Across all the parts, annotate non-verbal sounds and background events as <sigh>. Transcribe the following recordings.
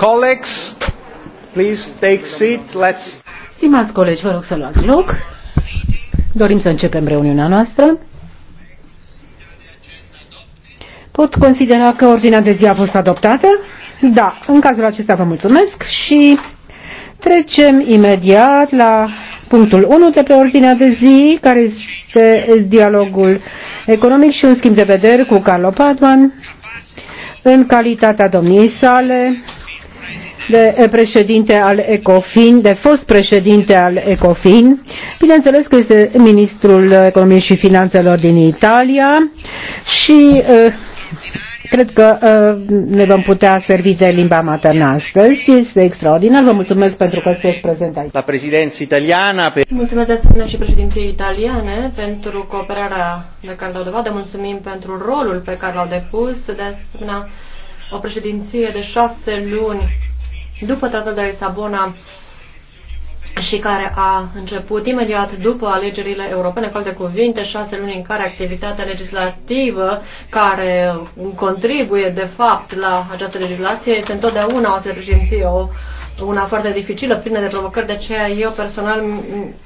Colleagues, please take seat. Let's... Stimați colegi, vă rog să luați loc. Dorim să începem reuniunea noastră. Pot considera că ordinea de zi a fost adoptată? Da, în cazul acesta vă mulțumesc și trecem imediat la punctul 1 de pe ordinea de zi, care este dialogul economic și un schimb de vederi cu Carlo Padman în calitatea domniei sale de eh, președinte al ECOFIN, de fost președinte al ECOFIN. Bineînțeles că este ministrul economiei și finanțelor din Italia și eh, cred că eh, ne vom putea servi de limba maternă astăzi. Este extraordinar. Vă mulțumesc pentru că sunteți prezent aici. La prezidenția italiană. Pe... Mulțumesc de asemenea și președinției italiane pentru cooperarea de care l-au dovadă. Mulțumim pentru rolul pe care l-au depus. De asemenea, o președinție de șase luni după tratatul de Lisabona și care a început imediat după alegerile europene, cu alte cuvinte, șase luni în care activitatea legislativă care contribuie de fapt la această legislație este întotdeauna o sergenție, o una foarte dificilă, plină de provocări, de aceea eu personal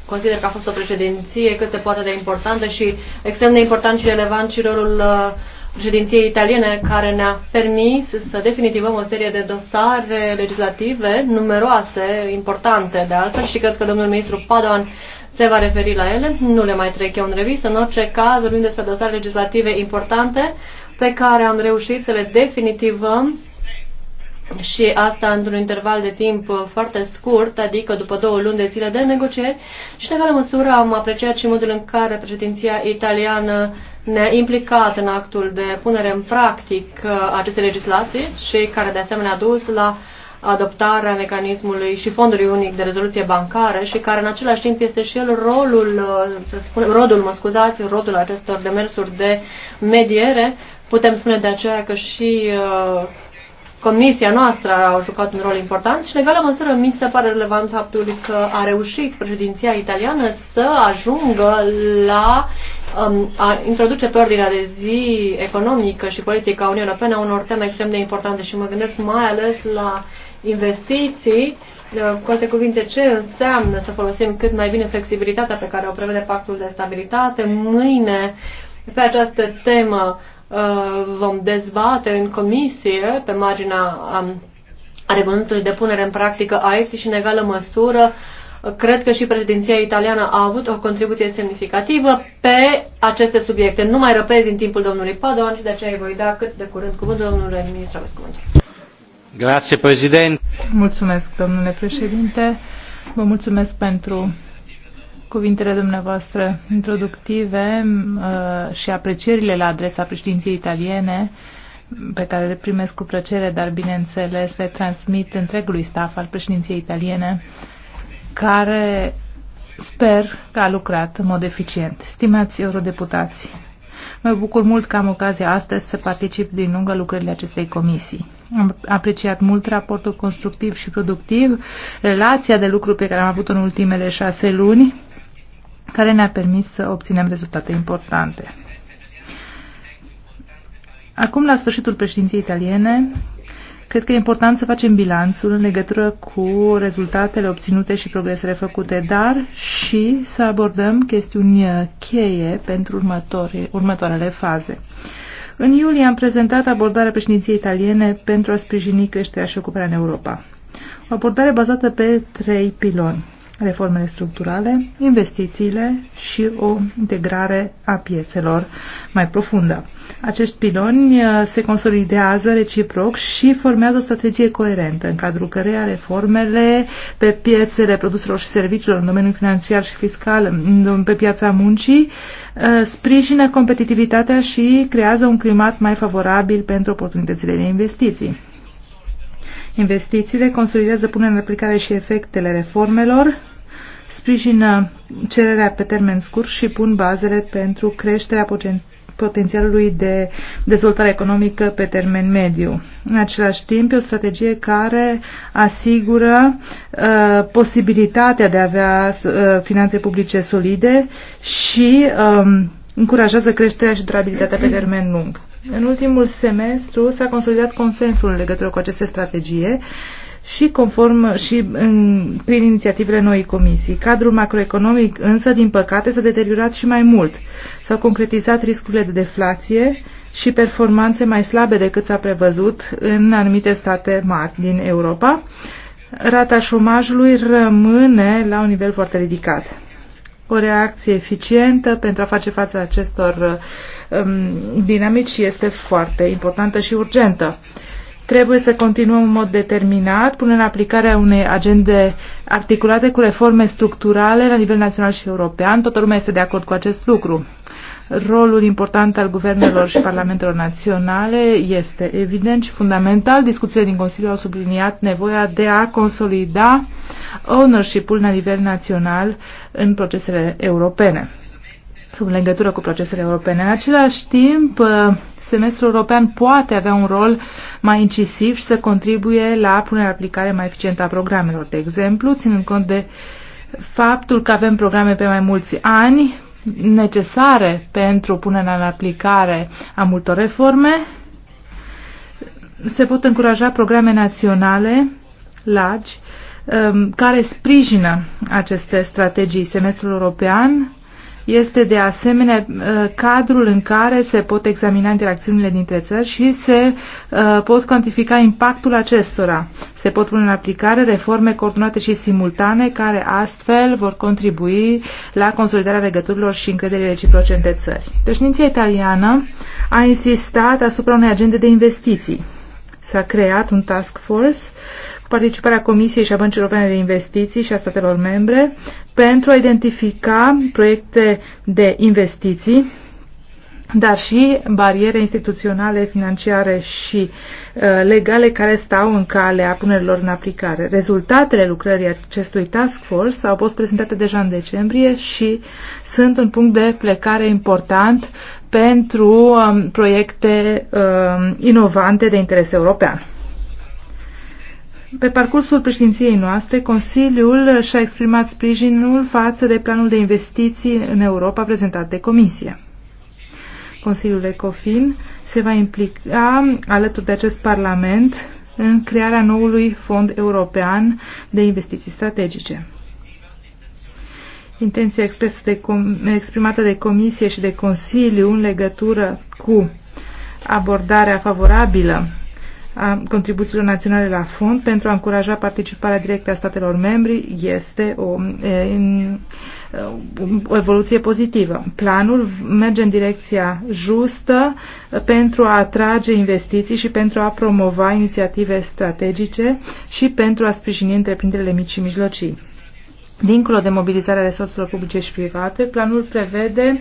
consider că a fost o președinție cât se poate de importantă și extrem de important și relevant și rolul uh, președinției italiene care ne-a permis să definitivăm o serie de dosare legislative numeroase, importante de altfel și cred că domnul ministru Padoan se va referi la ele. Nu le mai trec eu în revistă. În orice caz, vorbim despre dosare legislative importante pe care am reușit să le definitivăm și asta într-un interval de timp foarte scurt, adică după două luni de zile de negocieri și în egală măsură am apreciat și modul în care președinția italiană implicat în actul de punere în practic uh, aceste legislații și care de asemenea a dus la adoptarea mecanismului și fondului unic de rezoluție bancară și care în același timp este și el rolul, uh, să spune, rodul, mă scuzați, rodul acestor demersuri de mediere. Putem spune de aceea că și uh, comisia noastră a jucat un rol important și, în egală măsură, mi se pare relevant faptul că a reușit președinția italiană să ajungă la Um, a introduce pe ordinea de zi economică și politică a Uniunii Europene unor teme extrem de importante și mă gândesc mai ales la investiții. Uh, cu alte cuvinte, ce înseamnă să folosim cât mai bine flexibilitatea pe care o prevede pactul de stabilitate? Mâine, pe această temă, uh, vom dezbate în comisie pe marginea um, regulamentului de punere în practică a EFSI și în egală măsură Cred că și președinția italiană a avut o contribuție semnificativă pe aceste subiecte. Nu mai răpezi în timpul domnului Padoan și de aceea îi voi da cât de curând cuvântul domnului ministru. Aveți cuvântul. Grazie, președinte. Mulțumesc, domnule președinte. Vă mulțumesc pentru cuvintele dumneavoastră introductive uh, și aprecierile la adresa președinției italiene pe care le primesc cu plăcere, dar bineînțeles le transmit întregului staff al președinției italiene care sper că a lucrat în mod eficient. Stimați eurodeputați, mă bucur mult că am ocazia astăzi să particip din lungă lucrările acestei comisii. Am apreciat mult raportul constructiv și productiv, relația de lucru pe care am avut-o în ultimele șase luni, care ne-a permis să obținem rezultate importante. Acum, la sfârșitul președinției italiene, Cred că e important să facem bilanțul în legătură cu rezultatele obținute și progresele făcute, dar și să abordăm chestiuni cheie pentru următoarele faze. În iulie am prezentat abordarea președinției italiene pentru a sprijini creșterea și ocuparea în Europa. O abordare bazată pe trei piloni reformele structurale, investițiile și o integrare a piețelor mai profundă. Acești piloni uh, se consolidează reciproc și formează o strategie coerentă, în cadrul căreia reformele pe piețele produselor și serviciilor în domeniul financiar și fiscal, pe piața muncii, uh, sprijină competitivitatea și creează un climat mai favorabil pentru oportunitățile de investiții. Investițiile consolidează punerea în aplicare și efectele reformelor, sprijină cererea pe termen scurt și pun bazele pentru creșterea potențialului de dezvoltare economică pe termen mediu. În același timp, e o strategie care asigură uh, posibilitatea de a avea uh, finanțe publice solide și uh, încurajează creșterea și durabilitatea pe termen lung. În ultimul semestru s-a consolidat consensul în legătură cu aceste strategie și conform și în, prin inițiativele noii comisii. Cadrul macroeconomic însă, din păcate, s-a deteriorat și mai mult. S-au concretizat riscurile de deflație și performanțe mai slabe decât s-a prevăzut în anumite state mari din Europa. Rata șomajului rămâne la un nivel foarte ridicat. O reacție eficientă pentru a face față acestor um, dinamici este foarte importantă și urgentă. Trebuie să continuăm în mod determinat până în aplicarea unei agende articulate cu reforme structurale la nivel național și european. Toată lumea este de acord cu acest lucru. Rolul important al guvernelor și parlamentelor naționale este evident și fundamental. Discuțiile din Consiliu au subliniat nevoia de a consolida ownership-ul la nivel național în procesele europene în legătură cu procesele europene. În același timp, uh, semestrul european poate avea un rol mai incisiv și să contribuie la punerea aplicare mai eficientă a programelor. De exemplu, ținând cont de faptul că avem programe pe mai mulți ani necesare pentru punerea în aplicare a multor reforme, se pot încuraja programe naționale largi um, care sprijină aceste strategii. Semestrul european este de asemenea uh, cadrul în care se pot examina interacțiunile dintre țări și se uh, pot cuantifica impactul acestora. Se pot pune în aplicare reforme coordonate și simultane care astfel vor contribui la consolidarea legăturilor și încrederii reciproce între țări. Președinția italiană a insistat asupra unei agende de investiții s-a creat un task force cu participarea Comisiei și a Băncii Europene de Investiții și a statelor membre pentru a identifica proiecte de investiții dar și bariere instituționale, financiare și uh, legale care stau în calea punerilor în aplicare. Rezultatele lucrării acestui task force au fost prezentate deja în decembrie și sunt un punct de plecare important pentru um, proiecte um, inovante de interes european. Pe parcursul președinției noastre, Consiliul și-a exprimat sprijinul față de planul de investiții în Europa prezentat de Comisie. Consiliul ECOFIN se va implica alături de acest Parlament în crearea noului Fond European de Investiții Strategice intenția de com- exprimată de Comisie și de Consiliu în legătură cu abordarea favorabilă a contribuțiilor naționale la fond pentru a încuraja participarea directă a statelor membri este o, o evoluție pozitivă. Planul merge în direcția justă pentru a atrage investiții și pentru a promova inițiative strategice și pentru a sprijini întreprinderile mici și mijlocii. Dincolo de mobilizarea resurselor publice și private, planul prevede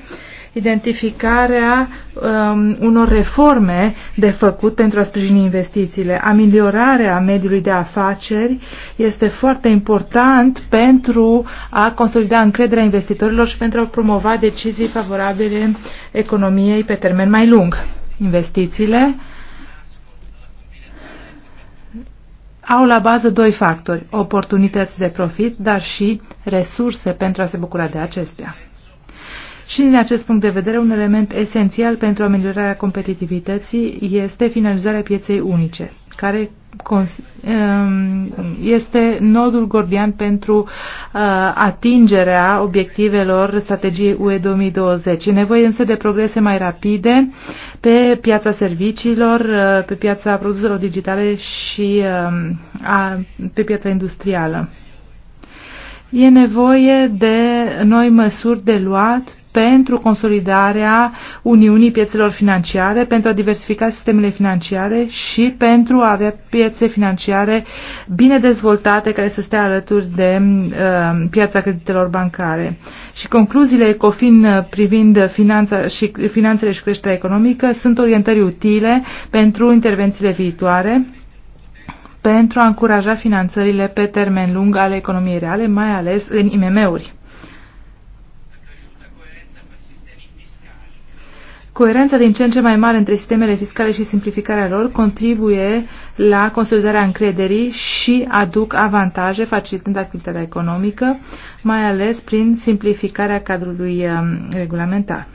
identificarea um, unor reforme de făcut pentru a sprijini investițiile. Ameliorarea mediului de afaceri este foarte important pentru a consolida încrederea investitorilor și pentru a promova decizii favorabile economiei pe termen mai lung. Investițiile au la bază doi factori, oportunități de profit, dar și resurse pentru a se bucura de acestea. Și din acest punct de vedere, un element esențial pentru ameliorarea competitivității este finalizarea pieței unice, care Um, este nodul gordian pentru uh, atingerea obiectivelor strategiei UE 2020. E nevoie însă de progrese mai rapide pe piața serviciilor, uh, pe piața produselor digitale și um, pe piața industrială. E nevoie de noi măsuri de luat pentru consolidarea Uniunii piețelor financiare, pentru a diversifica sistemele financiare și pentru a avea piețe financiare bine dezvoltate care să stea alături de uh, piața creditelor bancare. Și concluziile ECOFIN uh, privind finanța și, finanțele și creșterea economică sunt orientări utile pentru intervențiile viitoare pentru a încuraja finanțările pe termen lung ale economiei reale, mai ales în IMM-uri. Coerența din ce în ce mai mare între sistemele fiscale și simplificarea lor contribuie la consolidarea încrederii și aduc avantaje facilitând activitatea economică, mai ales prin simplificarea cadrului um, regulamentar.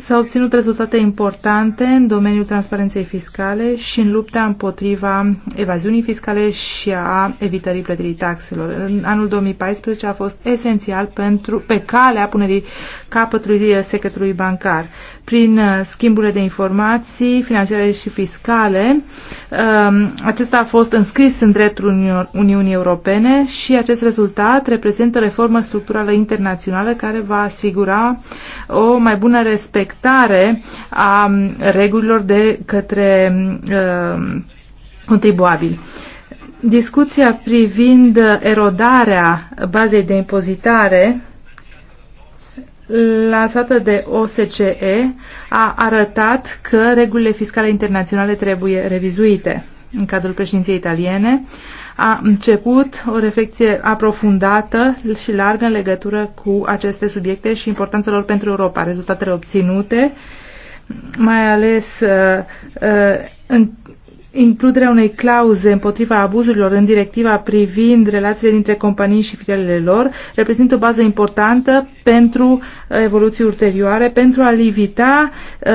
S-au obținut rezultate importante în domeniul transparenței fiscale și în lupta împotriva evaziunii fiscale și a evitării plătirii taxelor. În anul 2014 a fost esențial pentru, pe calea punerii capătului secretului bancar. Prin uh, schimburile de informații financiare și fiscale, um, acesta a fost înscris în dreptul Uniunii Europene și acest rezultat reprezintă reformă structurală internațională care va asigura o mai bună respectare respectare a regulilor de către uh, contribuabil. Discuția privind erodarea bazei de impozitare lansată de OSCE a arătat că regulile fiscale internaționale trebuie revizuite. În cadrul președinției italiene, uh, a început o reflexie aprofundată și largă în legătură cu aceste subiecte și importanța lor pentru Europa, rezultatele obținute, mai ales uh, uh, în includerea unei clauze împotriva abuzurilor în directiva privind relațiile dintre companii și filialele lor reprezintă o bază importantă pentru uh, evoluții ulterioare, pentru a limita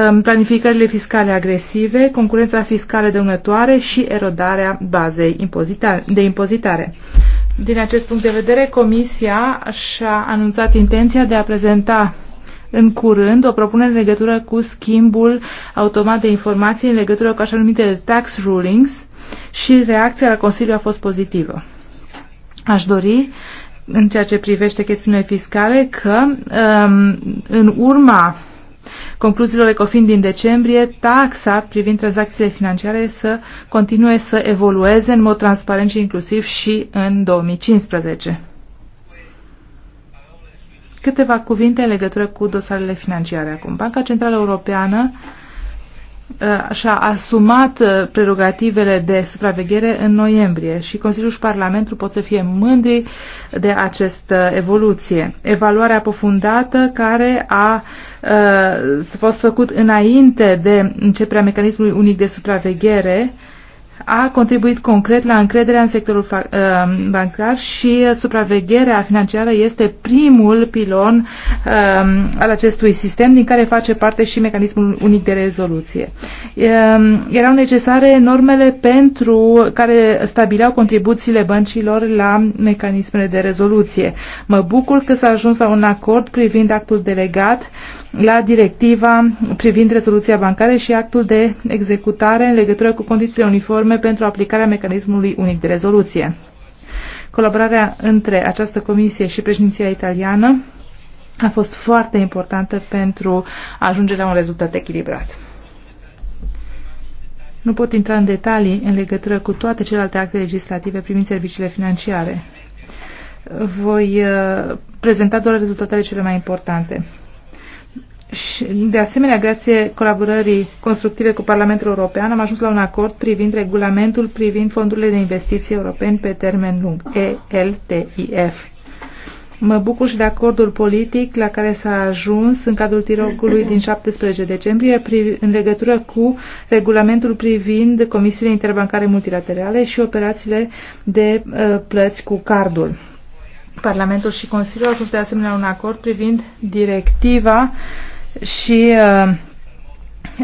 um, planificările fiscale agresive, concurența fiscală dăunătoare și erodarea bazei de impozitare. Din acest punct de vedere, Comisia și-a anunțat intenția de a prezenta în curând o propunere în legătură cu schimbul automat de informații în legătură cu așa numitele tax rulings și reacția la Consiliu a fost pozitivă. Aș dori în ceea ce privește chestiunile fiscale că um, în urma concluziilor ECOFIN din decembrie, taxa privind tranzacțiile financiare să continue să evolueze în mod transparent și inclusiv și în 2015. Câteva cuvinte în legătură cu dosarele financiare acum. Banca Centrală Europeană uh, și-a asumat uh, prerogativele de supraveghere în noiembrie și Consiliul și Parlamentul pot să fie mândri de această uh, evoluție. Evaluarea aprofundată care a a fost făcut înainte de începerea mecanismului unic de supraveghere a contribuit concret la încrederea în sectorul uh, bancar și supravegherea financiară este primul pilon um, al acestui sistem din care face parte și mecanismul unic de rezoluție. Um, erau necesare normele pentru care stabileau contribuțiile băncilor la mecanismele de rezoluție. Mă bucur că s-a ajuns la un acord privind actul delegat la directiva privind rezoluția bancară și actul de executare în legătură cu condițiile uniforme norme pentru aplicarea mecanismului unic de rezoluție. Colaborarea între această comisie și președinția italiană a fost foarte importantă pentru a ajunge la un rezultat echilibrat. Nu pot intra în detalii în legătură cu toate celelalte acte legislative privind serviciile financiare. Voi uh, prezenta doar rezultatele cele mai importante. Și, de asemenea, grație colaborării constructive cu Parlamentul European, am ajuns la un acord privind regulamentul privind fondurile de investiții europeni pe termen lung, ELTIF. Mă bucur și de acordul politic la care s-a ajuns în cadrul tirocului din 17 decembrie în legătură cu regulamentul privind comisiile interbancare multilaterale și operațiile de uh, plăți cu cardul. Parlamentul și Consiliul au ajuns de asemenea un acord privind directiva uh, și uh,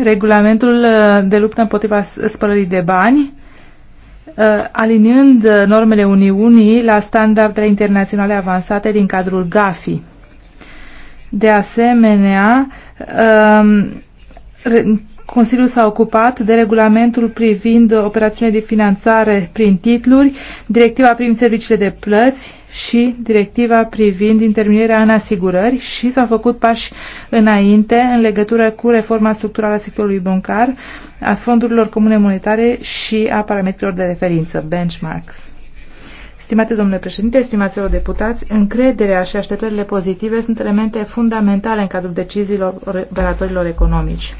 regulamentul uh, de luptă împotriva spălării de bani, uh, aliniând uh, normele Uniunii la standardele internaționale avansate din cadrul GAFI. De asemenea, uh, Consiliul s-a ocupat de regulamentul privind operațiunile de finanțare prin titluri, directiva privind serviciile de plăți și directiva privind interminerea în asigurări și s-au făcut pași înainte în legătură cu reforma structurală a sectorului bancar, a fondurilor comune monetare și a parametrilor de referință, benchmarks. Stimate domnule președinte, stimaților deputați, încrederea și așteptările pozitive sunt elemente fundamentale în cadrul deciziilor operatorilor economici.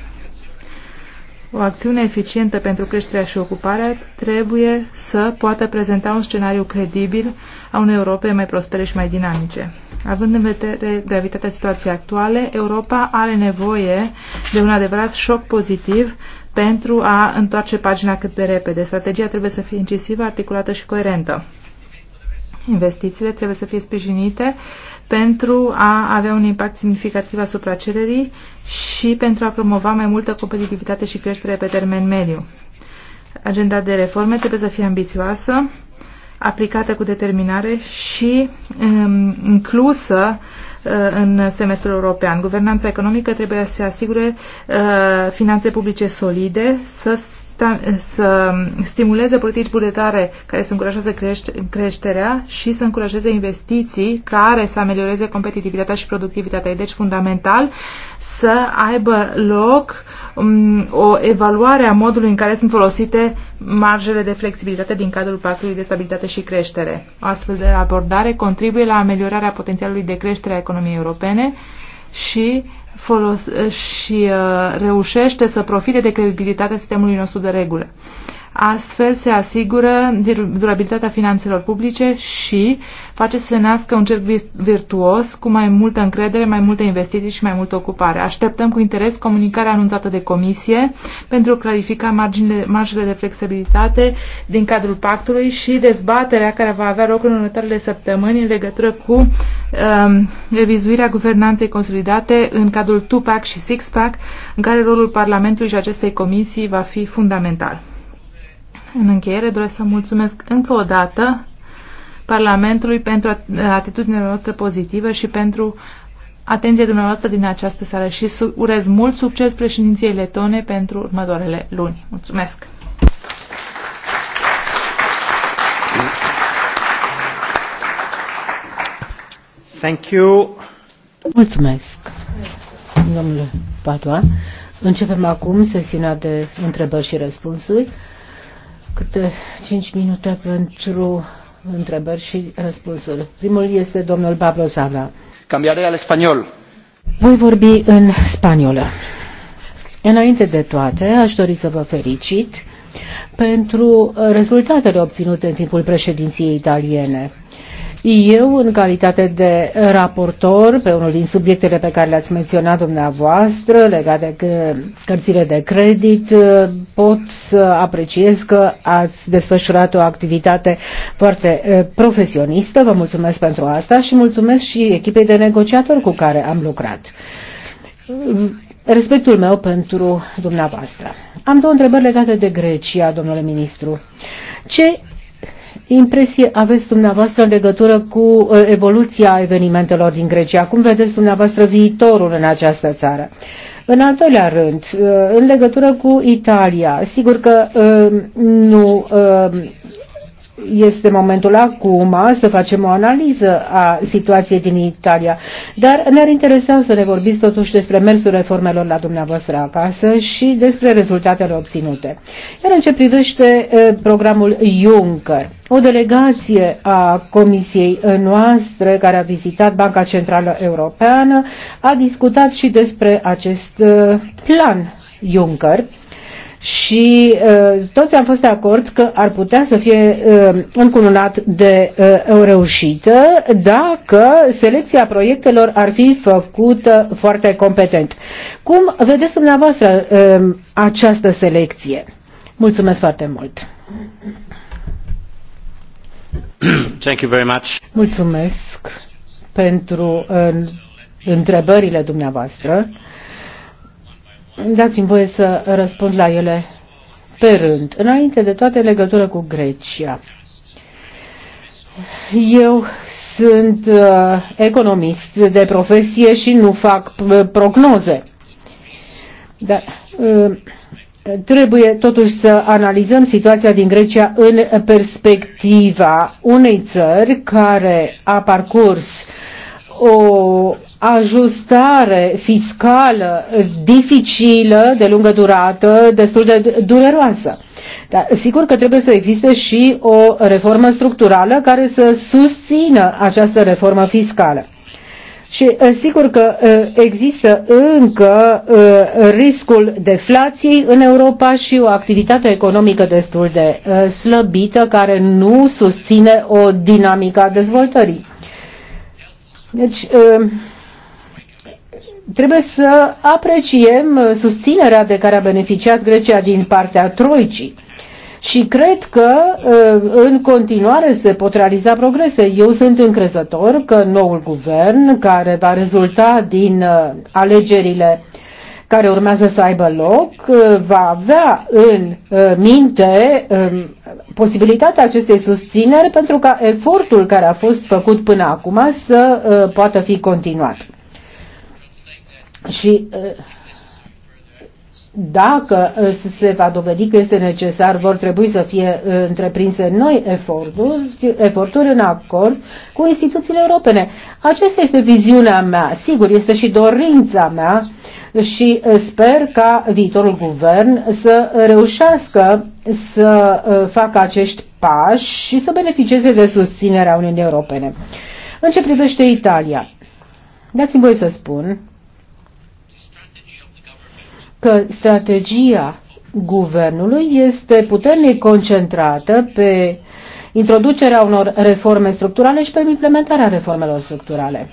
O acțiune eficientă pentru creșterea și ocuparea trebuie să poată prezenta un scenariu credibil a unei Europe mai prospere și mai dinamice. Având în vedere gravitatea situației actuale, Europa are nevoie de un adevărat șoc pozitiv pentru a întoarce pagina cât de repede. Strategia trebuie să fie incisivă, articulată și coerentă. Investițiile trebuie să fie sprijinite pentru a avea un impact semnificativ asupra cererii și pentru a promova mai multă competitivitate și creștere pe termen mediu. Agenda de reforme trebuie să fie ambițioasă, aplicată cu determinare și um, inclusă uh, în semestrul european. Guvernanța economică trebuie să se asigure uh, finanțe publice solide, să Eh, să stimuleze politici bugetare care să încurajeze creșterea și să încurajeze investiții care să amelioreze competitivitatea și productivitatea. E deci fundamental să aibă loc mm, o evaluare a modului în care sunt folosite marjele de flexibilitate din cadrul Pactului de Stabilitate și Creștere. O astfel de abordare contribuie la ameliorarea potențialului de creștere a economiei europene, și, folos- și uh, reușește să profite de credibilitatea sistemului nostru de regulă. Astfel se asigură durabilitatea finanțelor publice și face să se nască un cerc virtuos cu mai multă încredere, mai multe investiții și mai multă ocupare. Așteptăm cu interes comunicarea anunțată de Comisie pentru a clarifica marginile, marginile de flexibilitate din cadrul pactului și dezbaterea care va avea loc în următoarele săptămâni în legătură cu um, revizuirea guvernanței consolidate în cadrul 2-pack și 6-pack, în care rolul Parlamentului și acestei comisii va fi fundamental. În încheiere doresc să mulțumesc încă o dată Parlamentului pentru atitudinea noastră pozitivă și pentru atenția dumneavoastră din această seară și urez mult succes președinției letone pentru următoarele luni. Mulțumesc! Thank you. Mulțumesc, domnule Patua. Începem acum sesiunea de întrebări și răspunsuri câte 5 minute pentru întrebări și răspunsuri. Primul este domnul Pablo Sala. Cambiare al spaniol. Voi vorbi în spaniolă. Înainte de toate, aș dori să vă felicit pentru rezultatele obținute în timpul președinției italiene. Eu, în calitate de raportor, pe unul din subiectele pe care le-ați menționat dumneavoastră, legate de cărțile de credit, pot să apreciez că ați desfășurat o activitate foarte eh, profesionistă. Vă mulțumesc pentru asta și mulțumesc și echipei de negociatori cu care am lucrat. Respectul meu pentru dumneavoastră. Am două întrebări legate de Grecia, domnule ministru. Ce impresie aveți dumneavoastră în legătură cu uh, evoluția evenimentelor din Grecia? Cum vedeți dumneavoastră viitorul în această țară? În al doilea rând, uh, în legătură cu Italia, sigur că uh, nu este momentul acum să facem o analiză a situației din Italia, dar ne-ar interesa să ne vorbiți totuși despre mersul reformelor la dumneavoastră acasă și despre rezultatele obținute. Iar în ce privește programul Juncker, o delegație a comisiei noastre care a vizitat Banca Centrală Europeană a discutat și despre acest plan Juncker și uh, toți am fost de acord că ar putea să fie uh, încununat de uh, o reușită dacă selecția proiectelor ar fi făcută foarte competent. Cum vedeți dumneavoastră uh, această selecție? Mulțumesc foarte mult! <clears throat> Thank you very much. Mulțumesc pentru uh, întrebările dumneavoastră. Dați-mi voie să răspund la ele pe rând. Înainte de toate, legătură cu Grecia. Eu sunt uh, economist de profesie și nu fac uh, prognoze. Dar uh, trebuie totuși să analizăm situația din Grecia în perspectiva unei țări care a parcurs o ajustare fiscală dificilă, de lungă durată, destul de dureroasă. Dar sigur că trebuie să existe și o reformă structurală care să susțină această reformă fiscală. Și sigur că există încă riscul deflației în Europa și o activitate economică destul de slăbită care nu susține o dinamică a dezvoltării. Deci, um, trebuie să apreciem susținerea de care a beneficiat Grecia din partea Troicii. Și cred că um, în continuare se pot realiza progrese. Eu sunt încrezător că noul guvern, care va rezulta din uh, alegerile uh, care urmează să aibă loc uh, va avea în uh, minte um, posibilitatea acestei susțineri pentru ca efortul care a fost făcut până acum să uh, poată fi continuat. Și dacă uh, se va dovedi că este necesar, vor trebui să fie uh, întreprinse noi eforturi, eforturi în acord cu instituțiile europene. Aceasta este viziunea mea, sigur, este și dorința mea și uh, sper ca viitorul guvern să reușească să facă acești pași și să beneficieze de susținerea Uniunii Europene. În ce privește Italia, dați-mi voi să spun că strategia guvernului este puternic concentrată pe introducerea unor reforme structurale și pe implementarea reformelor structurale.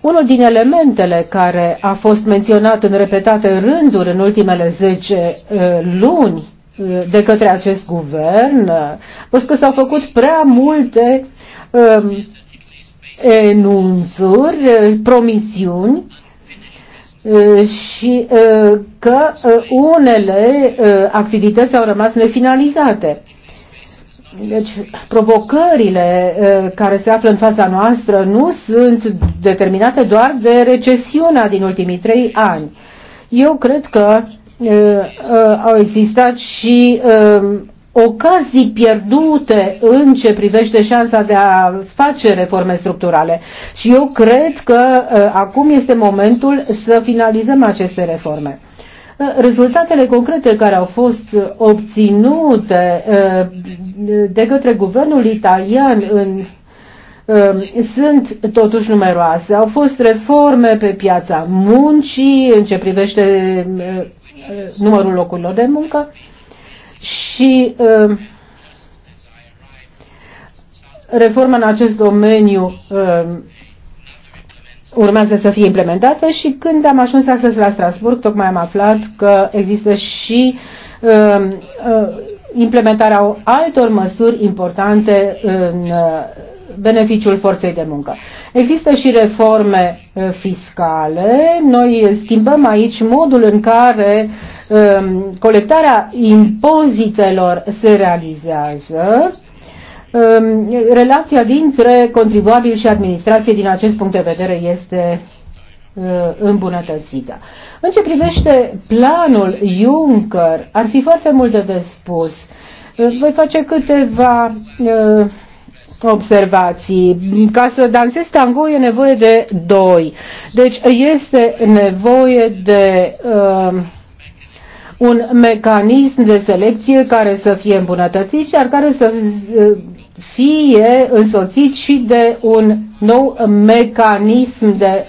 Unul din elementele care a fost menționat în repetate rânduri în ultimele 10 uh, luni uh, de către acest guvern a uh, fost că s-au făcut prea multe um, enunțuri, promisiuni Uh, și uh, că uh, unele activități au rămas nefinalizate. Deci, provocările care se află în fața noastră nu sunt determinate doar de recesiunea din ultimii trei ani. Eu cred că au existat și ocazii pierdute în ce privește șansa de a face reforme structurale. Și eu cred că ă, acum este momentul să finalizăm aceste reforme. Ă, rezultatele concrete care au fost obținute ă, de către guvernul italian în sunt totuși numeroase. Au fost reforme pe piața muncii în ce privește numărul locurilor de muncă, și uh, reforma în acest domeniu uh, urmează să fie implementată și când am ajuns astăzi la Strasburg, tocmai am aflat că există și uh, implementarea altor măsuri importante în beneficiul forței de muncă. Există și reforme uh, fiscale. Noi schimbăm aici modul în care um, colectarea impozitelor se realizează. Um, relația dintre contribuabil și administrație din acest punct de vedere este uh, îmbunătățită. În ce privește planul Juncker, ar fi foarte multe de spus. Uh, voi face câteva uh, observații. Ca să dansezi tango e nevoie de doi. Deci este nevoie de uh, un mecanism de selecție care să fie îmbunătățit, dar care să uh, fie însoțit și de un nou mecanism de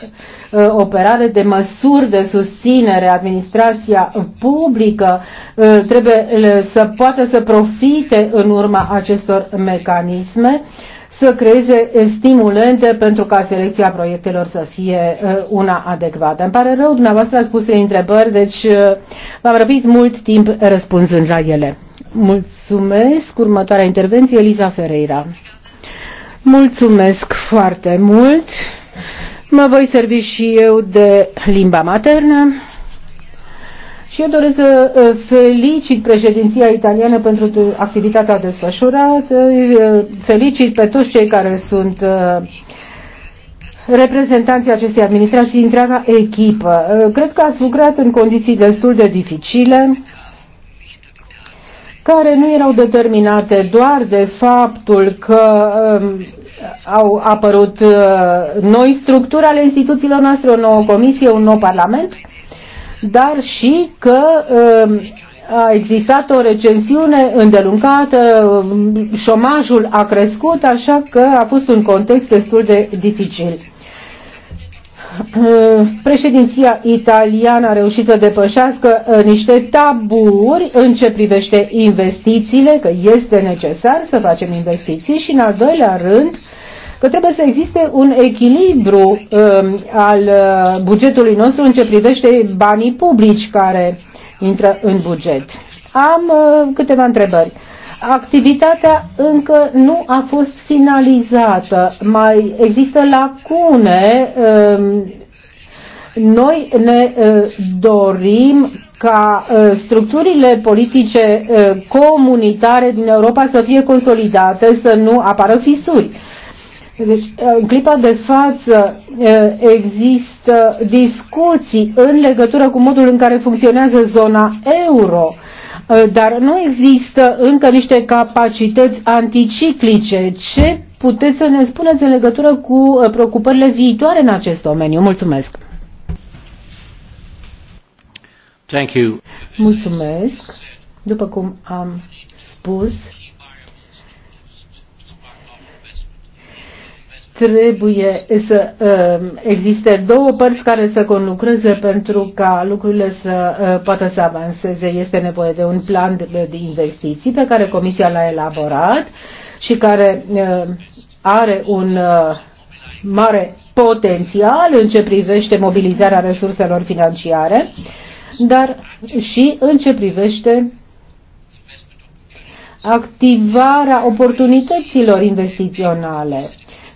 Uh, operare de măsuri de susținere, administrația publică uh, trebuie uh, să poată să profite în urma acestor mecanisme să creeze stimulente pentru ca selecția proiectelor să fie una adecvată. Îmi pare rău, dumneavoastră ați pus întrebări, deci v-am răpit mult timp răspunzând la ele. Mulțumesc. Următoarea intervenție, Eliza Ferreira. Mulțumesc foarte mult. Mă voi servi și eu de limba maternă. Și eu doresc să uh, felicit președinția italiană pentru activitatea desfășurată, uh, felicit pe toți cei care sunt uh, reprezentanții acestei administrații, întreaga echipă. Cred că ați lucrat în condiții destul de dificile, care nu erau determinate doar de faptul că um, au apărut uh, noi structuri ale instituțiilor noastre, o nouă comisie, un nou parlament, dar și că um, a existat o recensiune îndelungată, um, șomajul a crescut, așa că a fost un context destul de dificil. Mm, președinția italiană a reușit să depășească uh, niște taburi în ce privește investițiile, că este necesar să facem investiții și, în al doilea rând, că trebuie să existe un echilibru um, al uh, bugetului nostru în ce privește banii publici care intră în buget. Am uh, câteva întrebări activitatea încă nu a fost finalizată. Mai există lacune. Um, noi ne uh, dorim ca uh, structurile politice uh, comunitare din Europa să fie consolidate, să nu apară fisuri. Deci, în clipa de față există discuții în legătură cu modul în care funcționează zona euro Eh, dar nu există încă niște capacități anticiclice. Ce puteți să ne spuneți în legătură cu eh, preocupările viitoare în acest domeniu? Mulțumesc! Thank you. Mulțumesc! După cum am spus, trebuie să um, existe două părți care să conlucreze pentru ca lucrurile să uh, poată să avanseze. Este nevoie de un plan de, de investiții pe care Comisia l-a elaborat și care uh, are un uh, mare potențial în ce privește mobilizarea resurselor financiare, dar și în ce privește activarea oportunităților investiționale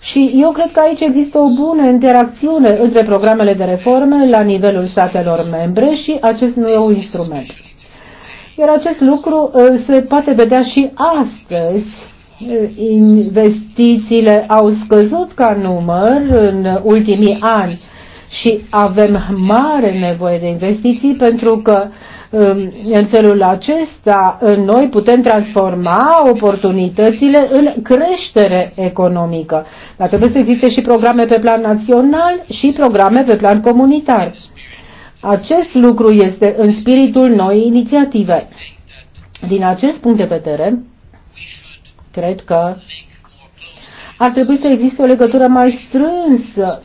și eu cred că aici există o bună interacțiune între programele de reforme la nivelul statelor membre și acest nou instrument. Iar acest lucru ă, se poate vedea și astăzi. Investițiile au scăzut ca număr în ultimii ani și avem mare nevoie de investiții pentru că uh, în felul acesta, noi putem transforma oportunitățile în creștere economică. Dar trebuie să existe și programe pe plan național și programe pe plan comunitar. Acest lucru este în spiritul noii inițiative. Din acest punct de vedere, cred că ar trebui să existe o legătură mai strânsă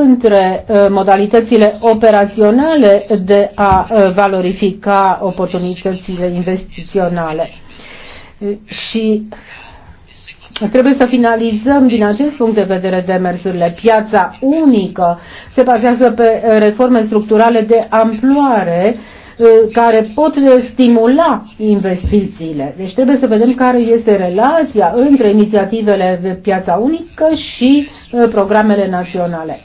între uh, modalitățile operaționale de a uh, valorifica oportunitățile investiționale. Uh, și Trebuie să finalizăm din acest punct de vedere demersurile. Piața unică se bazează pe reforme structurale de amploare Uh, care pot stimula investițiile. Deci trebuie să vedem care este relația între inițiativele de piața unică și uh, programele naționale.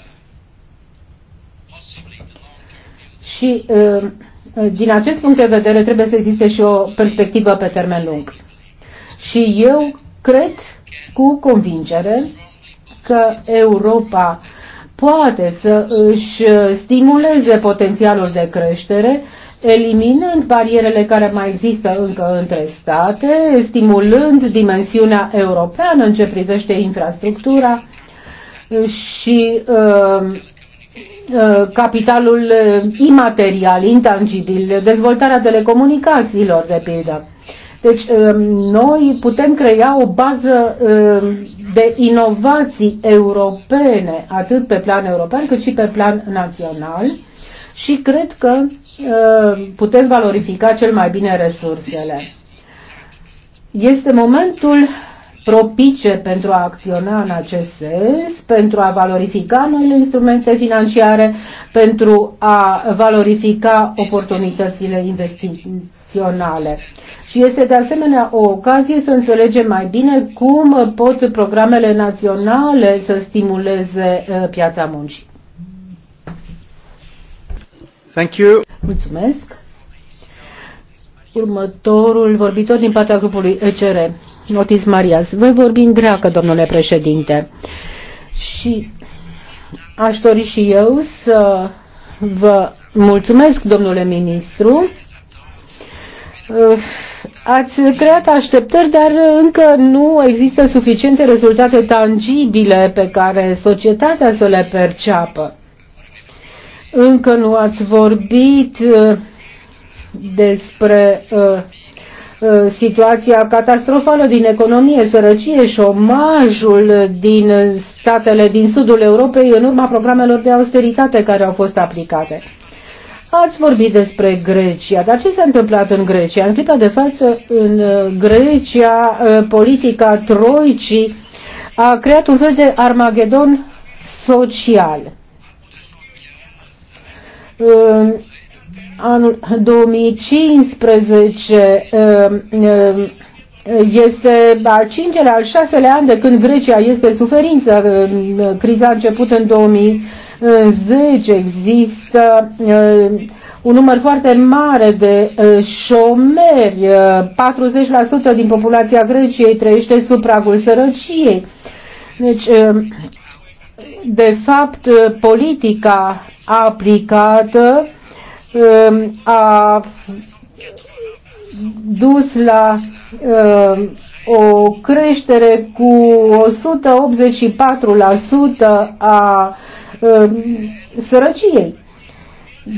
Și uh, din acest punct de vedere trebuie să existe și o perspectivă pe termen lung. Și eu cred cu convingere că Europa poate să își stimuleze potențialul de creștere eliminând barierele care mai există încă între state, stimulând dimensiunea europeană în ce privește infrastructura și uh, uh, capitalul imaterial, intangibil, dezvoltarea telecomunicațiilor, de pildă. Deci uh, noi putem crea o bază uh, de inovații europene, atât pe plan european cât și pe plan național, și cred că uh, putem valorifica cel mai bine resursele. Este momentul propice pentru a acționa în acest sens, pentru a valorifica noile instrumente financiare, pentru a valorifica oportunitățile investiționale. Și este de asemenea o ocazie să înțelegem mai bine cum pot programele naționale să stimuleze uh, piața muncii. Thank you. Mulțumesc. Următorul vorbitor din partea grupului ECR, Otis Marias. Voi vorbi în greacă, domnule președinte. Și aș dori și eu să vă mulțumesc, domnule ministru. Ați creat așteptări, dar încă nu există suficiente rezultate tangibile pe care societatea să le perceapă. Încă nu ați vorbit uh, despre uh, uh, situația catastrofală din economie, sărăcie, șomajul din statele din sudul Europei în urma programelor de austeritate care au fost aplicate. Ați vorbit despre Grecia, dar ce s-a întâmplat în Grecia? În clipa de față, în Grecia, politica troicii a creat un fel de armagedon social. Uh, anul 2015 uh, uh, este al cincelea, al șaselea an de când Grecia este suferință. Criza a început în 2010. Există un număr foarte mare de șomeri. 40% din populația Greciei trăiește sub pragul sărăciei. Deci, de fapt, politica aplicată um, a dus la um, o creștere cu 184% a um, sărăciei.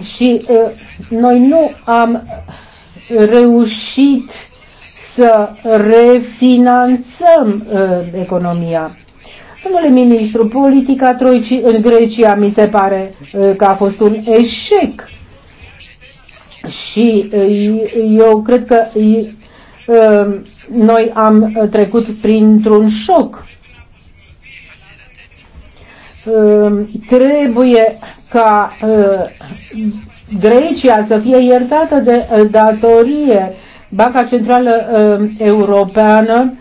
Și uh, noi nu am reușit să refinanțăm uh, economia. Domnule ministru, politica troicii în Grecia mi se pare uh, că a fost un eșec. Și uh, eu cred că uh, noi am trecut printr-un șoc. Trebuie ca Grecia să fie iertată de datorie. Banca Centrală Europeană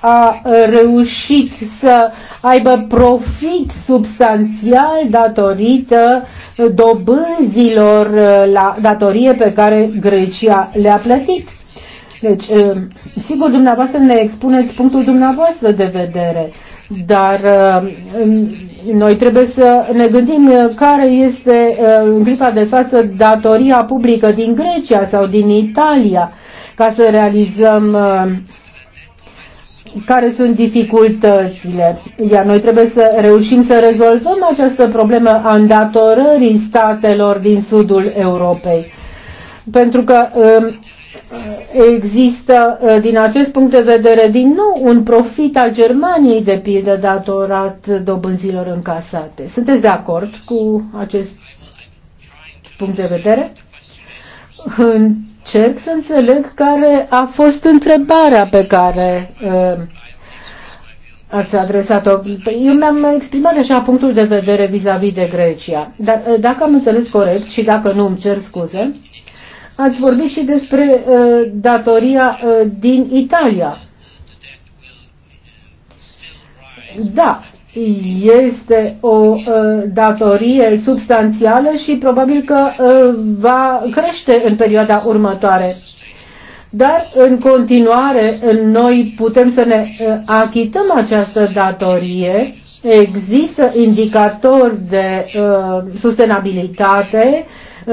a reușit să aibă profit substanțial datorită dobânzilor uh, la datorie pe care Grecia le-a plătit. Deci, uh, sigur, dumneavoastră ne expuneți punctul dumneavoastră de vedere, dar uh, noi trebuie să ne gândim care este în clipa de față datoria publică din Grecia sau din Italia ca să realizăm uh, care sunt dificultățile. Iar noi trebuie să reușim să rezolvăm această problemă a îndatorării statelor din sudul Europei. Pentru că um, există, uh, din acest punct de vedere, din nou un profit al Germaniei, de pildă, datorat dobânzilor încasate. Sunteți de acord cu acest punct de vedere? Încerc să înțeleg care a fost întrebarea pe care uh, ați adresat-o. Eu mi-am exprimat deja punctul de vedere vis-a-vis -vis de Grecia. Dar uh, dacă am înțeles corect și dacă nu îmi cer scuze, ați vorbit și despre uh, datoria uh, din Italia. Da, este o uh, datorie substanțială și probabil că uh, va crește în perioada următoare. Dar în continuare noi putem să ne uh, achităm această datorie. Există indicatori de uh, sustenabilitate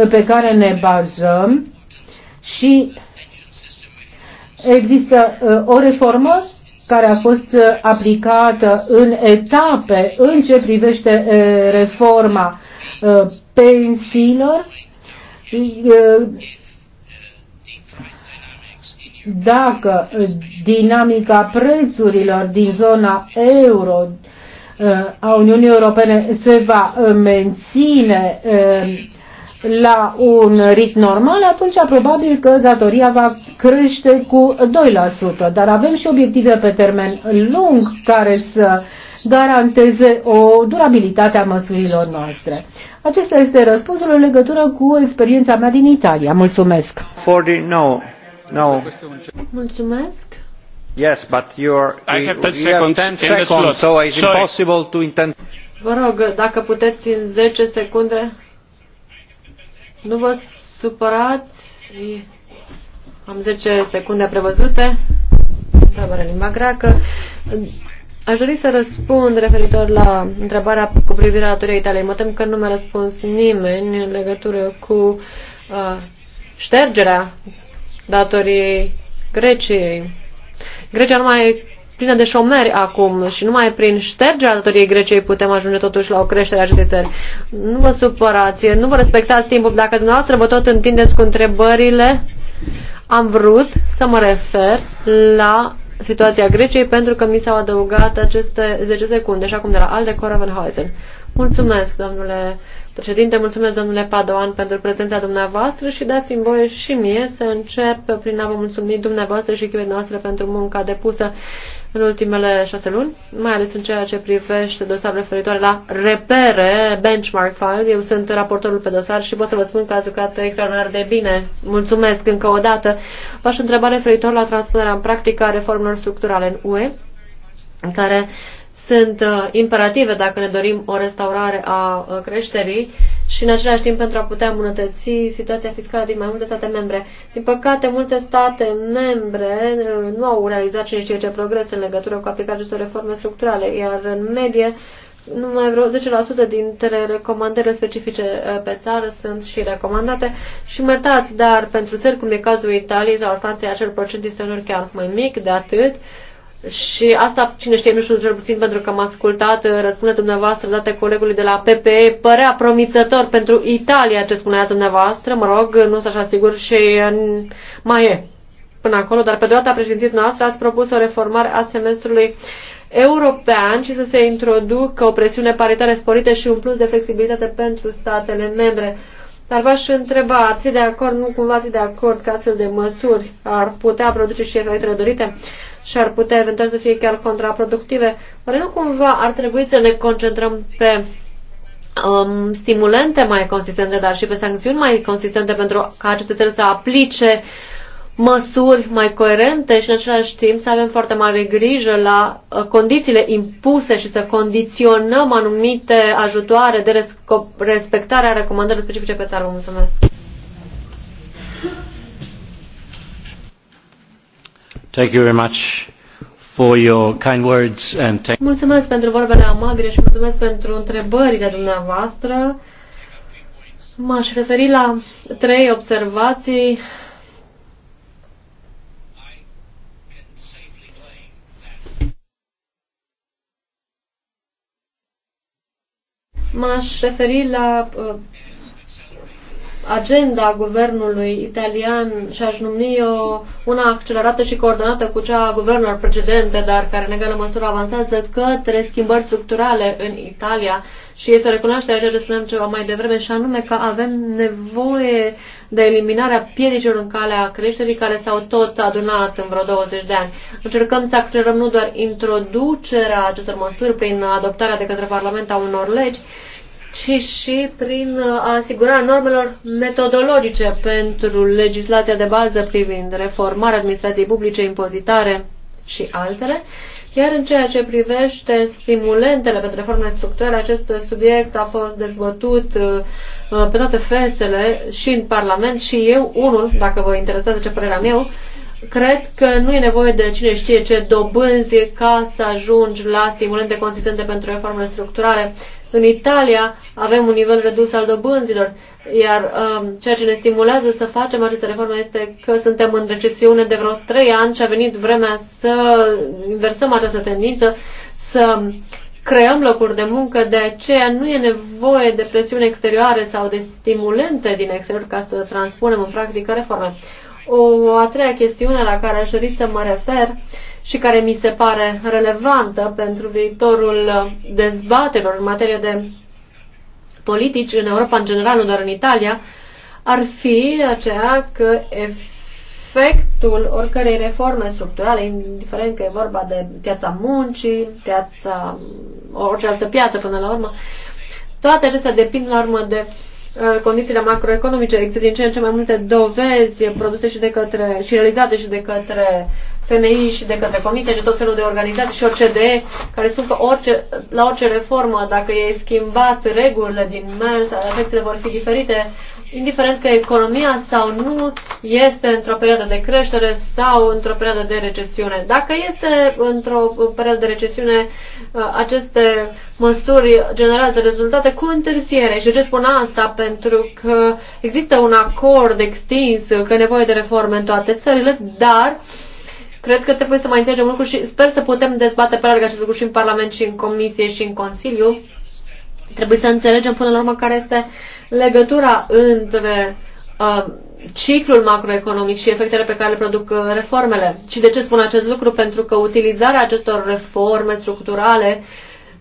pe care ne bazăm și există uh, o reformă care a fost uh, aplicată în etape în ce privește uh, reforma uh, pensiilor, dacă dinamica prețurilor din zona euro a Uniunii Europene se va menține la un ritm normal, atunci probabil că datoria va crește cu 2%. Dar avem și obiective pe termen lung care să garanteze o durabilitate a măsurilor noastre. Acesta este răspunsul în legătură cu experiența mea din Italia. Mulțumesc. 40, no. No. Mulțumesc. Yes, but you're, I have 10 seconds, have 10 seconds so it's impossible to intend. Vă rog, dacă puteți în 10 secunde nu vă supărați. Am 10 secunde prevăzute. Întrebarea limba greacă. Aș dori să răspund referitor la întrebarea cu privire la teoria Italiei. Mă tem că nu mi-a răspuns nimeni în legătură cu uh, ștergerea datoriei Greciei. Grecia nu mai plină de șomeri acum și numai prin ștergerea datoriei Greciei putem ajunge totuși la o creștere a acestei țări. Nu vă supărați, nu vă respectați timpul. Dacă dumneavoastră vă tot întindeți cu întrebările, am vrut să mă refer la situația Greciei pentru că mi s-au adăugat aceste 10 secunde, așa cum de la Alde Coravenhausen. Mulțumesc, domnule președinte, mulțumesc, domnule Padoan, pentru prezența dumneavoastră și dați-mi voie și mie să încep prin a vă mulțumi dumneavoastră și echipei noastre pentru munca depusă în ultimele șase luni, mai ales în ceea ce privește dosarul referitoare la repere, benchmark files. Eu sunt raportorul pe dosar și pot să vă spun că ați lucrat extraordinar de bine. Mulțumesc încă o dată. V-aș întreba referitor la transpunerea în practică a reformelor structurale în UE, în care sunt uh, imperative dacă ne dorim o restaurare a uh, creșterii și în același timp pentru a putea îmbunătăți situația fiscală din mai multe state membre. Din păcate, multe state membre uh, nu au realizat cine știe ce progres în legătură cu aplicarea acestor reforme structurale, iar în medie numai vreo 10% dintre recomandările specifice pe țară sunt și recomandate și mărtați, dar pentru țări cum e cazul Italiei sau Franței, acel procent este unul chiar mai mic de atât și asta, cine știe, nu știu cel puțin pentru că am ascultat, uh, răspunde dumneavoastră date colegului de la PPE, părea promițător pentru Italia ce spunea dumneavoastră, mă rog, nu sunt așa sigur și uh, mai e până acolo, dar pe a președinției noastre ați propus o reformare a semestrului european și să se introducă o presiune paritare sporită și un plus de flexibilitate pentru statele membre. Dar v-aș întreba, ați fi de acord, nu cumva ați fi de acord că astfel de măsuri ar putea produce și efectele dorite? și ar putea eventual să fie chiar contraproductive. Oare nu cumva ar trebui să ne concentrăm pe um, stimulente mai consistente, dar și pe sancțiuni mai consistente pentru ca aceste țări să aplice măsuri mai coerente și în același timp să avem foarte mare grijă la uh, condițiile impuse și să condiționăm anumite ajutoare de respectare a recomandărilor specifice pe țară. mulțumesc! Mulțumesc pentru vorbele amabile și mulțumesc pentru întrebările dumneavoastră. M-aș referi la trei observații M-aș referi la uh, agenda guvernului italian și-aș numi-o una accelerată și coordonată cu cea a guvernelor precedente, dar care în egală măsură avansează către schimbări structurale în Italia și este recunoaște recunoaștere ceea ce spuneam ceva mai devreme și anume că avem nevoie de eliminarea piedicilor în calea creșterii care s-au tot adunat în vreo 20 de ani. Încercăm să accelerăm nu doar introducerea acestor măsuri prin adoptarea de către Parlament a unor legi, ci și prin uh, asigurarea normelor metodologice pentru legislația de bază privind reformarea administrației publice, impozitare și altele. Iar în ceea ce privește stimulentele pentru reformele structurale, acest subiect a fost dezbătut uh, uh, pe toate fețele și în Parlament și eu, unul, dacă vă interesează ce părere am eu, cred că nu e nevoie de cine știe ce dobânzi ca să ajungi la stimulente consistente pentru reformele structurale în Italia avem un nivel redus al dobânzilor, iar um, ceea ce ne stimulează să facem aceste reforme este că suntem în recesiune de vreo trei ani și a venit vremea să inversăm această tendință, să creăm locuri de muncă, de aceea nu e nevoie de presiuni exterioare sau de stimulente din exterior ca să transpunem în practică reforme. O a treia chestiune la care aș dori să mă refer uh, și care mi se pare relevantă pentru viitorul dezbaterilor în materie de politici în Europa în general, nu doar în Italia, ar fi aceea că efectul oricărei reforme structurale, indiferent că e vorba de piața muncii, piața, orice altă piață până la urmă, toate acestea depind la urmă de uh, condițiile macroeconomice. Există din ce în ce mai multe dovezi produse și de către și realizate și de către femeii și de către comisie și tot felul de organizații și OCDE, care spun că orice, la orice reformă, dacă e schimbat regulile din mers, efectele vor fi diferite, indiferent că economia sau nu este într-o perioadă de creștere sau într-o perioadă de recesiune. Dacă este într-o perioadă de recesiune, uh, aceste măsuri generează rezultate cu întârziere. Și de ce spun asta? Pentru că există un acord extins, că e nevoie de reforme în toate țările, dar uh, Cred că trebuie să mai înțelegem lucruri și sper să putem dezbate pe larg acest lucru și în Parlament, și în Comisie, și în Consiliu. Trebuie să înțelegem până la urmă care este legătura între uh, ciclul macroeconomic și efectele pe care le produc uh, reformele. Și de ce spun acest lucru? Pentru că utilizarea acestor reforme structurale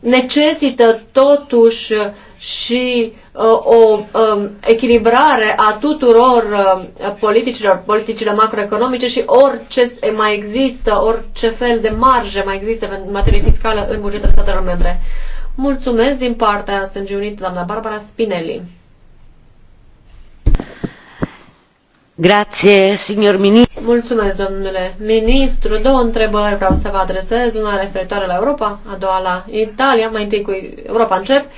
necesită totuși și o um, echilibrare a tuturor um, politicilor, politicile macroeconomice și orice mai există, orice fel de marjă mai există în materie fiscală în bugetele statelor membre. Mulțumesc din partea Stângii Unite, doamna Barbara Spinelli. Grazie, signor ministru. Mulțumesc, domnule ministru. Două întrebări vreau să vă adresez, una referitoare la Europa, a doua la Italia, mai întâi cu Europa încep. Uh,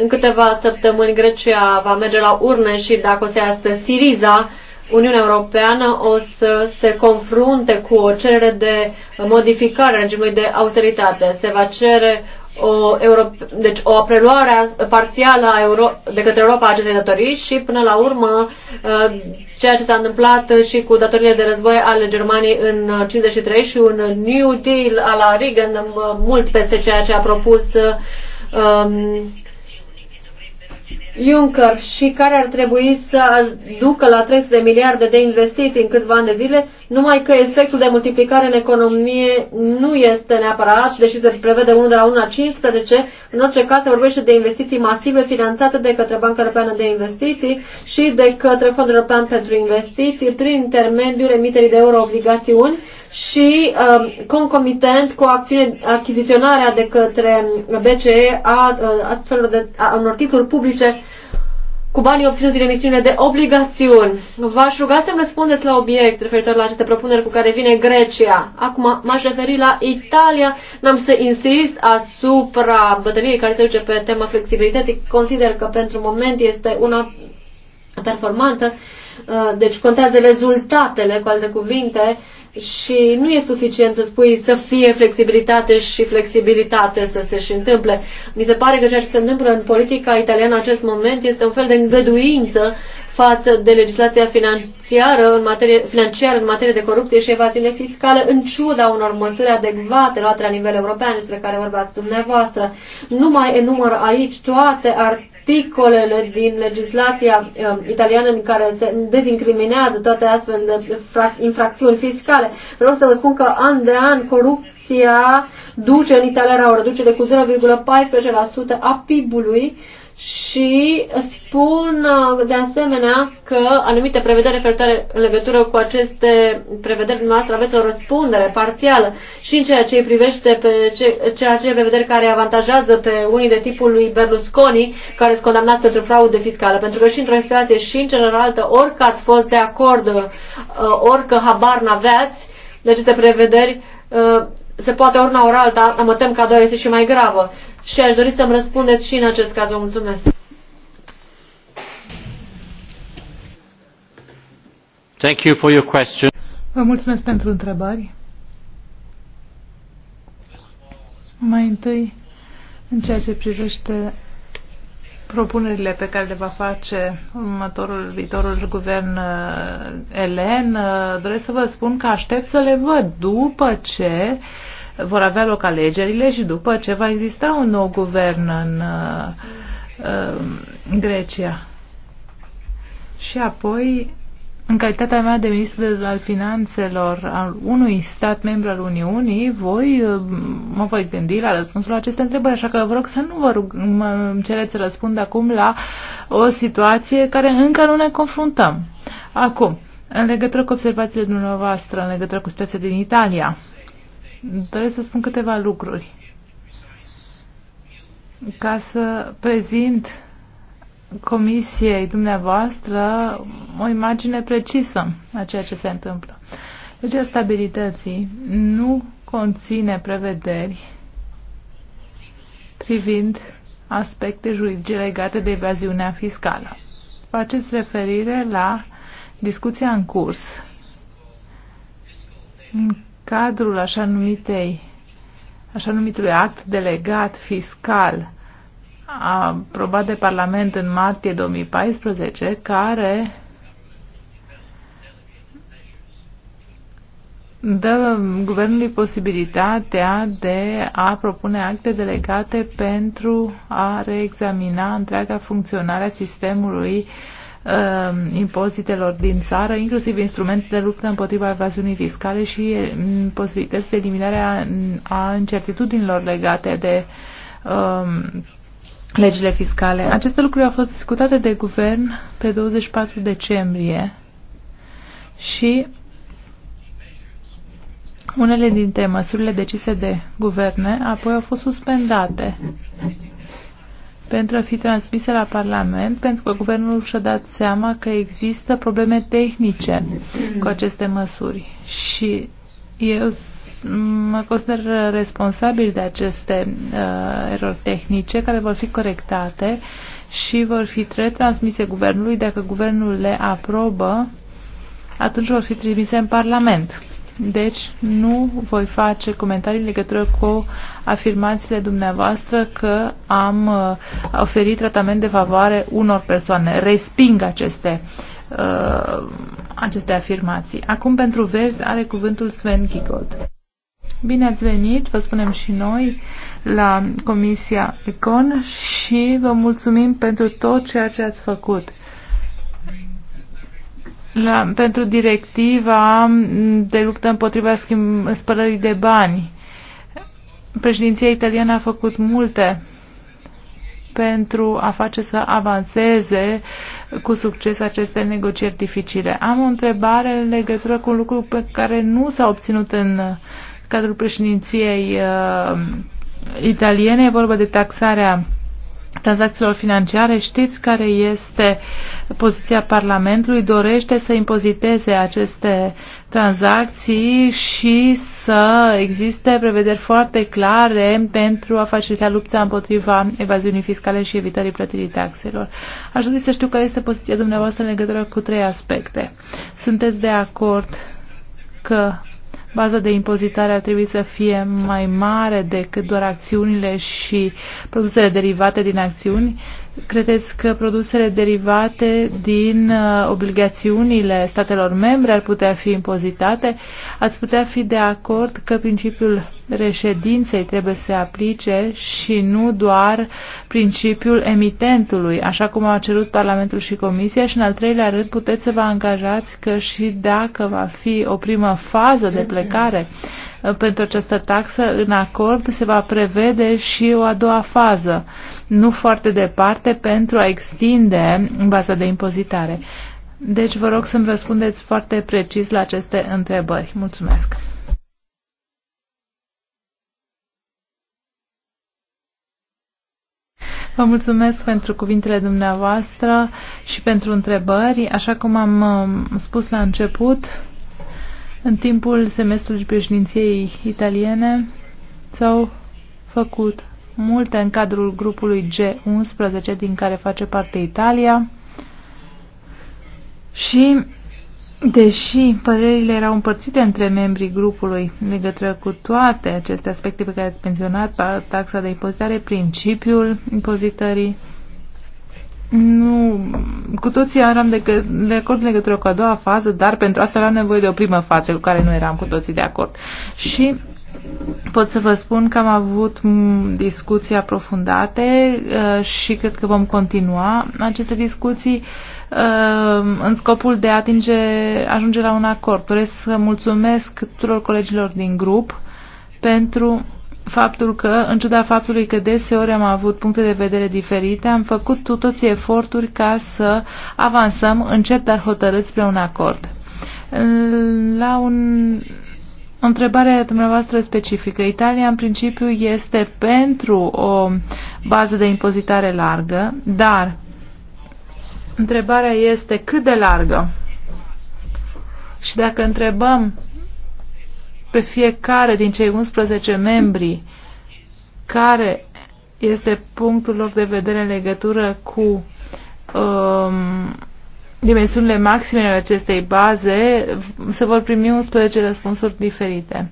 în câteva săptămâni Grecia va merge la urne și dacă o să iasă Siriza, Uniunea Europeană o să se confrunte cu o cerere de modificare a regimului de austeritate. Se va cere o, Euro, deci o preluare parțială a Euro, de către Europa a acestei datorii și până la urmă ă, ceea ce s-a întâmplat și cu datoriile de război ale Germaniei în 53 și un New Deal a la Reagan mult peste ceea ce a propus um, Juncker și care ar trebui să ducă la 300 de miliarde de investiții în câțiva ani de zile, numai că efectul de multiplicare în economie nu este neapărat, deși se prevede unul de la 1 la 15, în orice caz se vorbește de investiții masive finanțate de către Banca Europeană de Investiții și de către Fondul European pentru Investiții prin intermediul emiterii de euro obligațiuni și um, concomitent cu acțiune, achiziționarea de către BCE a, uh, astfel de, a unor titluri publice cu banii obținuți din emisiune de obligațiuni. V-aș ruga să-mi răspundeți la obiect referitor la aceste propuneri cu care vine Grecia. Acum m-aș referi la Italia. N-am să insist asupra bătăliei care se duce pe tema flexibilității. Consider că pentru moment este una performantă. Uh, deci contează rezultatele, cu alte cuvinte, și nu e suficient să spui să fie flexibilitate și flexibilitate să se și întâmple. Mi se pare că ceea ce se întâmplă în politica italiană în acest moment este un fel de îngăduință față de legislația financiară în materie, financiară în materie de corupție și evaziune fiscală, în ciuda unor măsuri adecvate luate la nivel european despre care vorbeați dumneavoastră. Nu mai enumăr aici toate ar, articolele din legislația uh, italiană în care se dezincriminează toate astfel de infracțiuni fiscale. Vreau să vă spun că an de an corupția duce în Italia la o reducere cu 0,14% a PIB-ului uh, și spun uh, de asemenea că anumite prevederi referitoare în legătură cu aceste prevederi noastre aveți o răspundere parțială și în ceea ce îi privește pe ce, ceea ce prevederi care avantajează pe unii de tipul lui Berlusconi care sunt condamnați pentru fraude fiscală. Pentru că și într-o situație și în celălaltă, orică ați fost de acord, uh, orică habar n-aveați de deci aceste prevederi, uh, se poate ori una ori alta, mă tem că a doua este și mai gravă și aș dori să-mi răspundeți și în acest caz. Vă mulțumesc! Thank you for your question. Vă mulțumesc pentru întrebări. Mai întâi, în ceea ce privește propunerile pe care le va face următorul, viitorul guvern uh, elen, uh, doresc să vă spun că aștept să le văd după ce uh, vor avea loc alegerile și după ce va exista un nou guvern în uh, um, Grecia. Și apoi, în calitatea mea de ministru al finanțelor al unui stat membru al Uniunii, voi uh, mă voi gândi la răspunsul la aceste întrebări, așa că vă rog să nu vă rug, mă cereți să răspund acum la o situație care încă nu ne confruntăm. Acum, în legătură cu observațiile dumneavoastră, în legătură cu situația din Italia, Doresc să spun câteva lucruri ca să prezint comisiei dumneavoastră o imagine precisă a ceea ce se întâmplă. Legea stabilității nu conține prevederi privind aspecte juridice legate de evaziunea fiscală. Faceți referire la discuția în curs în cadrul așa numitei așa numitului act delegat fiscal aprobat de Parlament în martie 2014, care dă guvernului posibilitatea de a propune acte delegate pentru a reexamina întreaga funcționare a sistemului uh, uh, impozitelor din țară, inclusiv instrumente de luptă împotriva evaziunii fiscale și um, posibilități de eliminare a, a incertitudinilor legate de um, legile fiscale. Aceste lucruri au fost discutate de guvern pe 24 decembrie și unele dintre măsurile decise de guverne apoi au fost suspendate pentru a fi transmise la Parlament, pentru că guvernul și-a dat seama că există probleme tehnice cu aceste măsuri. Și eu mă consider responsabil de aceste uh, erori tehnice care vor fi corectate și vor fi retransmise guvernului. Dacă guvernul le aprobă, atunci vor fi trimise în Parlament. Deci nu voi face comentarii în legătură cu afirmațiile dumneavoastră că am uh, oferit tratament de favoare unor persoane. Resping aceste, uh, aceste afirmații. Acum pentru verzi are cuvântul Sven Gigot. Bine ați venit, vă spunem și noi, la Comisia Econ și vă mulțumim pentru tot ceea ce ați făcut la, pentru directiva de luptă împotriva schimb, spălării de bani. Președinția italiană a făcut multe pentru a face să avanseze cu succes aceste negocieri dificile. Am o întrebare în legătură cu un lucru pe care nu s-a obținut în cadrul președinției uh, italiene. E vorba de taxarea tranzacțiilor financiare, știți care este poziția Parlamentului, dorește să impoziteze aceste tranzacții și să existe prevederi foarte clare pentru a facilita lupta împotriva evaziunii fiscale și evitării plătirii taxelor. Aș dori să știu care este poziția dumneavoastră în legătură cu trei aspecte. Sunteți de acord că baza de impozitare ar trebui să fie mai mare decât doar acțiunile și produsele derivate din acțiuni Credeți că produsele derivate din uh, obligațiunile statelor membre ar putea fi impozitate? Ați putea fi de acord că principiul reședinței trebuie să se aplice și nu doar principiul emitentului, așa cum au cerut Parlamentul și Comisia și în al treilea rând puteți să vă angajați că și dacă va fi o primă fază de plecare uh, pentru această taxă, în acord se va prevede și o a doua fază nu foarte departe, pentru a extinde baza de impozitare. Deci vă rog să-mi răspundeți foarte precis la aceste întrebări. Mulțumesc! Vă mulțumesc pentru cuvintele dumneavoastră și pentru întrebări. Așa cum am um, spus la început, în timpul semestrului președinției italiene s-au făcut multe în cadrul grupului G11 din care face parte Italia și Deși părerile erau împărțite între membrii grupului legătură cu toate aceste aspecte pe care ați menționat, taxa de impozitare, principiul impozitării, nu, cu toții eram de, că, de acord în legătură cu a doua fază, dar pentru asta aveam nevoie de o primă fază cu care nu eram cu toții de acord. Și pot să vă spun că am avut discuții aprofundate uh, și cred că vom continua aceste discuții uh, în scopul de a atinge, ajunge la un acord. Doresc să mulțumesc tuturor colegilor din grup pentru faptul că, în ciuda faptului că deseori am avut puncte de vedere diferite, am făcut cu toții eforturi ca să avansăm încet, dar hotărât spre un acord. La un Întrebarea dumneavoastră specifică. Italia, în principiu, este pentru o bază de impozitare largă, dar întrebarea este cât de largă? Și dacă întrebăm pe fiecare din cei 11 membri care este punctul lor de vedere în legătură cu um, dimensiunile maxime ale acestei baze, se vor primi 11 răspunsuri diferite.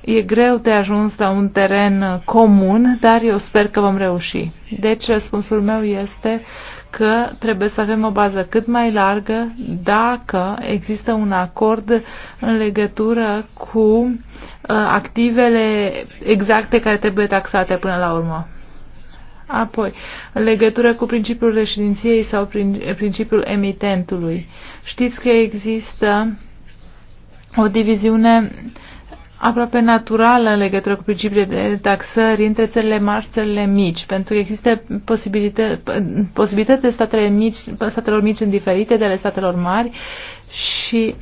E greu de ajuns la un teren comun, dar eu sper că vom reuși. Deci răspunsul meu este că trebuie să avem o bază cât mai largă dacă există un acord în legătură cu uh, activele exacte care trebuie taxate până la urmă. Apoi, în legătură cu principiul reședinției sau principiul emitentului, știți că există o diviziune aproape naturală în legătură cu principiile de taxări între țările mari, țările mici, pentru că există posibilitatea posibilități de mici, statelor mici în diferite de ale statelor mari și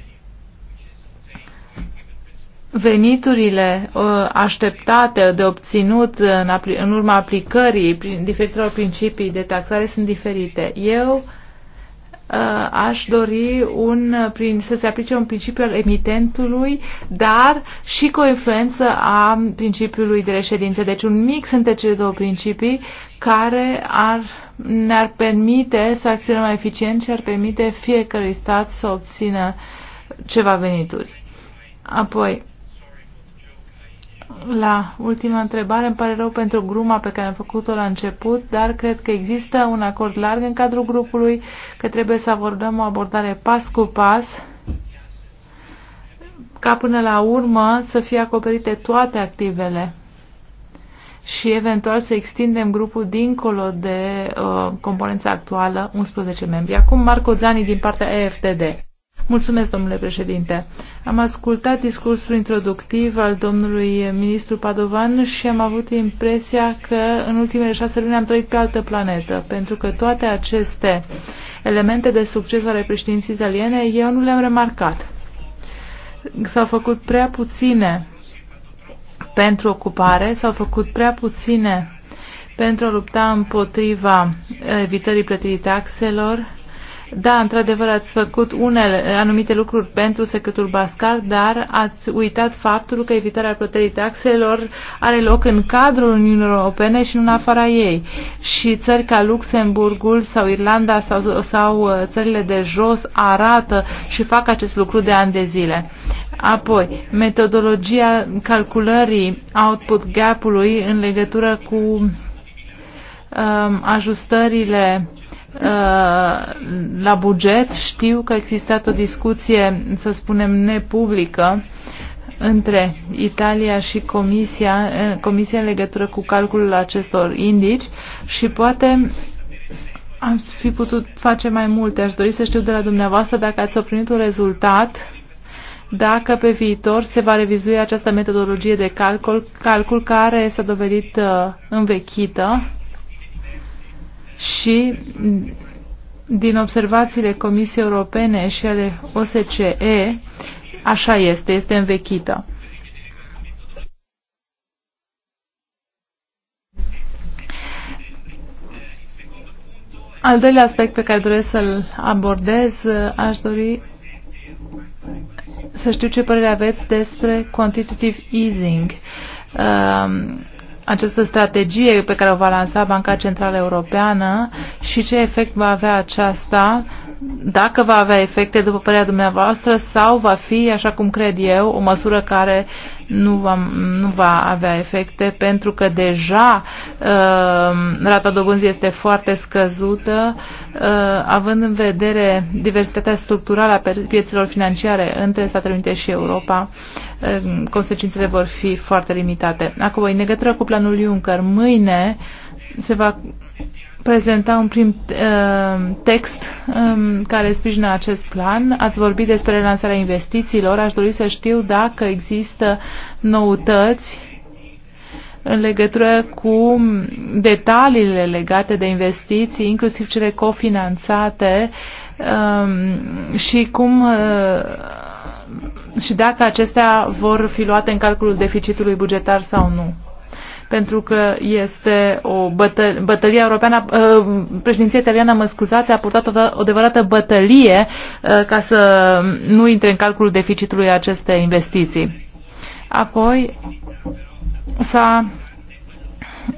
veniturile uh, așteptate de obținut în, în urma aplicării prin diferitelor principii de taxare sunt diferite. Eu uh, aș dori un, prin, să se aplice un principiu al emitentului, dar și cu o influență a principiului de reședință. Deci un mix între cele două principii care ar, ne-ar permite să acționăm mai eficient și ar permite fiecărui stat să obțină ceva venituri. Apoi, la ultima întrebare. Îmi pare rău pentru gruma pe care am făcut-o la început, dar cred că există un acord larg în cadrul grupului, că trebuie să abordăm o abordare pas cu pas, ca până la urmă să fie acoperite toate activele și eventual să extindem grupul dincolo de uh, componența actuală, 11 membri. Acum Marco Zani din partea EFTD. Mulțumesc, domnule președinte. Am ascultat discursul introductiv al domnului ministru Padovan și am avut impresia că în ultimele șase luni am trăit pe altă planetă, pentru că toate aceste elemente de succes ale președinției italiene eu nu le-am remarcat. S-au făcut prea puține pentru ocupare, s-au făcut prea puține pentru a lupta împotriva evitării plătirii taxelor, da, într-adevăr ați făcut unele anumite lucruri pentru secretul bascar, dar ați uitat faptul că evitarea plătării taxelor are loc în cadrul Uniunii Europene și nu în afara ei. Și țări ca Luxemburgul sau Irlanda sau, sau uh, țările de jos arată și fac acest lucru de ani de zile. Apoi, metodologia calculării output gap-ului în legătură cu um, ajustările Uh, la buget. Știu că a existat o discuție, să spunem, nepublică între Italia și Comisia, uh, Comisia în legătură cu calculul acestor indici și poate am fi putut face mai multe. Aș dori să știu de la dumneavoastră dacă ați obținut un rezultat, dacă pe viitor se va revizui această metodologie de calcul, calcul care s-a dovedit uh, învechită și din observațiile Comisiei Europene și ale OSCE, așa este, este învechită. Al doilea aspect pe care doresc să-l abordez, aș dori să știu ce părere aveți despre quantitative easing. Um, această strategie pe care o va lansa Banca Centrală Europeană și ce efect va avea aceasta, dacă va avea efecte, după părerea dumneavoastră, sau va fi, așa cum cred eu, o măsură care nu va, nu va avea efecte pentru că deja uh, rata dobânzii este foarte scăzută, uh, având în vedere diversitatea structurală a piețelor financiare între Statele Unite și Europa, uh, consecințele vor fi foarte limitate. Acum, în legătură cu planul Juncker, mâine se va prezenta un prim uh, text um, care sprijină acest plan. Ați vorbit despre relansarea investițiilor. Aș dori să știu dacă există noutăți în legătură cu detaliile legate de investiții, inclusiv cele cofinanțate um, și cum uh, și dacă acestea vor fi luate în calculul deficitului bugetar sau nu pentru că este o bătă, bătălie europeană, uh, președinția italiană, mă scuzați, a purtat o, da, o adevărată bătălie uh, ca să nu intre în calculul deficitului aceste investiții. Apoi s-a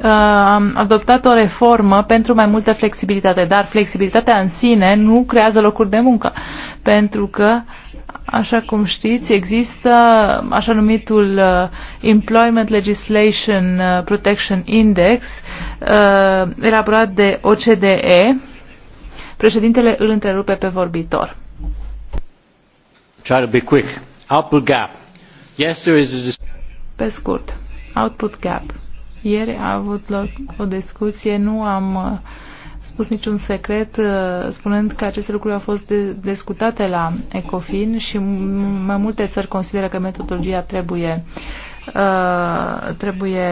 Uh, adoptat o reformă pentru mai multă flexibilitate, dar flexibilitatea în sine nu creează locuri de muncă, pentru că Așa cum știți, există așa numitul uh, Employment Legislation uh, Protection Index, elaborat de OCDE. Președintele îl întrerupe pe vorbitor. Try to be quick. Output gap. Yes, there is a... Pe scurt, output gap. Ieri a avut loc o discuție, nu am uh, spus niciun secret uh, spunând că aceste lucruri au fost discutate la ECOFIN și mai multe țări consideră că metodologia trebuie, uh, trebuie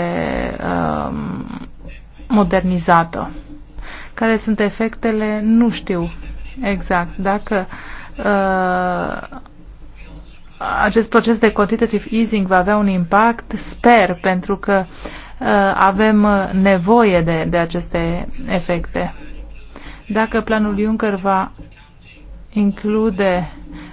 um, modernizată. Care sunt efectele? Nu știu exact. Dacă acest proces de quantitative easing va avea un impact, sper, pentru că uh, Uh, avem uh, nevoie de, de aceste efecte. Dacă planul Juncker va include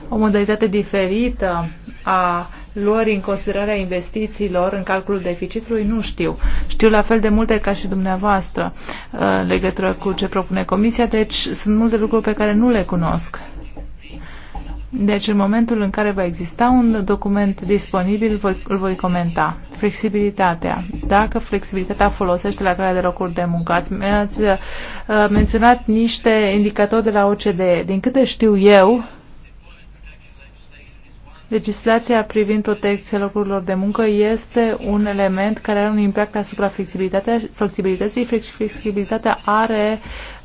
o modalitate diferită a luării în considerarea investițiilor în calculul deficitului, nu știu. Știu la fel de multe ca și dumneavoastră uh, legătură cu ce propune Comisia, deci sunt multe lucruri pe care nu le cunosc. Deci în momentul în care va exista un document disponibil, voi, îl voi comenta. Flexibilitatea. Dacă flexibilitatea folosește la crearea de locuri de muncă, ați, ați uh, menționat niște indicatori de la OCDE. Din câte știu eu, Legislația privind protecția locurilor de muncă este un element care are un impact asupra flexibilității. Flexibilitatea are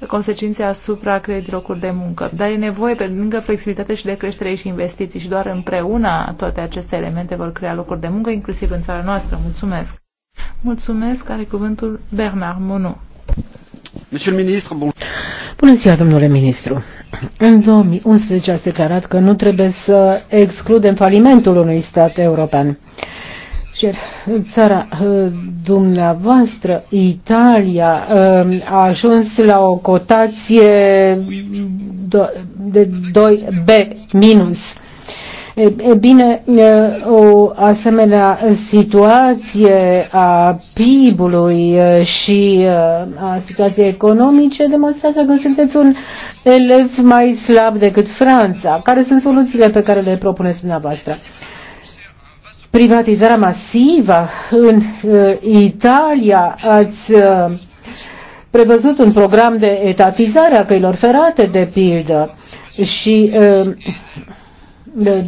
consecințe asupra creierii locurilor de muncă. Dar e nevoie pe lângă flexibilitate și de creștere și investiții și doar împreună toate aceste elemente vor crea locuri de muncă, inclusiv în țara noastră. Mulțumesc! Mulțumesc! Are cuvântul Bernard Monu. Monsieur le ministre, bon... Bună ziua, domnule ministru! În 2011 ați declarat că nu trebuie să excludem falimentul unui stat european. Și țara uh, dumneavoastră, Italia, uh, a ajuns la o cotație de 2B minus. E bine, o asemenea situație a PIB-ului și a situației economice demonstrează că sunteți un elev mai slab decât Franța. Care sunt soluțiile pe care le propuneți dumneavoastră? Privatizarea masivă în Italia ați prevăzut un program de etatizare a căilor ferate, de pildă, și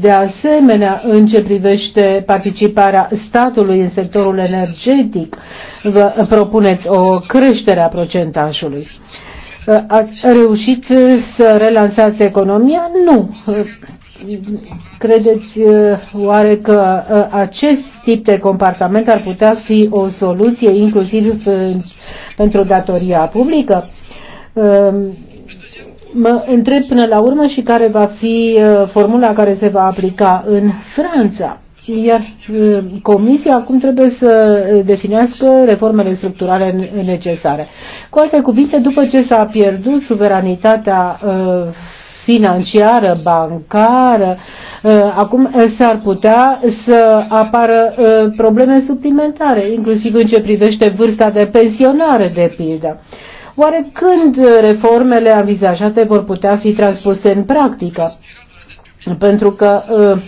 de asemenea, în ce privește participarea statului în sectorul energetic, vă propuneți o creștere a procentajului. Ați reușit să relansați economia? Nu. Credeți oare că uh, acest tip de comportament ar putea fi o soluție inclusiv uh, pentru datoria publică? Uh, mă întreb până la urmă și care va fi uh, formula care se va aplica în Franța. Iar uh, Comisia acum trebuie să definească reformele structurale necesare. Cu alte cuvinte, după ce s-a pierdut suveranitatea uh, financiară, bancară, acum s-ar putea să apară probleme suplimentare, inclusiv în ce privește vârsta de pensionare, de pildă. Oare când reformele avizajate vor putea fi transpuse în practică? Pentru că uh,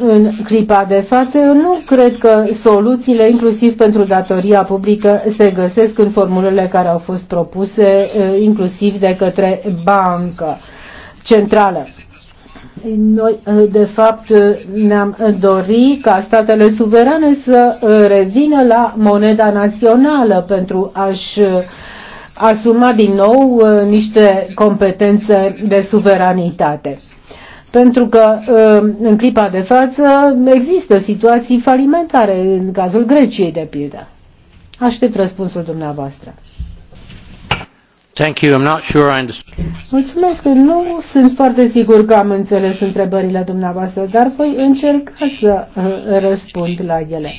în clipa de față, eu nu cred că soluțiile, inclusiv pentru datoria publică, se găsesc în formulele care au fost propuse, uh, inclusiv de către bancă centrală. Păi noi, ă, de fapt, ă, ne-am dorit ca statele suverane să ă, revină la moneda națională pentru a-și asuma din nou niște competențe de suveranitate. Pentru că în clipa de față există situații falimentare, în cazul Greciei, de pildă. Aștept răspunsul dumneavoastră. Thank you. I'm not sure I Mulțumesc. Nu sunt foarte sigur că am înțeles întrebările dumneavoastră, dar voi încerca să uh, răspund la ele.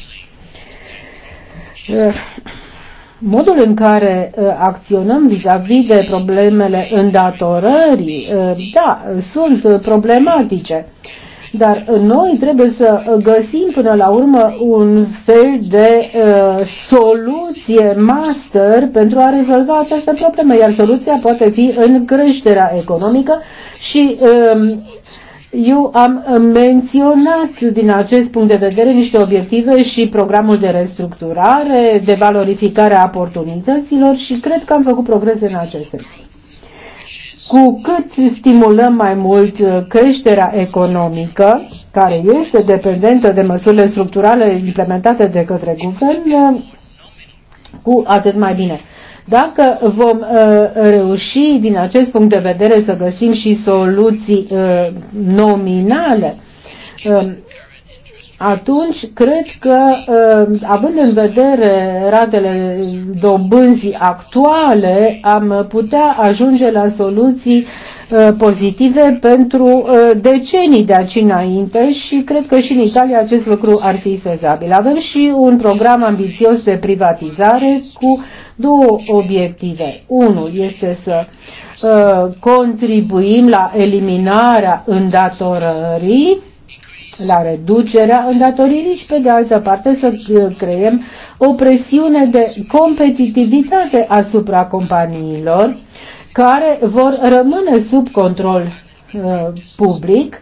Uh, modul în care uh, acționăm vis-a-vis -vis de problemele îndatorării, da, sunt problematice. Dar uh, noi trebuie să uh, găsim până la urmă un fel de uh, soluție master pentru a rezolva această problemă, iar soluția poate fi în creșterea economică și uh, eu am menționat din acest punct de vedere niște obiective și programul de restructurare, de valorificare a oportunităților și cred că am făcut progrese în acest sens. Cu cât stimulăm mai mult uh, creșterea economică, care este dependentă de măsurile structurale implementate de către guvern, uh, cu atât mai bine. Dacă vom uh, reuși din acest punct de vedere să găsim și soluții uh, nominale, uh, atunci cred că, uh, având în vedere ratele dobânzii actuale, am putea ajunge la soluții uh, pozitive pentru uh, decenii de aici înainte și cred că și în Italia acest lucru ar fi fezabil. Avem și un program ambițios de privatizare cu două obiective. Unul este să contribuim la eliminarea îndatorării la reducerea îndatoririi și, pe de altă parte, să creăm o presiune de competitivitate asupra companiilor care vor rămâne sub control uh, public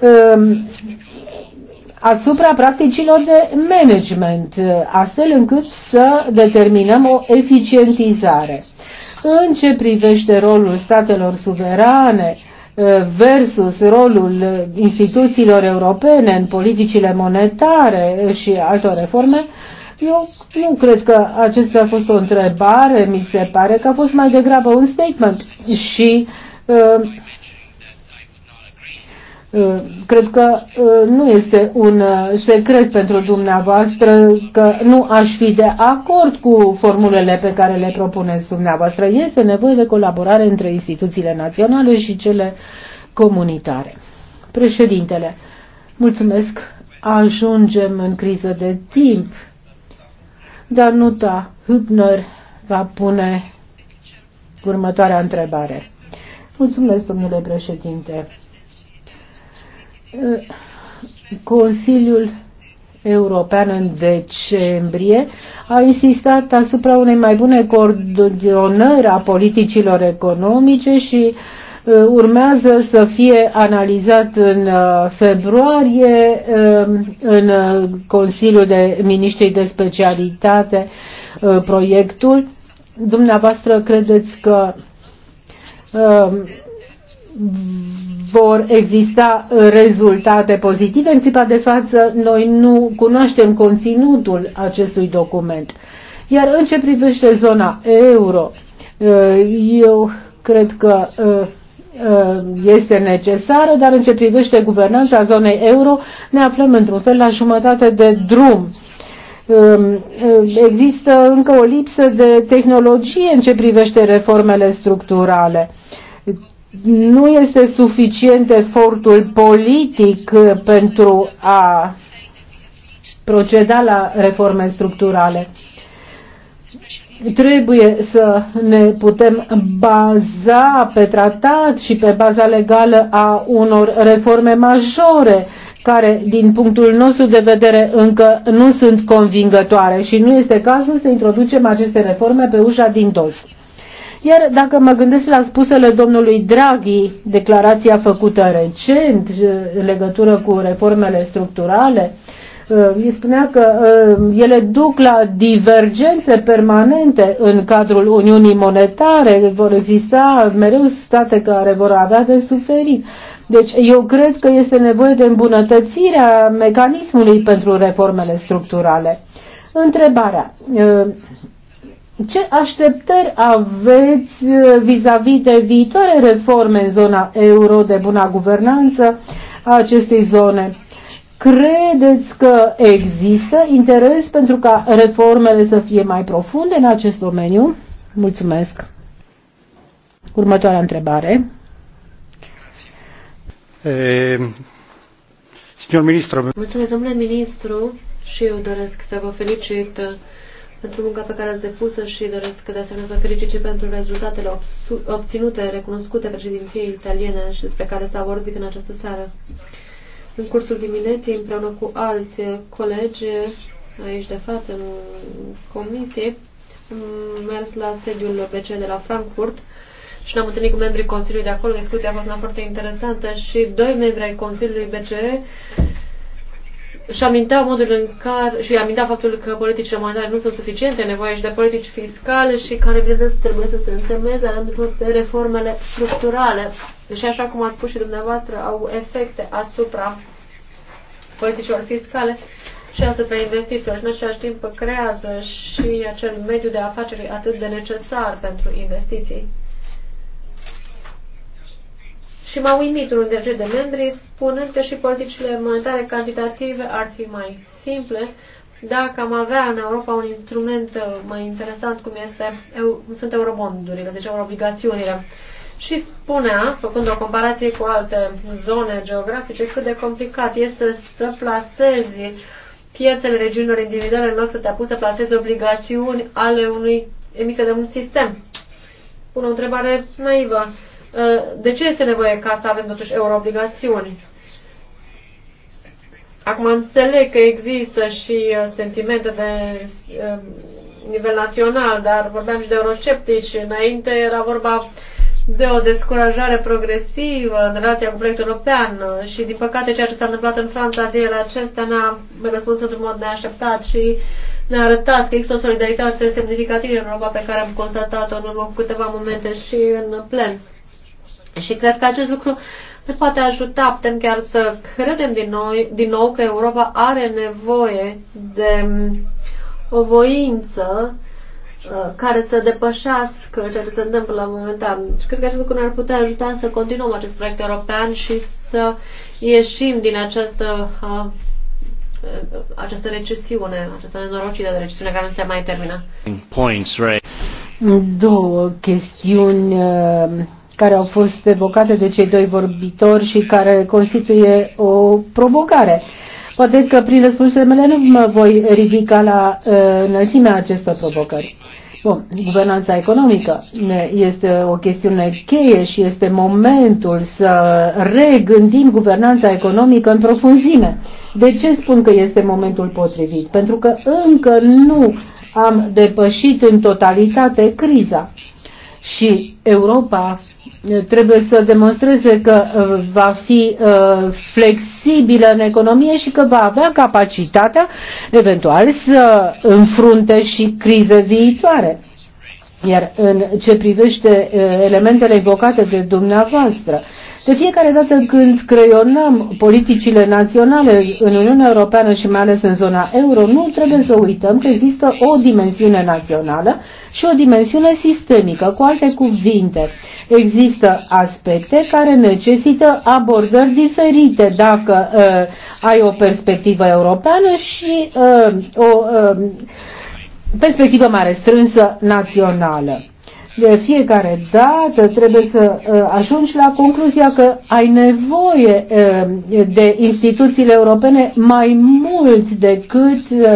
uh, asupra practicilor de management, uh, astfel încât să determinăm o eficientizare. În ce privește rolul statelor suverane, uh, versus rolul instituțiilor europene în politicile monetare și alte reforme, eu nu cred că acesta a fost o întrebare, mi se pare că a fost mai degrabă un statement și uh, Uh, cred că uh, nu este un uh, secret pentru dumneavoastră că nu aș fi de acord cu formulele pe care le propuneți dumneavoastră. Este nevoie de colaborare între instituțiile naționale și cele comunitare. Președintele, mulțumesc. Ajungem în criză de timp. Danuta Hübner va pune următoarea întrebare. Mulțumesc, domnule președinte. Consiliul European în decembrie a insistat asupra unei mai bune coordonări a politicilor economice și uh, urmează să fie analizat în uh, februarie um, în uh, Consiliul de Ministri de Specialitate proiectul. Dumneavoastră credeți că um, vor exista uh, rezultate pozitive. În clipa de față, noi nu cunoaștem conținutul acestui document. Iar în ce privește zona euro, uh, eu cred că uh, este necesară, dar în ce privește guvernanța zonei euro, ne aflăm într-un fel la jumătate de drum. Um, există încă o lipsă de tehnologie în ce privește reformele structurale nu este suficient efortul politic uh, pentru a proceda la reforme structurale. Trebuie să ne putem baza pe tratat și pe baza legală a unor reforme majore care, din punctul nostru de vedere, încă nu sunt convingătoare și nu este cazul să introducem aceste reforme pe ușa din dos. Iar dacă mă gândesc la spusele domnului Draghi, declarația făcută recent în legătură cu reformele structurale, îi spunea că ele duc la divergențe permanente în cadrul Uniunii Monetare, vor exista mereu state care vor avea de suferit. Deci eu cred că este nevoie de îmbunătățirea mecanismului pentru reformele structurale. Întrebarea ce așteptări aveți uh, vis-a-vis -vis de viitoare reforme în zona euro de bună guvernanță a acestei zone? Credeți că există interes pentru ca reformele să fie mai profunde în acest domeniu? Mulțumesc. Următoarea întrebare. ministru. Mulțumesc, domnule ministru, și eu doresc să vă felicit pentru munca pe care ați depusă și doresc de asemenea să felicit și pentru rezultatele obținute, recunoscute președinției italiene și despre care s-a vorbit în această seară. În cursul dimineții, împreună cu alți colegi aici de față, în comisie, am mers la sediul BC de la Frankfurt și ne-am întâlnit cu membrii Consiliului de acolo. Discuția a fost una foarte interesantă și doi membri ai Consiliului BCE și amintea modul în care și amintea faptul că politicile monetare nu sunt suficiente, nevoie și de politici fiscale și care, bineînțeles, trebuie să se întemeze alături de reformele structurale. Și așa cum ați spus și dumneavoastră, au efecte asupra politicilor fiscale și asupra investițiilor și în același timp creează și acel mediu de afaceri atât de necesar pentru investiții. Și m-a uimit unul de de membri spunând că și politicile monetare cantitative ar fi mai simple dacă am avea în Europa un instrument uh, mai interesant cum este, eu, sunt eurobondurile, deci euroobligațiunile. Și spunea, făcând o comparație cu alte zone geografice, cât de complicat este să plasezi piețele regiunilor individuale în loc să te apuci să plasezi obligațiuni ale unui emisie de un sistem. Pun o întrebare naivă. Ă, de ce este nevoie ca să avem totuși euroobligațiuni? Acum înțeleg că există și ă, sentimente de ă, nivel național, dar vorbeam și de eurosceptici. Înainte era vorba de o descurajare progresivă în relația cu proiectul european și, din păcate, ceea ce s-a întâmplat în Franța zilele acestea ne-a răspuns într-un mod neașteptat și ne-a arătat că există o solidaritate semnificativă în Europa pe care am constatat-o în urmă cu câteva momente și în plen. Și cred că acest lucru ne poate ajuta, putem chiar să credem din, noi, din nou că Europa are nevoie de mm, o voință uh, care să depășească ceea ce se întâmplă momentan. Și cred că acest lucru ne-ar putea ajuta să continuăm acest proiect european și să ieșim din această, uh, uh această recesiune, această nenorocită de recesiune care nu se mai termină. Points, right? Două chestiuni uh, care au fost evocate de cei doi vorbitori și care constituie o provocare. Poate că prin răspunsurile mele nu mă voi ridica la uh, înălțimea acestor provocări. Bun, guvernanța economică este o chestiune cheie și este momentul să regândim guvernanța economică în profunzime. De ce spun că este momentul potrivit? Pentru că încă nu am depășit în totalitate criza și Europa eh, trebuie să demonstreze că eh, va fi eh, flexibilă în economie și că va avea capacitatea eventual să înfrunte și crize viitoare. Iar în ce privește elementele evocate de dumneavoastră, de fiecare dată când creionăm politicile naționale în Uniunea Europeană și mai ales în zona euro, nu trebuie să uităm că există o dimensiune națională și o dimensiune sistemică. Cu alte cuvinte, există aspecte care necesită abordări diferite dacă uh, ai o perspectivă europeană și uh, o uh, perspectivă mai restrânsă națională de fiecare dată trebuie să uh, ajungi la concluzia că ai nevoie uh, de instituțiile europene mai mult decât uh,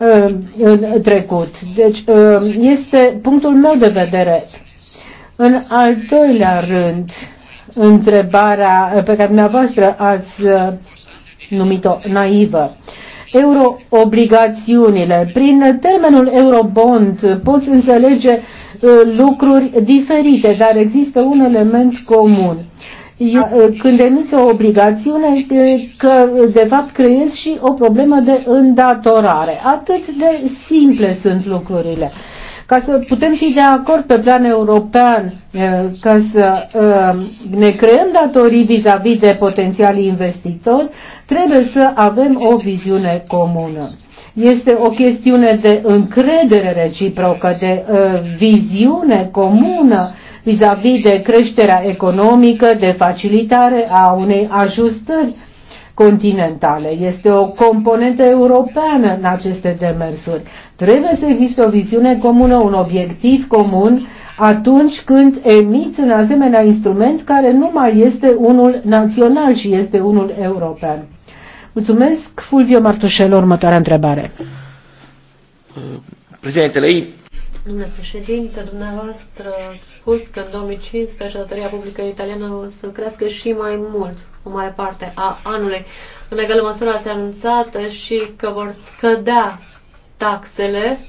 Uh, în trecut. Deci uh, este punctul meu de vedere. În al doilea rând, întrebarea pe care dumneavoastră ați uh, numit-o naivă. Euroobligațiunile. Prin termenul eurobond poți înțelege lucruri diferite, dar există un element comun. Da. Uh, când emiți o obligațiune, că de fapt creezi și o problemă de îndatorare. Atât de simple sunt lucrurile. Ca să putem fi de acord pe plan european, uh, ca să uh, ne creăm datorii vis-a-vis -vis de potențialii investitori, trebuie să avem o viziune comună este o chestiune de încredere reciprocă, de viziune comună vis-a-vis -vis de creșterea economică, de facilitare a unei ajustări continentale. Este o componentă europeană în aceste demersuri. Trebuie să existe o viziune comună, un obiectiv comun atunci când emiți un asemenea instrument care nu mai este unul național, ci este unul european. Mulțumesc, Fulvio Martușel, următoarea întrebare. Președinte, lei Domnule președinte, dumneavoastră ați spus că în 2015 datoria publică italiană o să crească și mai mult, o mare parte a anului. În egală măsură ați anunțat și că vor scădea taxele,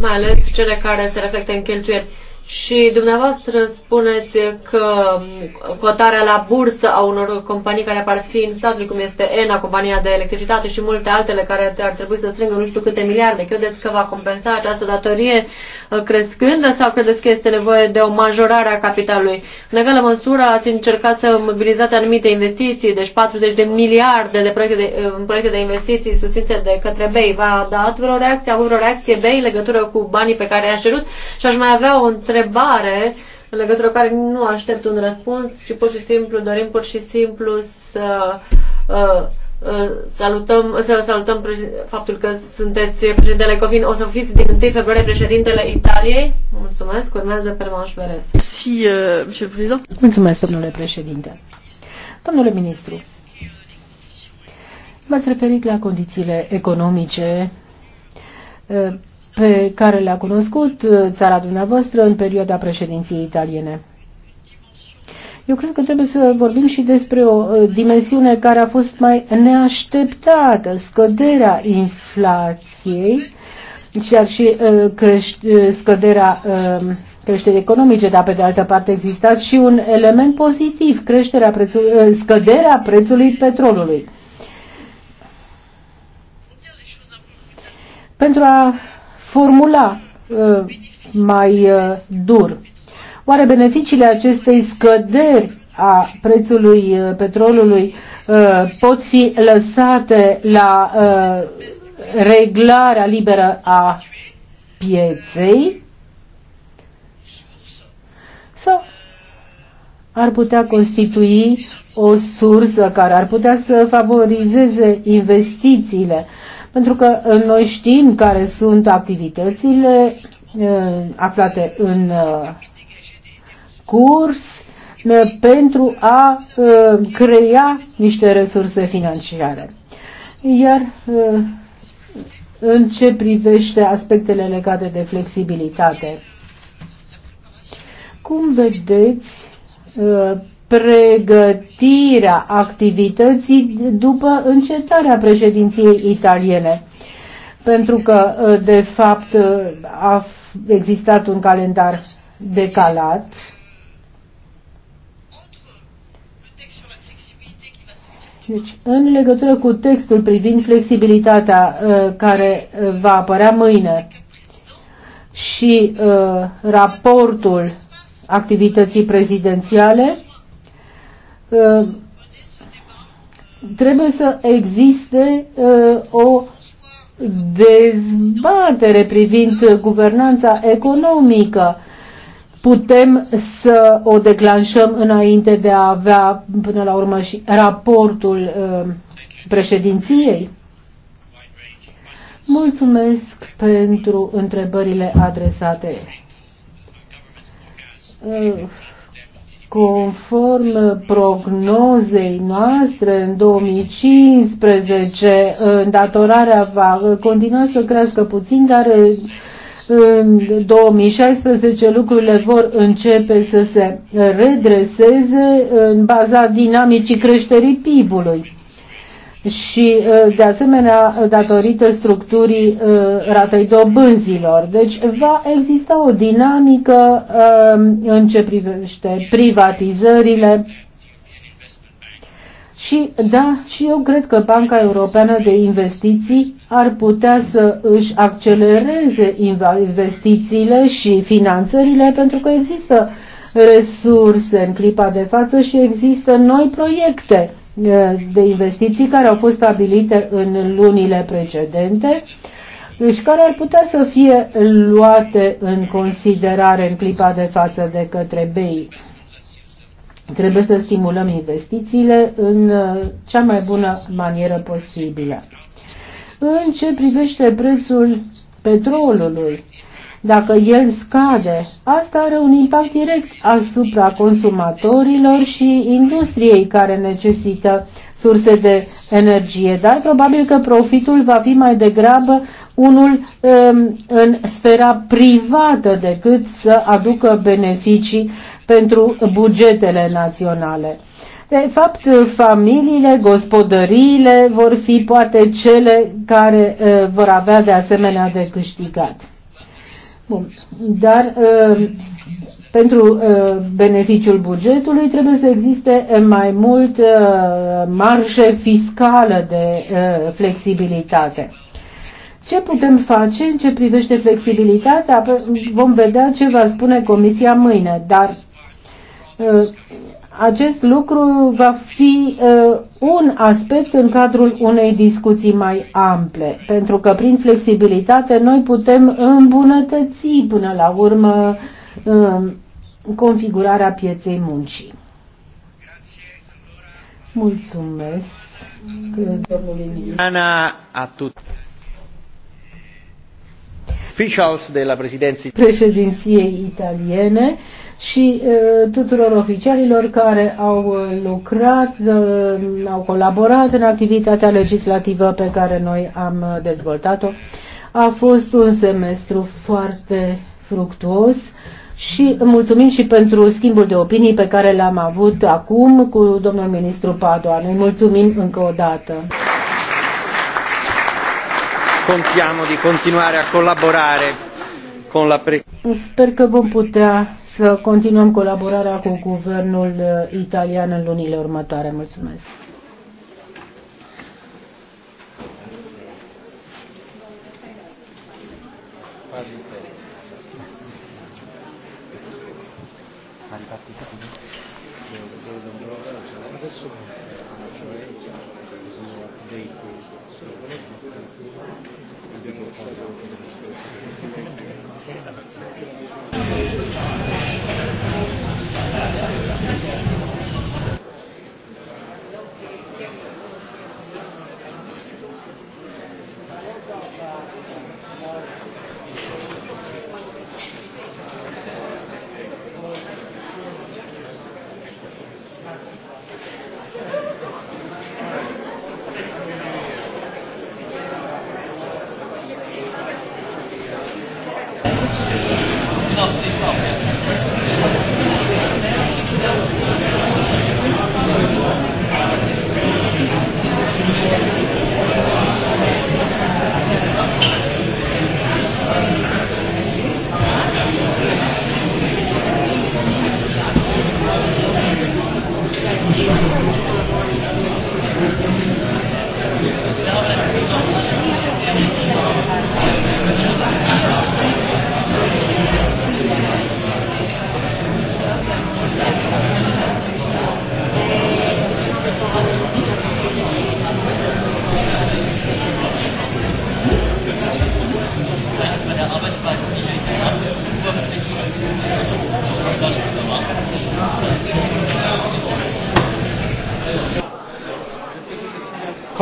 mai ales cele care se reflectă în cheltuieli. Și dumneavoastră spuneți că um, cotarea la bursă a unor companii care aparțin statului, cum este ENA, compania de electricitate și multe altele care ar trebui să strângă nu știu câte miliarde, credeți că va compensa această datorie uh, crescândă sau credeți că este nevoie de o majorare a capitalului? În egală măsură ați încercat să mobilizați anumite investiții, deci 40 de miliarde de proiecte de, uh, în proiecte de investiții susținute de către BEI. V-a dat vreo reacție? A avut vreo reacție BEI legătură cu banii pe care i-a cerut? Și aș mai avea o întrebare întrebare în legătură cu care nu aștept un răspuns, ci pur și simplu dorim pur și simplu să uh, uh, salutăm, să salutăm faptul că sunteți președintele Covin. O să fiți din 1 februarie președintele Italiei. Mulțumesc. Urmează pe Manș Beres. Și, uh, Mulțumesc, domnule președinte. Domnule ministru, v-ați referit la condițiile economice uh, pe care le-a cunoscut uh, țara dumneavoastră în perioada președinției italiene. Eu cred că trebuie să vorbim și despre o uh, dimensiune care a fost mai neașteptată, scăderea inflației, chiar și uh, creș- scăderea creșterii economice, dar pe de altă parte exista și un element pozitiv, creșterea prețului, scăderea prețului petrolului. Pentru a formula uh, mai uh, dur. Oare beneficiile acestei scăderi a prețului uh, petrolului pot fi lăsate la reglarea liberă a pieței? Sau ar putea constitui o sursă care ar putea să favorizeze investițiile pentru că uh, noi știm care sunt activitățile uh, aflate în uh, curs pentru a crea niște resurse financiare. Iar în ce privește aspectele legate de flexibilitate, cum vedeți pregătirea activității după încetarea președinției italiene. Pentru că, ă, de fapt, ă, a existat un calendar decalat. Deci, în legătură cu textul privind flexibilitatea ă, care va apărea mâine și raportul activității prezidențiale, trebuie să existe uh, o dezbatere privind guvernanța economică. Putem să o declanșăm înainte de a avea până la urmă și raportul uh, președinției? Mulțumesc pentru întrebările adresate. Uh, Conform prognozei noastre, în 2015 îndatorarea va continua să crească puțin, dar în 2016 lucrurile vor începe să se redreseze în baza dinamicii creșterii PIB-ului și uh, de asemenea datorită structurii uh, ratei dobânzilor. Deci va exista o dinamică um, în ce privește privatizările și da, și eu cred că Banca Europeană de Investiții ar putea să își accelereze investițiile și finanțările pentru că există resurse în clipa de față și există noi proiecte de investiții care au fost stabilite în lunile precedente și deci care ar putea să fie luate în considerare în clipa de față de către BEI. Trebuie să stimulăm investițiile în uh, cea mai bună manieră posibilă. În ce privește prețul petrolului, dacă el scade, asta are un impact direct asupra consumatorilor și industriei care necesită surse de energie, dar probabil că profitul va fi mai degrabă unul um, în sfera privată decât să aducă beneficii pentru bugetele naționale. De fapt, familiile, gospodăriile vor fi poate cele care uh, vor avea de asemenea de câștigat. Bun. Dar ă, pentru ă, beneficiul bugetului trebuie să existe mai mult ă, marjă fiscală de flexibilitate. Ce putem face în ce privește flexibilitatea? Păi, vom vedea ce va spune Comisia mâine, dar acest lucru va fi uh, un aspect în cadrul unei discuții mai ample, pentru că prin flexibilitate noi putem îmbunătăți până la urmă uh, configurarea pieței muncii. Mulțumesc, domnului ministru. Officials de la președinție italiene și tuturor oficialilor care au lucrat, au colaborat în activitatea legislativă pe care noi am dezvoltat-o. A fost un semestru foarte fructuos și mulțumim și pentru schimbul de opinii pe care l-am avut acum cu domnul ministru Padoan. Îi mulțumim încă o dată. Contiamo di continuare a collaborare Sper că vom putea să continuăm colaborarea cu guvernul uh, italian în lunile următoare. Mulțumesc!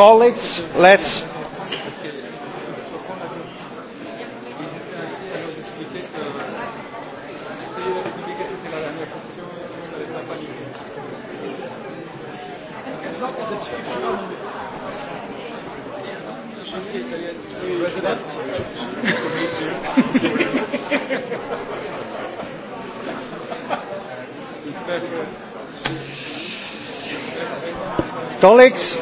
colleagues, let's Colleagues,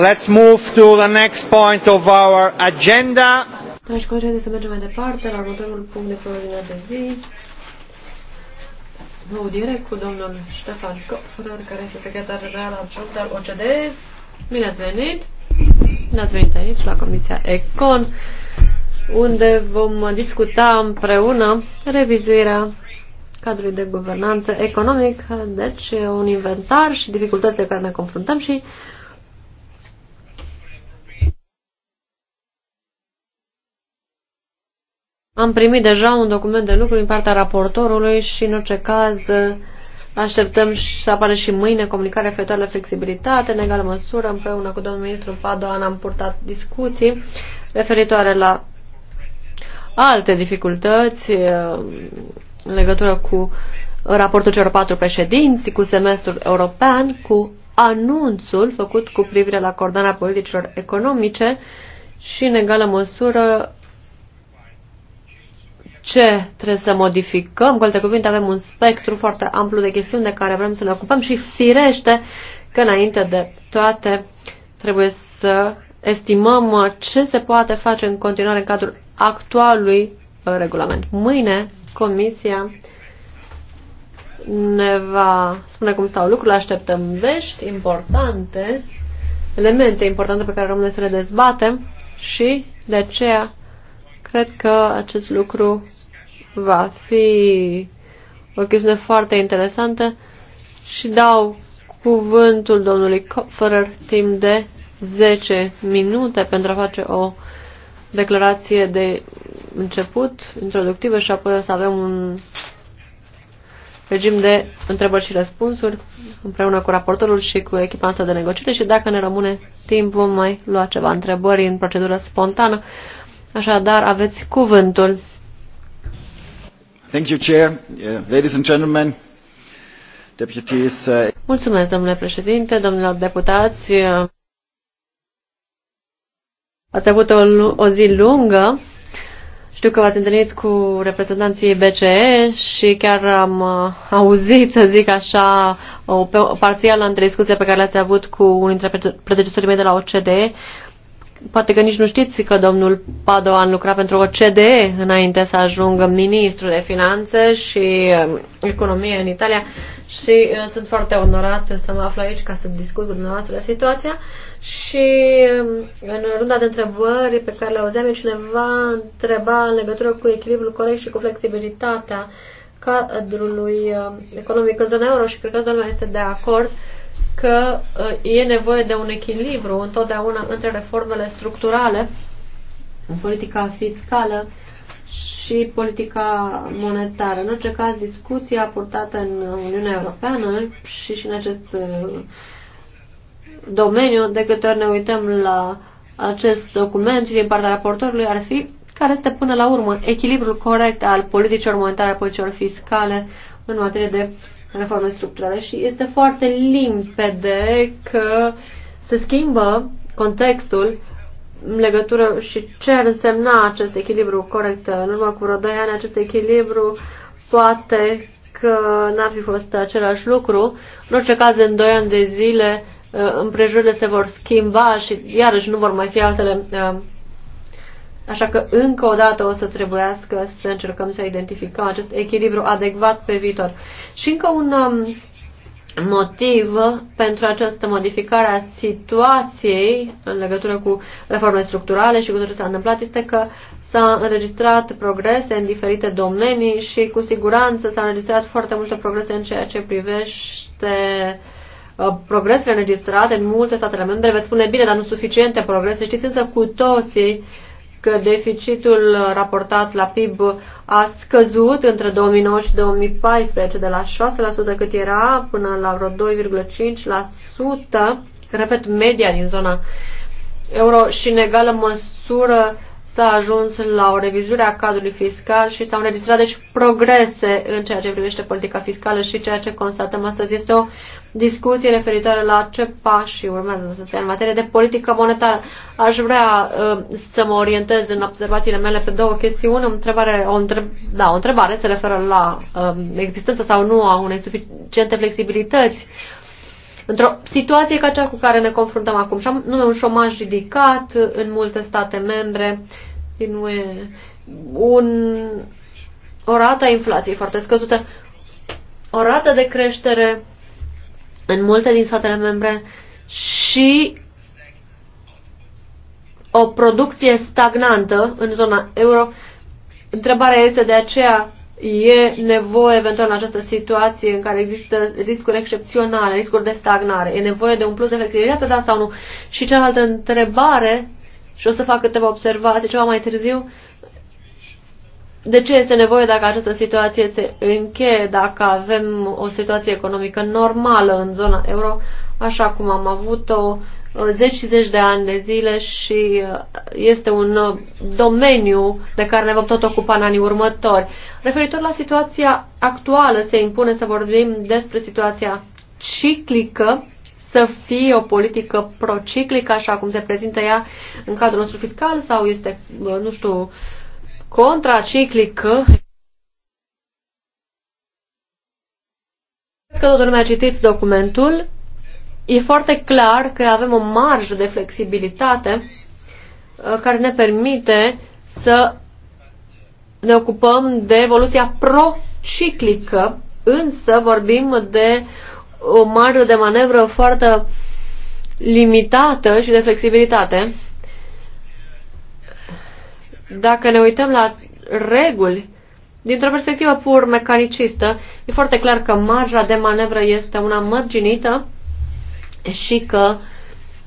let's move to the next point of our agenda. Dragi colegi, haideți să mergem mai departe la următorul punct de pe ordinea de zi. O audiere cu domnul Ștefan Kopfner, care este secretar general al CEUC, dar OCD. Bine ați venit! Bine ați venit aici, la Comisia ECON, unde vom discuta împreună revizuirea cadrului de guvernanță economic, deci un inventar și dificultățile care ne confruntăm și Am primit deja un document de lucru din partea raportorului și, în orice caz, așteptăm și să apară și mâine comunicarea referitoare la flexibilitate. În egală măsură, împreună cu domnul ministru Padoan, am purtat discuții referitoare la alte dificultăți eh, în legătură cu raportul celor patru președinți, cu semestrul european, cu anunțul făcut cu privire la coordonarea politicilor economice și, în egală măsură, ce trebuie să modificăm. Cu alte cuvinte, avem un spectru foarte amplu de chestiuni de care vrem să ne ocupăm și firește că înainte de toate trebuie să estimăm ce se poate face în continuare în cadrul actualului uh, regulament. Mâine Comisia ne va spune cum stau lucrurile, așteptăm vești importante, elemente importante pe care rămâne să le dezbatem și de aceea cred că acest lucru Va fi o chestiune foarte interesantă și dau cuvântul domnului Kopferer timp de 10 minute pentru a face o declarație de început, introductivă și apoi o să avem un regim de întrebări și răspunsuri împreună cu raportorul și cu echipa noastră de negociere și dacă ne rămâne timp vom mai lua ceva întrebări în procedură spontană. Așadar, aveți cuvântul. Thank you, Chair. Uh, ladies and gentlemen, deputies. Uh... Mulțumesc, domnule președinte, domnilor deputați. Ați avut o, o zi lungă. Știu că v-ați întâlnit cu reprezentanții BCE și chiar am uh, auzit, să zic așa, o, o parțială între discuția pe care le-ați avut cu unul dintre predecesorii mei de la OCDE Poate că nici nu știți că domnul Padoan lucra pentru o CDE înainte să ajungă ministru de finanțe și um, economie în Italia și uh, sunt foarte onorat să mă aflu aici ca să discut cu dumneavoastră situația și um, în runda de întrebări pe care le auzeam cineva întreba în legătură cu echilibrul corect și cu flexibilitatea cadrului um, economic în zona euro și cred că domnul este de acord că uh, e nevoie de un echilibru întotdeauna între reformele structurale, politica fiscală și politica monetară. În orice caz, discuția purtată în Uniunea Europeană și și în acest uh, domeniu, de câte ori ne uităm la acest document și din partea raportorului, ar fi care este până la urmă echilibrul corect al politicilor monetare, al politicilor fiscale în materie de reforme structurale și este foarte limpede că se schimbă contextul în legătură și ce ar însemna acest echilibru corect. În urmă cu vreo 2 ani acest echilibru poate că n-ar fi fost același lucru. În orice caz, în 2 ani de zile eh, împrejurile se vor schimba și iarăși nu vor mai fi altele eh, Așa că încă o dată o să trebuiască să încercăm să identificăm acest echilibru adecvat pe viitor. Și încă un um, motiv pentru această modificare a situației în legătură cu reformele structurale și cu ce s-a întâmplat este că s-a înregistrat progrese în diferite domenii și cu siguranță s a înregistrat foarte multe progrese în ceea ce privește uh, progresele înregistrate în multe statele membre. Veți spune bine, dar nu suficiente progrese. Știți însă cu toții că deficitul raportat la PIB a scăzut între 2009 și 2014 de la 6% cât era până la vreo 2,5%, repet, media din zona euro și în egală măsură s-a ajuns la o revizuire a cadrului fiscal și s-au înregistrat deci progrese în ceea ce privește politica fiscală și ceea ce constatăm astăzi este o discuție referitoare la ce pași urmează să se ia în materie de politică monetară. Aș vrea uh, să mă orientez în observațiile mele pe două chestiuni. O întrebare, o întreb, da, o întrebare se referă la uh, existența sau nu a unei suficiente flexibilități într-o situație ca cea cu care ne confruntăm acum, și anume un șomaj ridicat în multe state membre, nu UE, un, o rată a inflației foarte scăzută, o rată de creștere în multe din statele membre și o producție stagnantă în zona euro. Întrebarea este de aceea e nevoie eventual în această situație în care există riscuri excepționale, riscuri de stagnare. E nevoie de un plus de flexibilitate, da sau nu? Și cealaltă întrebare și o să fac câteva observații ceva mai târziu. De ce este nevoie dacă această situație se încheie, dacă avem o situație economică normală în zona euro, așa cum am avut-o uh, zeci și zeci de ani de zile și uh, este un uh, domeniu de care ne vom tot ocupa în anii următori. Referitor la situația actuală, se impune să vorbim despre situația ciclică să fie o politică prociclică, așa cum se prezintă ea în cadrul nostru fiscal, sau este, nu știu, contraciclică. Cred că toată lumea a citit documentul. E foarte clar că avem o marjă de flexibilitate uh, care ne permite să ne ocupăm de evoluția prociclică, însă vorbim de uh, o marjă de manevră foarte limitată și de flexibilitate. Dacă ne uităm la reguli, dintr-o perspectivă pur mecanicistă, e foarte clar că marja de manevră este una mărginită și că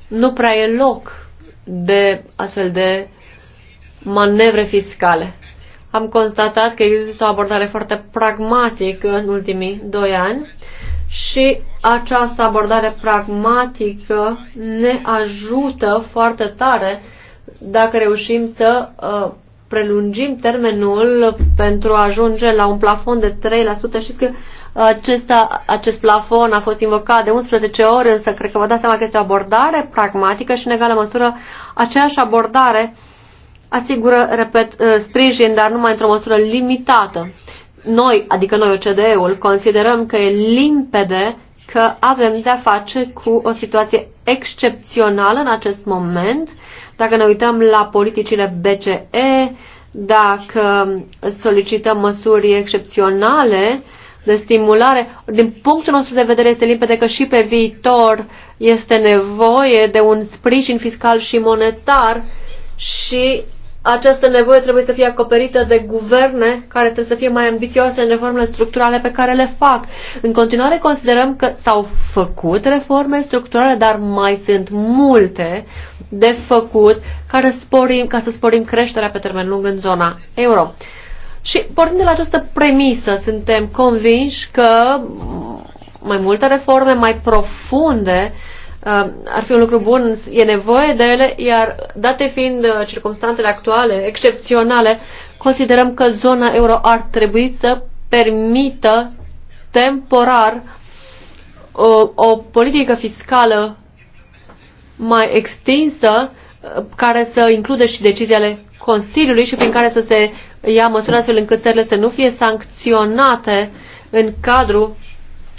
nu prea e loc de astfel de manevre fiscale. Am constatat că există o abordare foarte pragmatică în ultimii doi ani și această abordare pragmatică ne ajută foarte tare dacă reușim să uh, prelungim termenul pentru a ajunge la un plafon de 3%. Știți că uh, acesta, acest plafon a fost invocat de 11 ori, însă cred că vă dați seama că este o abordare pragmatică și în egală măsură aceeași abordare asigură, repet, uh, sprijin, dar numai într-o măsură limitată noi, adică noi OCDE-ul, considerăm că e limpede că avem de-a face cu o situație excepțională în acest moment. Dacă ne uităm la politicile BCE, dacă solicităm măsuri excepționale de stimulare, din punctul nostru de vedere este limpede că și pe viitor este nevoie de un sprijin fiscal și monetar și această nevoie trebuie să fie acoperită de guverne care trebuie să fie mai ambițioase în reformele structurale pe care le fac. În continuare considerăm că s-au făcut reforme structurale, dar mai sunt multe de făcut care să sporim, ca să sporim creșterea pe termen lung în zona euro. Și pornind de la această premisă, suntem convinși că mai multe reforme mai profunde uh, Um, ar fi un lucru bun, e nevoie de ele, iar date fiind uh, circumstanțele actuale, excepționale, considerăm că zona euro ar trebui să permită temporar o, uh, o politică fiscală mai extinsă uh, care să includă și deciziile Consiliului și prin care să se ia măsuri astfel încât țările să nu fie sancționate în cadrul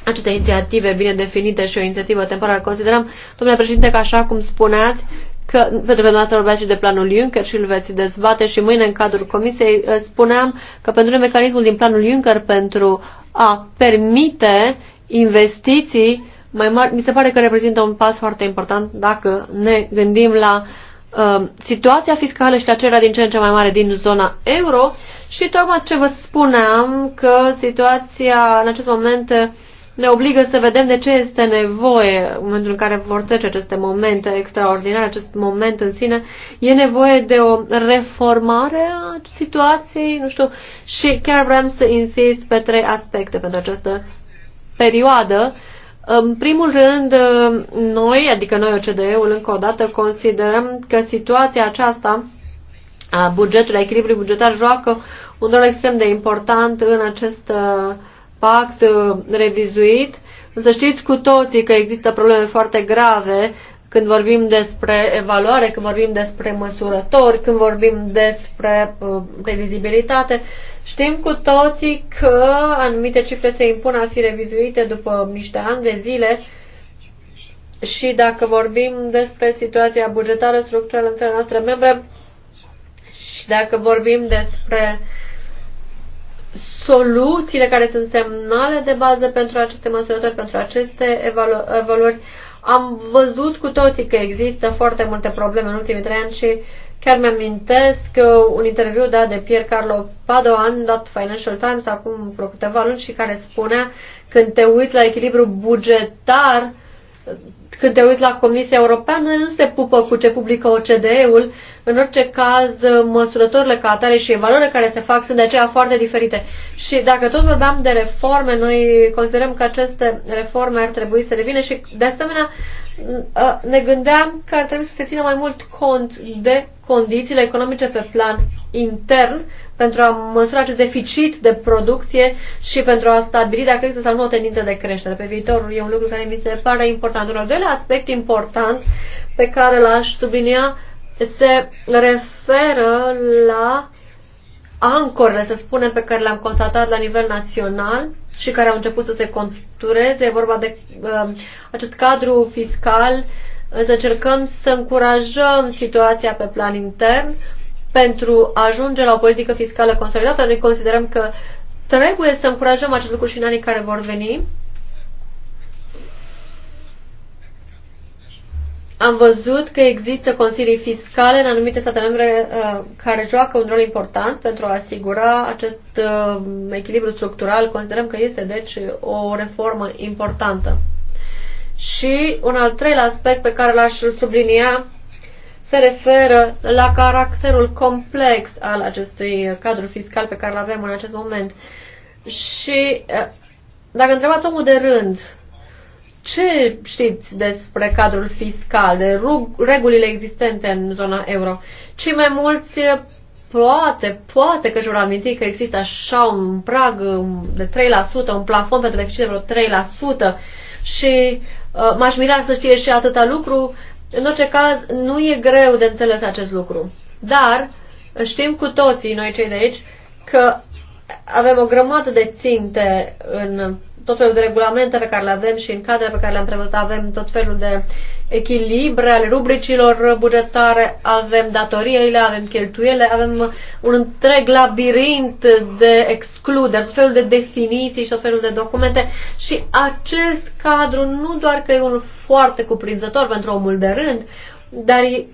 aceste inițiative bine definite și o inițiativă temporară. Considerăm, domnule președinte, că așa cum spuneați, că, pentru că dumneavoastră vorbeați și de planul Juncker și îl veți dezbate și mâine în cadrul comisiei, spuneam că pentru noi mecanismul din planul Juncker pentru a permite investiții mai mari, mi se pare că reprezintă un pas foarte important dacă ne gândim la uh, situația fiscală și la cererea din ce în ce mai mare din zona euro și tocmai ce vă spuneam că situația în acest moment ne obligă să vedem de ce este nevoie în momentul în care vor trece aceste momente extraordinare, acest moment în sine. E nevoie de o reformare a situației, nu știu, și chiar vreau să insist pe trei aspecte pentru această perioadă. În primul rând, noi, adică noi OCDE-ul, încă o dată considerăm că situația aceasta a bugetului, a echilibrului bugetar, joacă un rol extrem de important în acest uh, pact uh, revizuit, însă știți cu toții că există probleme foarte grave când vorbim despre evaluare, când vorbim despre măsurători, când vorbim despre uh, previzibilitate. Știm cu toții că anumite cifre se impun a fi revizuite după niște ani de zile și dacă vorbim despre situația bugetară structurală între noastre membre și dacă vorbim despre uh, soluțiile care sunt semnale de bază pentru aceste măsurători, pentru aceste evalu- evaluări. Am văzut cu toții că există foarte multe probleme în ultimii trei ani și chiar mi-amintesc un interviu dat de Pier Carlo Padoan, dat Financial Times acum vreo câteva luni și care spunea când te uiți la echilibru bugetar, uh, când te uiți la Comisia Europeană, nu se pupă cu ce publică OCDE-ul. În orice caz, măsurătorile ca atare și evaluările care se fac sunt de aceea foarte diferite. Și dacă tot vorbeam de reforme, noi considerăm că aceste reforme ar trebui să revină și, de asemenea, ne gândeam că ar trebui să se țină mai mult cont de condițiile economice pe plan intern, pentru a măsura acest deficit de producție și pentru a stabili dacă există sau nu o tendință de creștere pe viitor, E un lucru care mi se pare important. Un al doilea aspect important pe care l-aș sublinia se referă la ancorele, să spunem, pe care le-am constatat la nivel național și care au început să se contureze. E vorba de uh, acest cadru fiscal, să încercăm să încurajăm situația pe plan intern pentru a ajunge la o politică fiscală consolidată. Noi considerăm că trebuie să încurajăm acest lucru și în anii care vor veni. Am văzut că există consilii fiscale în anumite state membre uh, care joacă un rol important pentru a asigura acest uh, echilibru structural. Considerăm că este, deci, o reformă importantă. Și un al treilea aspect pe care l-aș sublinia se referă la caracterul complex al acestui cadru fiscal pe care îl avem în acest moment. Și eh, dacă întrebați omul de rând, ce știți despre cadrul fiscal, de regulile existente în zona euro? Cei mai mulți eh, poate, poate că și-au aminti că există așa un prag um, de 3%, un plafon pentru deficit de vreo 3% și uh, m-aș mira să știe și atâta lucru, în orice caz, nu e greu de înțeles acest lucru. Dar știm cu toții, noi cei de aici, că avem o grămadă de ținte în tot felul de regulamente pe care le avem și în cadrele pe care le-am prevăzut avem tot felul de echilibre ale rubricilor bugetare, avem datoriile, avem cheltuiele, avem un întreg labirint de excluderi, tot felul de definiții și tot felul de documente și acest cadru nu doar că e unul foarte cuprinzător pentru omul de rând, dar uh,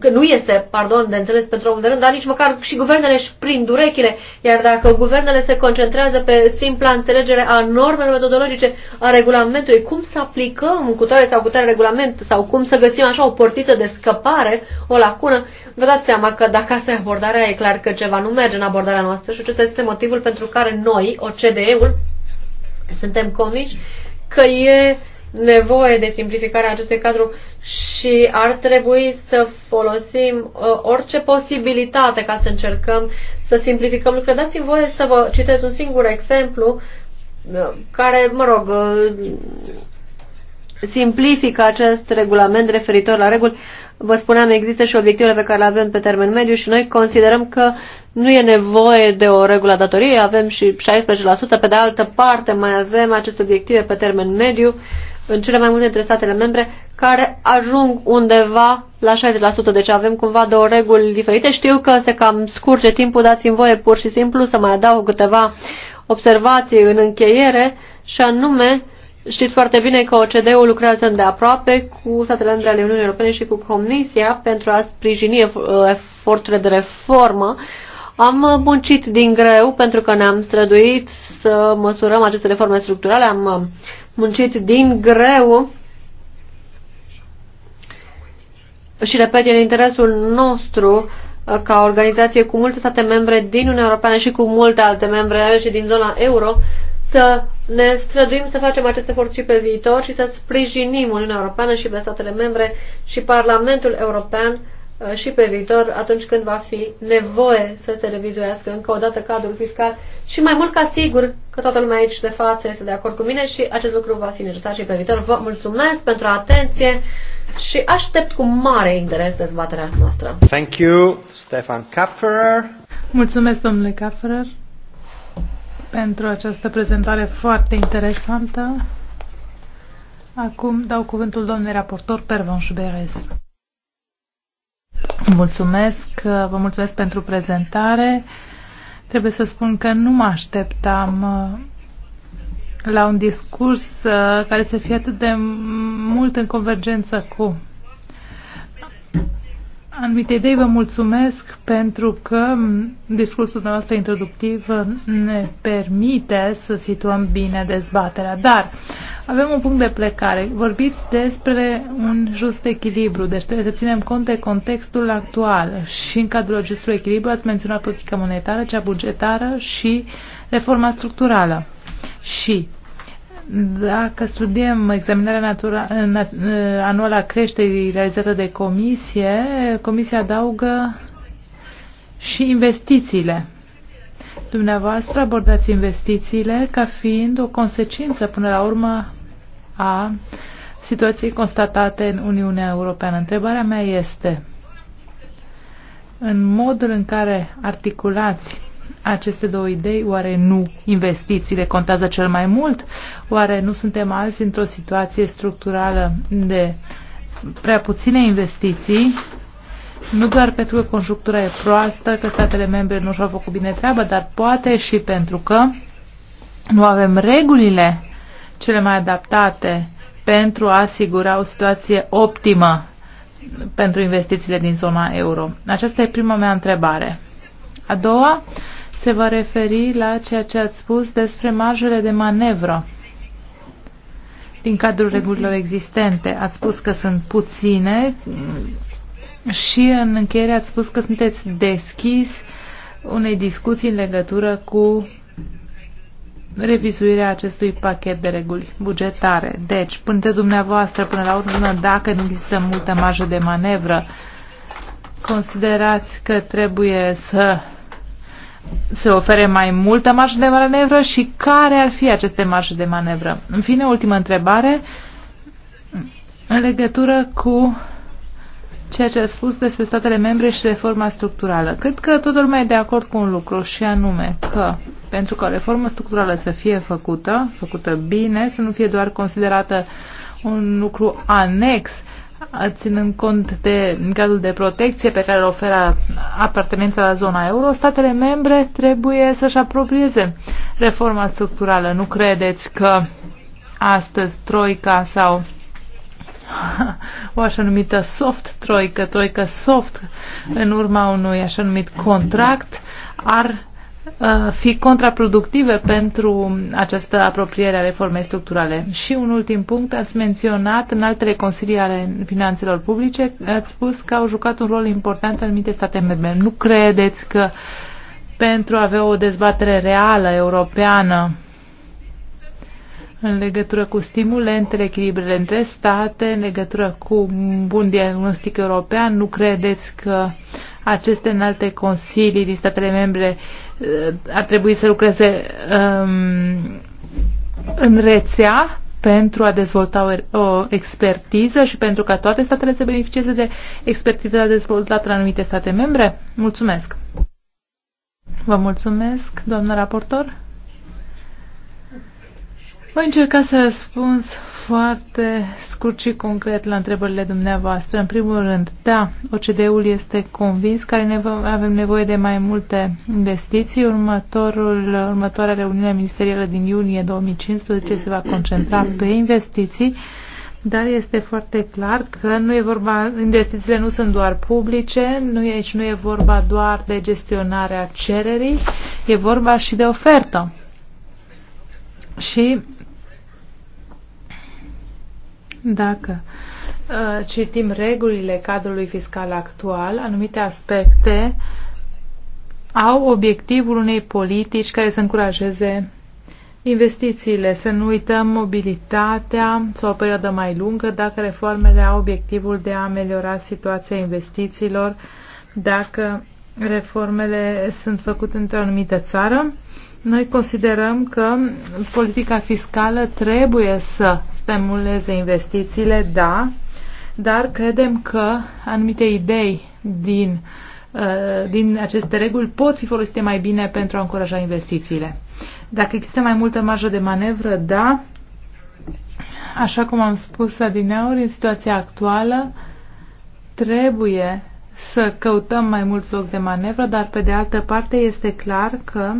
că nu este, pardon, de înțeles pentru omul de rând, dar nici măcar și guvernele își prind urechile, iar dacă guvernele se concentrează pe simpla înțelegere a normelor metodologice, a regulamentului, cum să aplicăm cu tare sau cu tare regulament sau cum să găsim așa o portiță de scăpare, o lacună, vă dați seama că dacă asta e abordarea, e clar că ceva nu merge în abordarea noastră și acesta este motivul pentru care noi, OCDE-ul, suntem convinși că e nevoie de simplificarea acestui cadru și ar trebui să folosim uh, orice posibilitate ca să încercăm să simplificăm lucrurile. Dați-mi voie să vă citesc un singur exemplu uh, care, mă rog, uh, simplifică acest regulament referitor la reguli. Vă spuneam, există și obiectivele pe care le avem pe termen mediu și noi considerăm că nu e nevoie de o regulă a datoriei, avem și 16%, pe de altă parte mai avem aceste obiective pe termen mediu. Uh, în cele mai multe dintre statele membre care ajung undeva la 60%. Deci avem cumva două reguli diferite. Știu că se cam scurge timpul, dați-mi voie pur și simplu să mai adaug câteva observații în încheiere și anume știți foarte bine că OCDE-ul lucrează îndeaproape cu statele membre ale Uniunii Europene și cu Comisia pentru a sprijini eforturile de reformă am muncit din greu pentru că ne-am străduit să măsurăm aceste reforme structurale, am muncit din greu și, repet, în interesul nostru uh, ca organizație cu multe state membre din Uniunea Europeană și cu multe alte membre și din zona euro să ne străduim să facem acest efort și pe viitor și să sprijinim Uniunea Europeană și pe statele membre și Parlamentul European Uh, și pe viitor atunci când va fi nevoie să se revizuiască încă o dată cadrul fiscal și mai mult ca sigur că toată lumea aici de față este de acord cu mine și acest lucru va fi necesar și pe viitor. Vă mulțumesc pentru atenție și aștept cu mare interes dezbaterea noastră. Thank you, Stefan Kapferer. Mulțumesc, domnule Kapferer, pentru această prezentare foarte interesantă. Acum dau cuvântul domnului raportor Pervan Berez. Mulțumesc, vă mulțumesc pentru prezentare. Trebuie să spun că nu mă așteptam uh, la un discurs uh, care să fie atât de mult în convergență cu anumite idei. Vă mulțumesc pentru că discursul nostru introductiv ne permite să situăm bine dezbaterea. Dar avem un punct de plecare. Vorbiți despre un just echilibru, deci trebuie să ținem cont de contextul actual și în cadrul acestui echilibru ați menționat politica monetară, cea bugetară și reforma structurală. Și dacă studiem examinarea natura, anuală a creșterii realizată de comisie, comisia adaugă și investițiile. Dumneavoastră abordați investițiile ca fiind o consecință, până la urmă, a situației constatate în Uniunea Europeană. Întrebarea mea este, în modul în care articulați aceste două idei, oare nu investițiile contează cel mai mult? Oare nu suntem azi într-o situație structurală de prea puține investiții, nu doar pentru că conjunctura e proastă, că statele membre nu și-au făcut bine treaba, dar poate și pentru că nu avem regulile cele mai adaptate pentru a asigura o situație optimă pentru investițiile din zona euro? Aceasta e prima mea întrebare. A doua se va referi la ceea ce ați spus despre marjele de manevră din cadrul regulilor existente. Ați spus că sunt puține și în încheiere ați spus că sunteți deschis unei discuții în legătură cu revizuirea acestui pachet de reguli bugetare. Deci, până de dumneavoastră, până la urmă, dacă nu există multă marjă de manevră, considerați că trebuie să se ofere mai multă marjă de manevră și care ar fi aceste marjă de manevră? În fine, ultima întrebare în legătură cu ceea ce a spus despre statele membre și reforma structurală. Cred că totul mai e de acord cu un lucru și anume că pentru că o reformă structurală să fie făcută, făcută bine, să nu fie doar considerată un lucru anex, ținând cont de gradul de protecție pe care îl oferă apartenența la zona euro, statele membre trebuie să-și aproprieze reforma structurală. Nu credeți că astăzi Troica sau <laughs> o așa numită soft troică, troică soft, în urma unui așa numit contract, ar uh, fi contraproductive pentru această apropiere a reformei structurale. Și un ultim punct, ați menționat în altele consilii ale finanțelor publice, ați spus că au jucat un rol important în anumite state membre. Nu credeți că pentru a avea o dezbatere reală europeană în legătură cu stimulentele, echilibrele între state, în legătură cu bun diagnostic european. Nu credeți că aceste înalte consilii din statele membre uh, ar trebui să lucreze um, în rețea pentru a dezvolta o, o expertiză și pentru ca toate statele să beneficieze de expertiza dezvoltată la anumite state membre? Mulțumesc! Vă mulțumesc, doamnă raportor! Voi încerca să răspuns foarte scurt și concret la întrebările dumneavoastră. În primul rând, da, OCDE-ul este convins că avem nevoie de mai multe investiții. Următorul, următoarea reuniune ministerială din iunie 2015 se va concentra pe investiții, dar este foarte clar că nu e vorba, investițiile nu sunt doar publice, nu e, aici nu e vorba doar de gestionarea cererii, e vorba și de ofertă și dacă uh, citim regulile cadrului fiscal actual, anumite aspecte au obiectivul unei politici care să încurajeze investițiile, să nu uităm mobilitatea sau o perioadă mai lungă, dacă reformele au obiectivul de a ameliora situația investițiilor, dacă reformele sunt făcute într-o anumită țară noi considerăm că politica fiscală trebuie să stimuleze investițiile, da, dar credem că anumite idei din, uh, din aceste reguli pot fi folosite mai bine pentru a încuraja investițiile. Dacă există mai multă marjă de manevră, da, așa cum am spus adineauri, în situația actuală trebuie să căutăm mai mult loc de manevră, dar pe de altă parte este clar că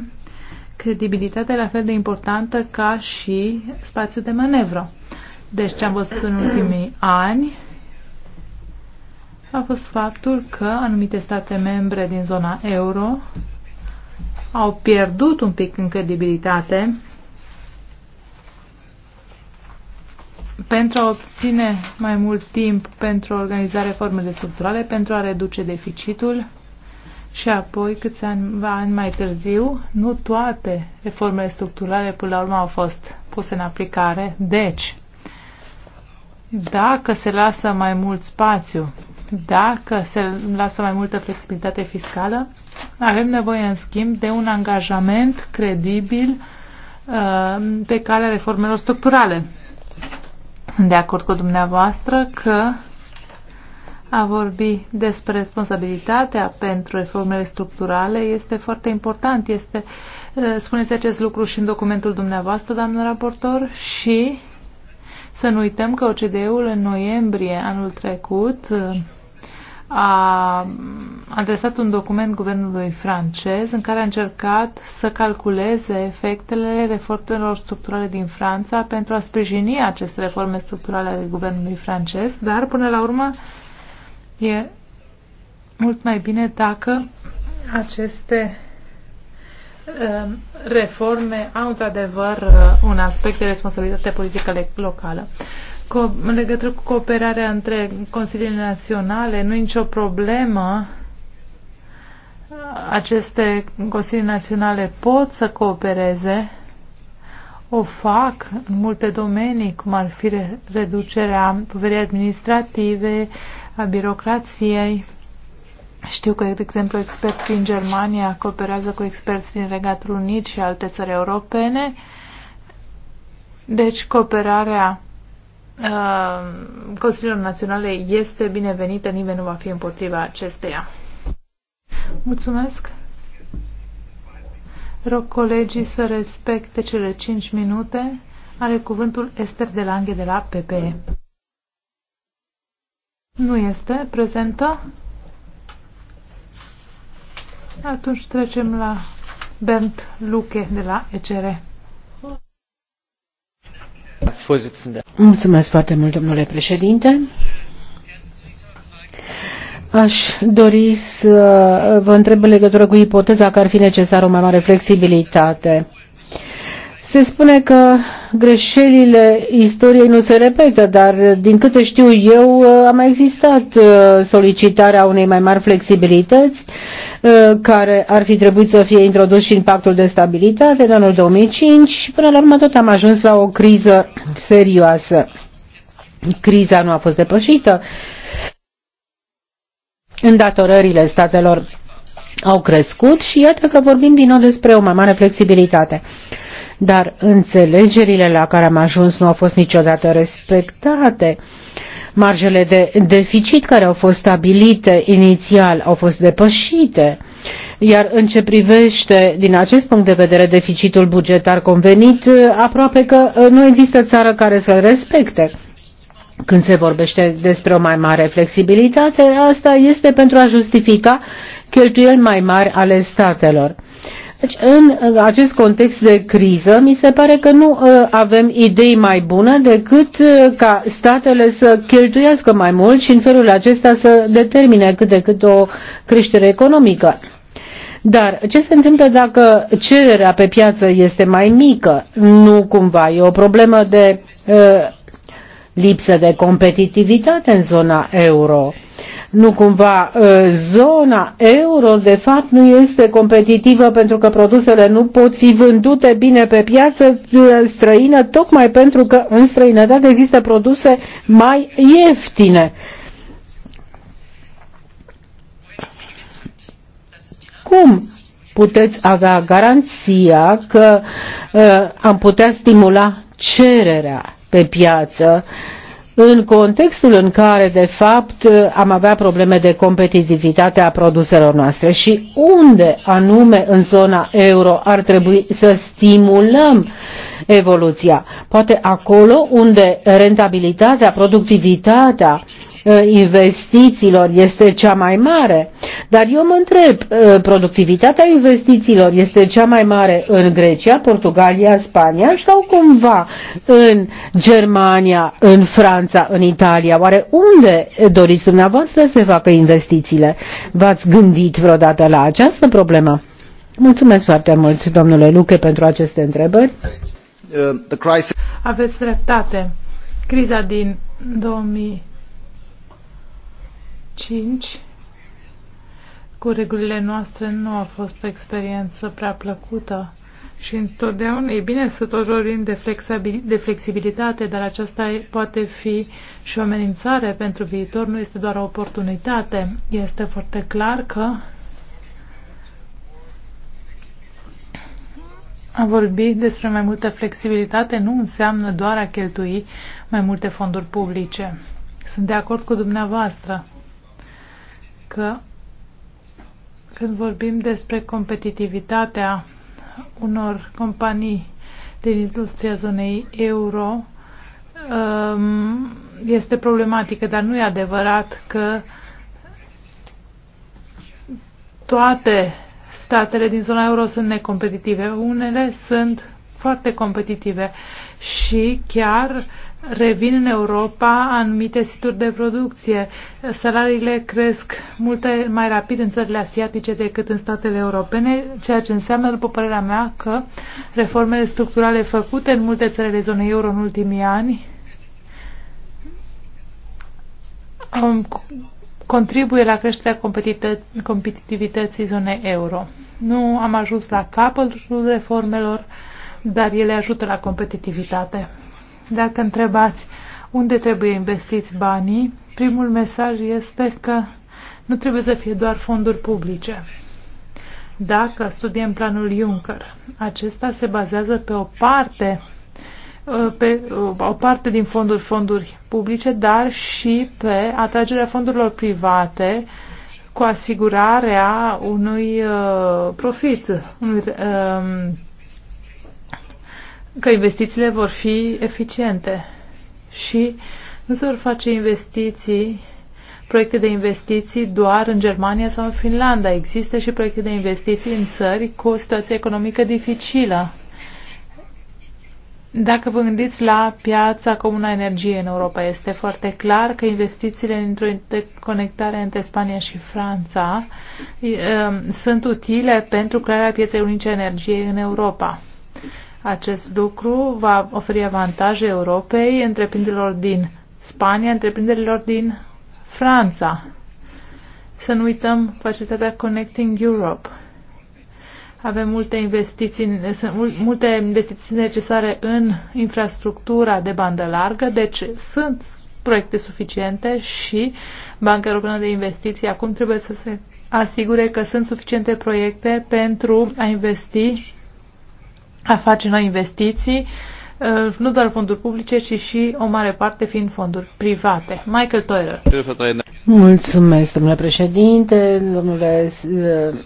credibilitatea la fel de importantă ca și spațiul de manevră. Deci ce am văzut în ultimii ani a fost faptul că anumite state membre din zona euro au pierdut un pic în credibilitate pentru a obține mai mult timp pentru a organiza reformele structurale, pentru a reduce deficitul și apoi câți ani, ani mai târziu, nu toate reformele structurale până la urmă au fost puse în aplicare. Deci, dacă se lasă mai mult spațiu, dacă se lasă mai multă flexibilitate fiscală, avem nevoie, în schimb, de un angajament credibil uh, pe calea reformelor structurale. Sunt de acord cu dumneavoastră că a vorbi despre responsabilitatea pentru reformele structurale este foarte important. Este, eh, spuneți acest lucru și în documentul dumneavoastră, doamnă raportor, și să nu uităm că OCDE-ul în noiembrie anul trecut eh, a adresat un document guvernului francez în care a încercat să calculeze efectele reformelor structurale din Franța pentru a sprijini aceste reforme structurale ale guvernului francez, dar până la urmă E mult mai bine dacă aceste um, reforme au într-adevăr uh, un aspect de responsabilitate politică locală. Co- în legătură cu cooperarea între Consiliile Naționale, nu e nicio problemă. Aceste Consilii Naționale pot să coopereze, o fac în multe domenii, cum ar fi reducerea poverii administrative, uh, a birocrației. Știu că, de exemplu, experți din Germania cooperează cu experți din Regatul Unit și alte țări europene. Deci, cooperarea uh, Consiliului Naționale este binevenită, nimeni nu va fi împotriva acesteia. Mulțumesc! Rog colegii să respecte cele 5 minute. Are cuvântul Ester de Lange de la PPE. Nu este prezentă. Atunci trecem la Bernd Luche de la ECR. Mulțumesc foarte mult, domnule președinte. Aș dori să vă întreb în legătură cu ipoteza că ar fi necesară o mai mare flexibilitate. Se spune că greșelile istoriei nu se repetă, dar din câte știu eu uh, a mai existat uh, solicitarea unei mai mari flexibilități uh, care ar fi trebuit să fie introdus și în pactul de stabilitate în anul 2005 și până la urmă tot am ajuns la o criză serioasă. Criza nu a fost depășită. Îndatorările statelor au crescut și iată că vorbim din nou despre o mai mare flexibilitate dar înțelegerile la care am ajuns nu au fost niciodată respectate. Marjele de deficit care au fost stabilite inițial au fost depășite. Iar în ce privește, din acest punct de vedere, deficitul bugetar convenit, aproape că uh, nu există țară care să-l respecte. Când se vorbește despre o mai mare flexibilitate, asta este pentru a justifica cheltuieli mai mari ale statelor. Deci, în acest context de criză, mi se pare că nu ă, avem idei mai bune decât ă, ca statele să cheltuiască mai mult și în felul acesta să determine cât de cât o creștere economică. Dar ce se întâmplă dacă cererea pe piață este mai mică? Nu cumva e o problemă de uh, lipsă de competitivitate în zona euro nu cumva ă, zona euro de fapt nu este competitivă pentru că produsele nu pot fi vândute bine pe piață ă, străină, tocmai pentru că în străinătate există produse mai ieftine. Cum puteți avea garanția că uh, am putea stimula cererea pe piață uh, în contextul în care, de fapt, am avea probleme de competitivitate a produselor noastre și unde anume în zona euro ar trebui să stimulăm evoluția. Poate acolo unde rentabilitatea, productivitatea Eh, investițiilor este cea mai mare, dar eu mă întreb, eh, productivitatea investițiilor este cea mai mare în Grecia, Portugalia, Spania sau cumva în Germania, în Franța, în Italia? Oare unde doriți dumneavoastră să facă investițiile? V-ați gândit vreodată la această problemă? Mulțumesc foarte mult, domnule Luche, pentru aceste întrebări. Eh, Aveți dreptate. Criza din 2000 5 cu regulile noastre nu a fost o experiență prea plăcută și întotdeauna e bine să tot vorbim de, de flexibilitate, dar aceasta poate fi și o amenințare pentru viitor, nu este doar o oportunitate. Este foarte clar că a vorbi despre mai multă flexibilitate nu înseamnă doar a cheltui mai multe fonduri publice. Sunt de acord cu dumneavoastră că când vorbim despre competitivitatea unor companii din industria zonei euro, um, este problematică, dar nu e adevărat că toate statele din zona euro sunt necompetitive. Unele sunt foarte competitive și chiar uh, revin în Europa anumite situri de producție. Salariile cresc mult mai rapid în țările asiatice decât în statele europene, ceea ce înseamnă, după părerea mea, că reformele structurale făcute în multe țările zonei euro în ultimii ani contribuie la creșterea competitivității zonei euro. Nu am ajuns la capătul reformelor, dar ele ajută la competitivitate. Dacă întrebați unde trebuie investiți banii, primul mesaj este că nu trebuie să fie doar fonduri publice. Dacă studiem planul Juncker, acesta se bazează pe o parte uh, pe uh, o parte din fonduri fonduri publice, dar și pe atragerea fondurilor private cu asigurarea unui uh, profit, unui, uh, că investițiile vor fi eficiente și nu se vor face investiții, proiecte de investiții doar în Germania sau în Finlanda. Există și proiecte de investiții în țări cu o situație economică dificilă. Dacă vă gândiți la piața comună energiei în Europa, este foarte clar că investițiile într-o conectare între Spania și Franța um, sunt utile pentru crearea pieței unice energiei în Europa. Acest lucru va oferi avantaje Europei, întreprinderilor din Spania, întreprinderilor din Franța. Să nu uităm facilitatea Connecting Europe. Avem multe investiții, sunt multe investiții necesare în infrastructura de bandă largă, deci sunt proiecte suficiente și Banca Europeană de Investiții acum trebuie să se asigure că sunt suficiente proiecte pentru a investi a face noi investiții, uh, nu doar fonduri publice, ci și o mare parte fiind fonduri private. Michael Toiler. Mulțumesc, domnule președinte, domnule uh,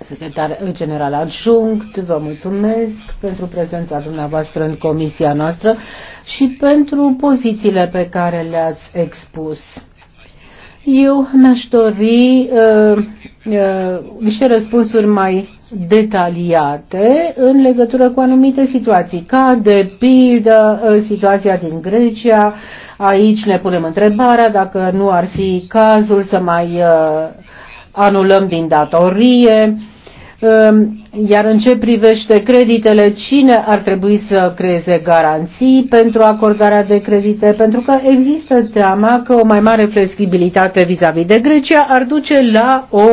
secretar general adjunct, vă mulțumesc pentru prezența dumneavoastră în comisia noastră și pentru pozițiile pe care le-ați expus. Eu mi-aș dori uh, uh, niște răspunsuri mai detaliate în legătură cu anumite situații, ca de pildă uh, situația din Grecia. Aici ne punem întrebarea dacă nu ar fi cazul să mai uh, anulăm din datorie. Uh, Ehm, iar în ce privește creditele, cine ar trebui să creeze garanții pentru acordarea de credite? Pentru că există teama că o mai mare flexibilitate vis-a-vis -vis de Grecia ar duce la o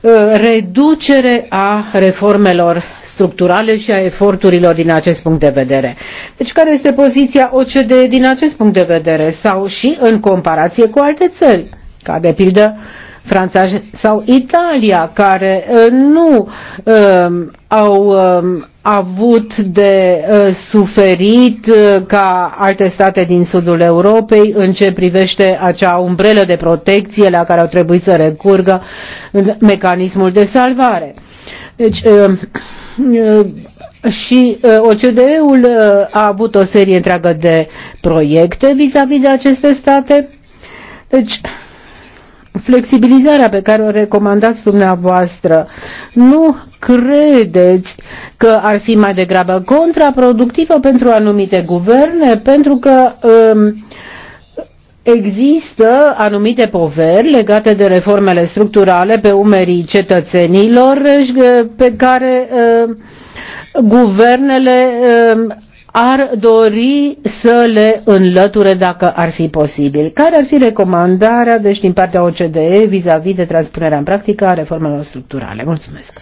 eh, reducere a reformelor structurale și a eforturilor din acest punct de vedere. Deci care este poziția OCDE din acest punct de vedere sau și în comparație cu alte țări, ca de pildă uh, Franța sau Italia, care uh, nu um, au um, avut de uh, suferit uh, ca alte state din sudul Europei în ce privește acea umbrelă de protecție la care au trebuit să recurgă în mecanismul de salvare. Deci, uh, uh, și uh, OCDE-ul uh, a avut o serie întreagă de proiecte vis-a-vis -vis de aceste state. Deci, uh, flexibilizarea pe care o recomandați dumneavoastră, nu credeți că ar fi mai degrabă contraproductivă pentru anumite guverne, pentru că um, Există anumite poveri legate de reformele structurale pe umerii cetățenilor pe care uh, guvernele uh, ar dori să le înlăture dacă ar fi posibil. Care ar fi recomandarea, deci, din partea OCDE vis-a-vis -vis de transpunerea în practică a reformelor structurale? Mulțumesc!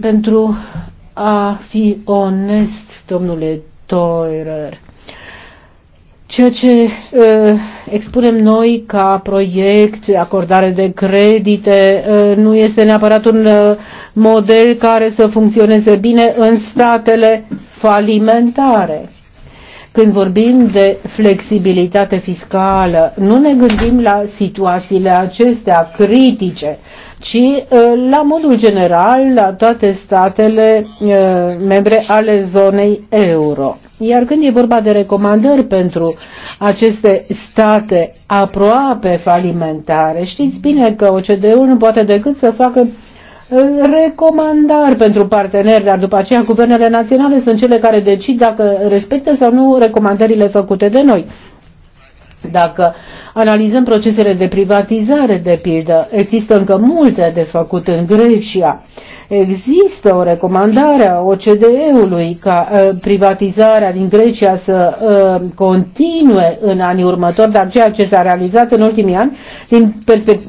Pentru a fi onest, domnule Toirer, ceea ce uh, expunem noi ca proiect, acordare de credite, uh, nu este neapărat un uh, model care să funcționeze bine în statele falimentare. Când vorbim de flexibilitate fiscală, nu ne gândim la situațiile acestea critice, ci uh, la modul general la toate statele uh, membre ale zonei euro. Iar când e vorba de recomandări pentru aceste state aproape falimentare, știți bine că OCDE-ul nu poate decât să facă recomandări pentru parteneri, dar după aceea guvernele naționale sunt cele care decid dacă respectă sau nu recomandările făcute de noi. Dacă analizăm procesele de privatizare, de pildă, există încă multe de făcut în Grecia. Există o recomandare a OCDE-ului ca ă, privatizarea din Grecia să ă, continue în anii următori, dar ceea ce s-a realizat în ultimii ani, din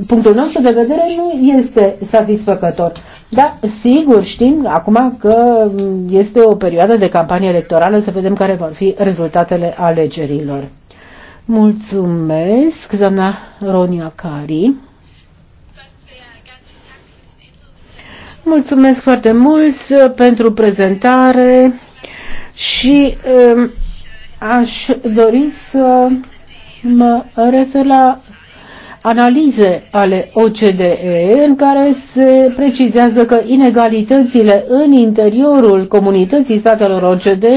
punctul nostru de vedere, nu este satisfăcător. Da, sigur, știm acum că este o perioadă de campanie electorală, să vedem care vor fi rezultatele alegerilor. Mulțumesc, doamna Ronia Cari. Mulțumesc foarte mult uh, pentru prezentare și um, aș dori să mă refer la analize ale OCDE în care se precizează că inegalitățile în interiorul comunității statelor OCDE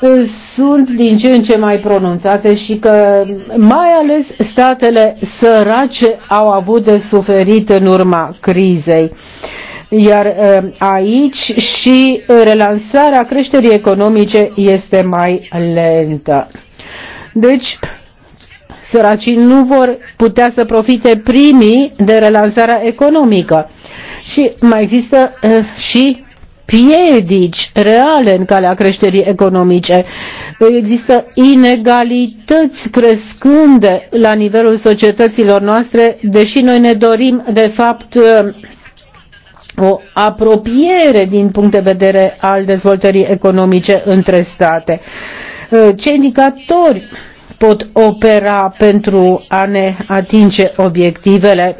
uh, sunt din ce în ce mai pronunțate și că mai ales statele sărace au avut de suferit în urma crizei. Uh, iar ă, aici și relansarea creșterii economice este mai lentă. Deci, săracii nu vor putea să profite primii de relansarea economică. Și mai există ă, și piedici reale în calea creșterii economice. Există inegalități crescânde la nivelul societăților noastre, deși noi ne dorim, de fapt, ă, o apropiere din punct de vedere al dezvoltării economice între state. Ă, ce indicatori pot opera pentru a ne atinge obiectivele,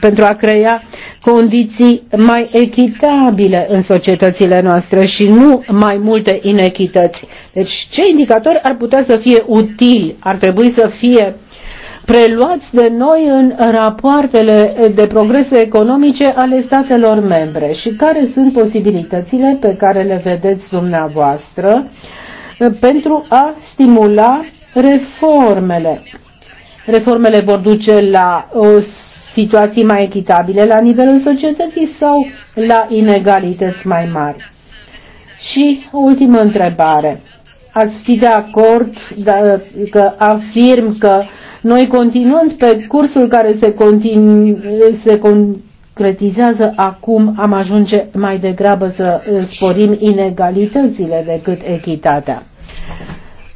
pentru a crea condiții mai echitabile în societățile noastre și nu mai multe inechități. Deci ce indicatori ar putea să fie utili, ar trebui să fie preluați de noi în rapoartele de progrese economice ale statelor membre și care sunt posibilitățile pe care le vedeți dumneavoastră uh, pentru a stimula reformele. Reformele vor duce la o uh, situații mai echitabile la nivelul societății sau la inegalități mai mari. Și ultimă întrebare. Ați fi de acord da, că afirm că uh, noi continuând pe cursul care se, continu, se concretizează acum, am ajunge mai degrabă să uh, sporim inegalitățile decât echitatea.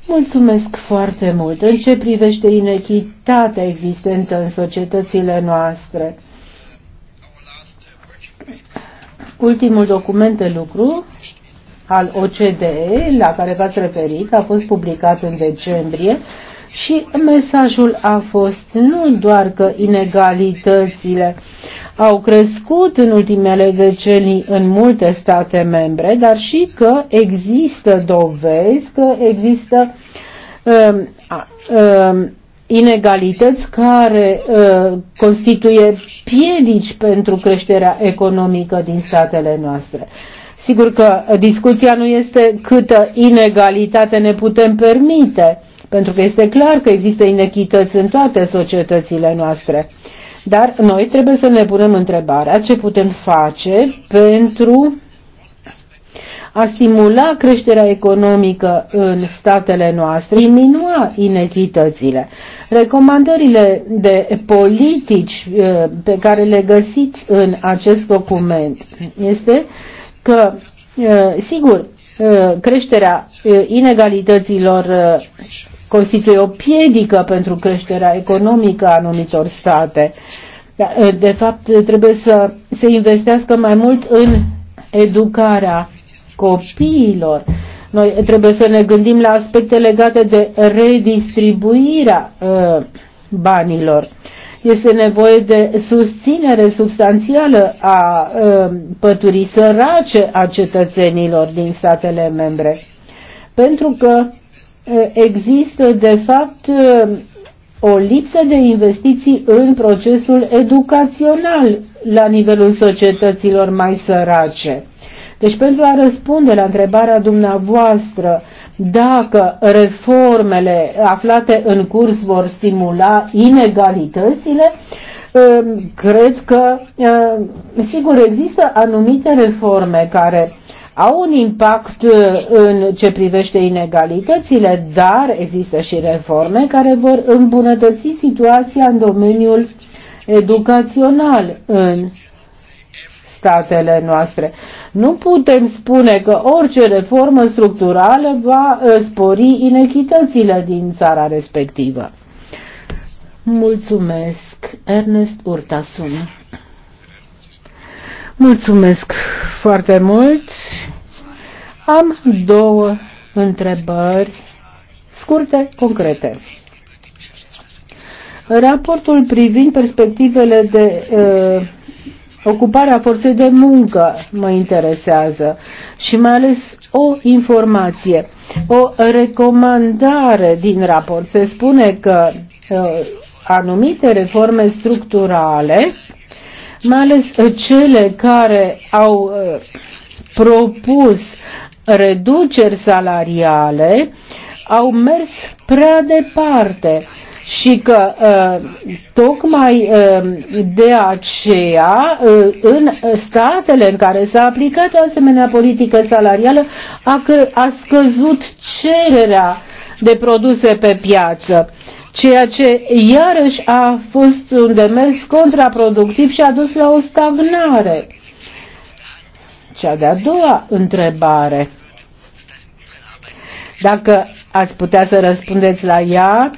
Mulțumesc foarte mult. În ce privește inechitatea existentă în societățile noastre? Ultimul document de lucru al OCDE, la care v-ați referit, a fost publicat în decembrie și mesajul a fost nu doar că inegalitățile au crescut în ultimele decenii în multe state membre, dar și că există dovezi, că există um, um, inegalități care uh, constituie piedici pentru creșterea economică din statele noastre. Sigur că discuția nu este câtă inegalitate ne putem permite, pentru că este clar că există inechități în toate societățile noastre. Dar noi trebuie să ne punem întrebarea ce putem face pentru a stimula creșterea economică în statele noastre, diminua inechitățile. Recomandările de politici eh, pe care le găsiți în acest document este că, eh, sigur, eh, creșterea inegalităților constituie o piedică pentru creșterea economică a anumitor state. Da, ă, de fapt, trebuie să se investească mai mult în educarea copiilor. Noi trebuie să ne gândim la aspecte legate de redistribuirea ă, banilor. Este nevoie de susținere substanțială a ă, păturii sărace a cetățenilor din statele membre. Pentru că Eh, există de fapt eh, o lipsă de investiții în procesul educațional la nivelul societăților mai sărace. Deci pentru a răspunde la întrebarea dumneavoastră dacă reformele aflate în curs vor stimula inegalitățile, eh, cred că, sigur, există anumite reforme care au un impact uh, în ce privește inegalitățile, dar există și reforme care vor îmbunătăți situația în domeniul educațional în statele noastre. Nu putem spune că orice reformă structurală va uh, spori inechitățile din țara respectivă. Mulțumesc, Ernest Urtasun. Mulțumesc foarte mult. Am două întrebări scurte, concrete. Raportul privind perspectivele de uh, a forței de muncă mă interesează și mai ales o informație, o recomandare din raport. Se spune că uh, anumite reforme structurale uh, mai ales uh, cele care au uh, propus reduceri salariale au mers prea departe și că uh, tocmai de aceea în statele în care s-a aplicat o asemenea politică salarială a, a scăzut cererea de produse pe piață ceea ce iarăși a fost un demers contraproductiv și a dus la o stagnare. Cea de-a doua întrebare, dacă ați putea să răspundeți la ea,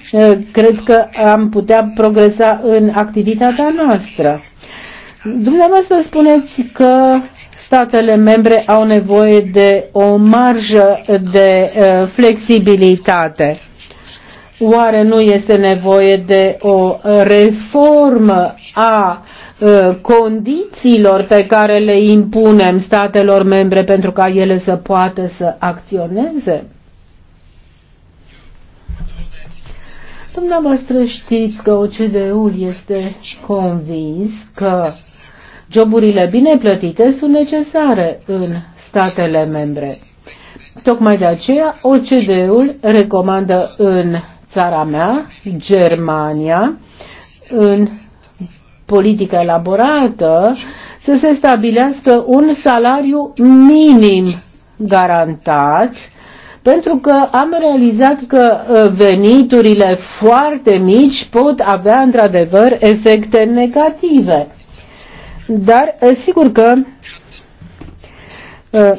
cred că am putea progresa în activitatea noastră. Dumneavoastră spuneți că statele membre au nevoie de o marjă de uh, flexibilitate. Oare nu este nevoie de o uh, reformă a uh, condițiilor pe care le impunem statelor membre pentru ca ele să poată să acționeze? Dumneavoastră știți că OCDE-ul este convins că joburile bine plătite sunt necesare în statele membre. Tocmai de aceea OCDE-ul recomandă în țara mea, Germania, în politică elaborată, să se stabilească un salariu minim garantat, pentru că am realizat că uh, veniturile foarte mici pot avea într-adevăr efecte negative. Dar uh, sigur că uh,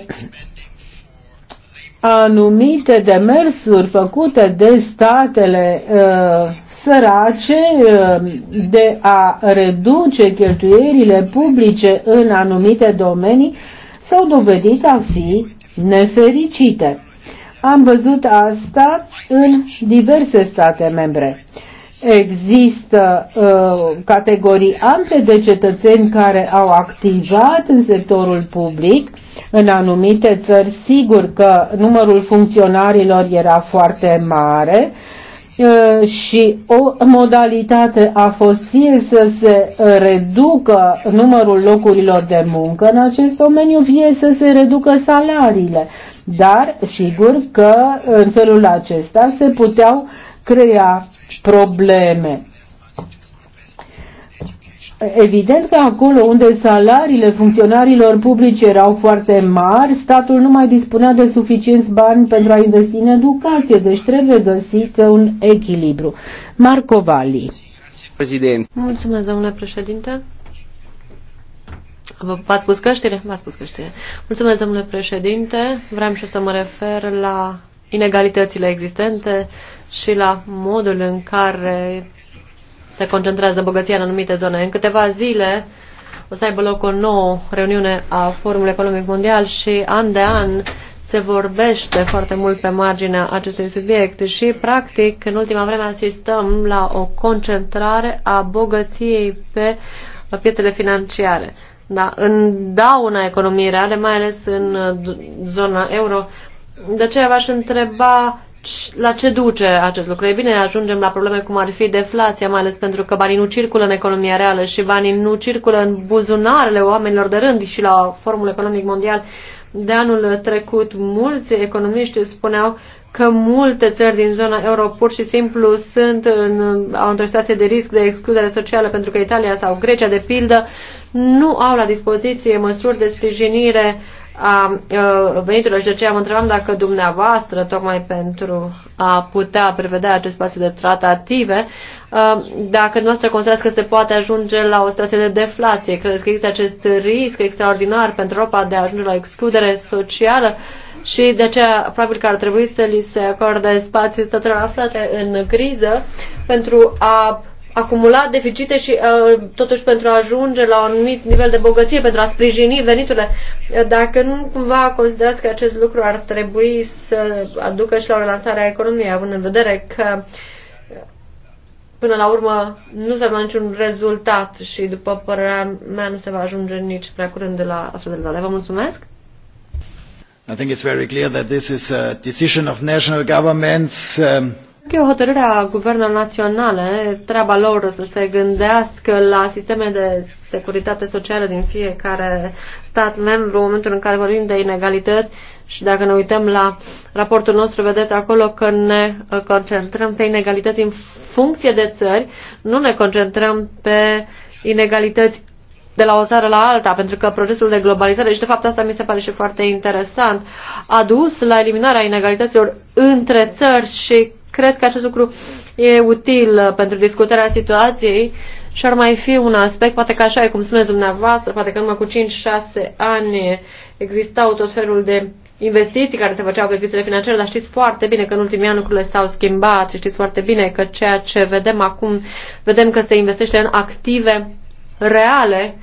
anumite demersuri făcute de statele uh, sărace uh, de a reduce cheltuierile publice în anumite domenii s-au dovedit a fi nefericite. Am văzut asta în diverse state membre. Există uh, categorii ample de cetățeni care au activat în sectorul public în anumite țări, sigur că numărul funcționarilor era foarte mare, uh, și o modalitate a fost fie să se uh, reducă numărul locurilor de muncă în acest domeniu, fie să se reducă salariile. Dar sigur că în felul acesta se puteau crea probleme. Evident că acolo unde salariile funcționarilor publici erau foarte mari, statul nu mai dispunea de suficienți bani pentru a investi în educație, deci trebuie găsit un echilibru. Marco Valli. Președinte. Mulțumesc, domnule președinte. V-ați spus căștile? V-ați spus căștile. Mulțumesc, domnule președinte. Vreau și să mă refer la inegalitățile existente și la modul în care se concentrează bogăția în anumite zone. În câteva zile o să aibă loc o nouă reuniune a Forumului Economic Mondial și an de an se vorbește foarte mult pe marginea acestui subiect și, practic, în ultima vreme asistăm la o concentrare a bogăției pe pietele financiare. Da, în dauna economiei reale, mai ales în zona euro. De aceea v-aș întreba deci, la ce duce acest lucru? E bine, ajungem la probleme cum ar fi deflația, mai ales pentru că banii nu circulă în economia reală și banii nu circulă în buzunarele oamenilor de rând și la Forumul Economic Mondial de anul trecut mulți economiști spuneau că multe țări din zona euro pur și simplu sunt în, au într-o situație de risc de excludere socială pentru că Italia sau Grecia, de pildă, nu au la dispoziție măsuri de sprijinire uh, a veniturilor și de aceea mă întrebam dacă dumneavoastră, tocmai pentru a putea prevedea acest spațiu de tratative, dacă dumneavoastră considerați că se poate ajunge la o situație de deflație. Credeți că există acest risc extraordinar pentru Europa de a ajunge la excludere socială și de aceea probabil că ar trebui să li se acorde spații statelor aflate în criză pentru a acumula deficite și uh, totuși pentru a ajunge la un anumit nivel de bogăție, pentru a sprijini veniturile. Uh, dacă nu cumva considerați că acest lucru ar trebui să aducă și la o relansare a economiei, având în vedere că uh, până la urmă nu se va niciun rezultat și după părerea mea nu se va ajunge nici prea curând de la astfel de date. Vă mulțumesc! I think it's very clear that this is a decision of national governments um, E o hotărâre a guvernelor naționale, treaba lor să se gândească la sisteme de securitate socială din fiecare stat membru, în momentul în care vorbim de inegalități și dacă ne uităm la raportul nostru, vedeți acolo că ne uh, concentrăm pe inegalități în funcție de țări, nu ne concentrăm pe inegalități de la o țară la alta, pentru că procesul de globalizare, și de fapt asta mi se pare și foarte interesant, a dus la eliminarea inegalităților între țări și Cred că acest lucru e util uh, pentru discutarea situației și ar mai fi un aspect, poate că așa e cum spuneți dumneavoastră, poate că numai cu 5-6 ani existau tot felul de investiții care se făceau pe pițele financiare, dar știți foarte bine că în ultimii ani lucrurile s-au schimbat și știți foarte bine că ceea ce vedem acum, vedem că se investește în active reale,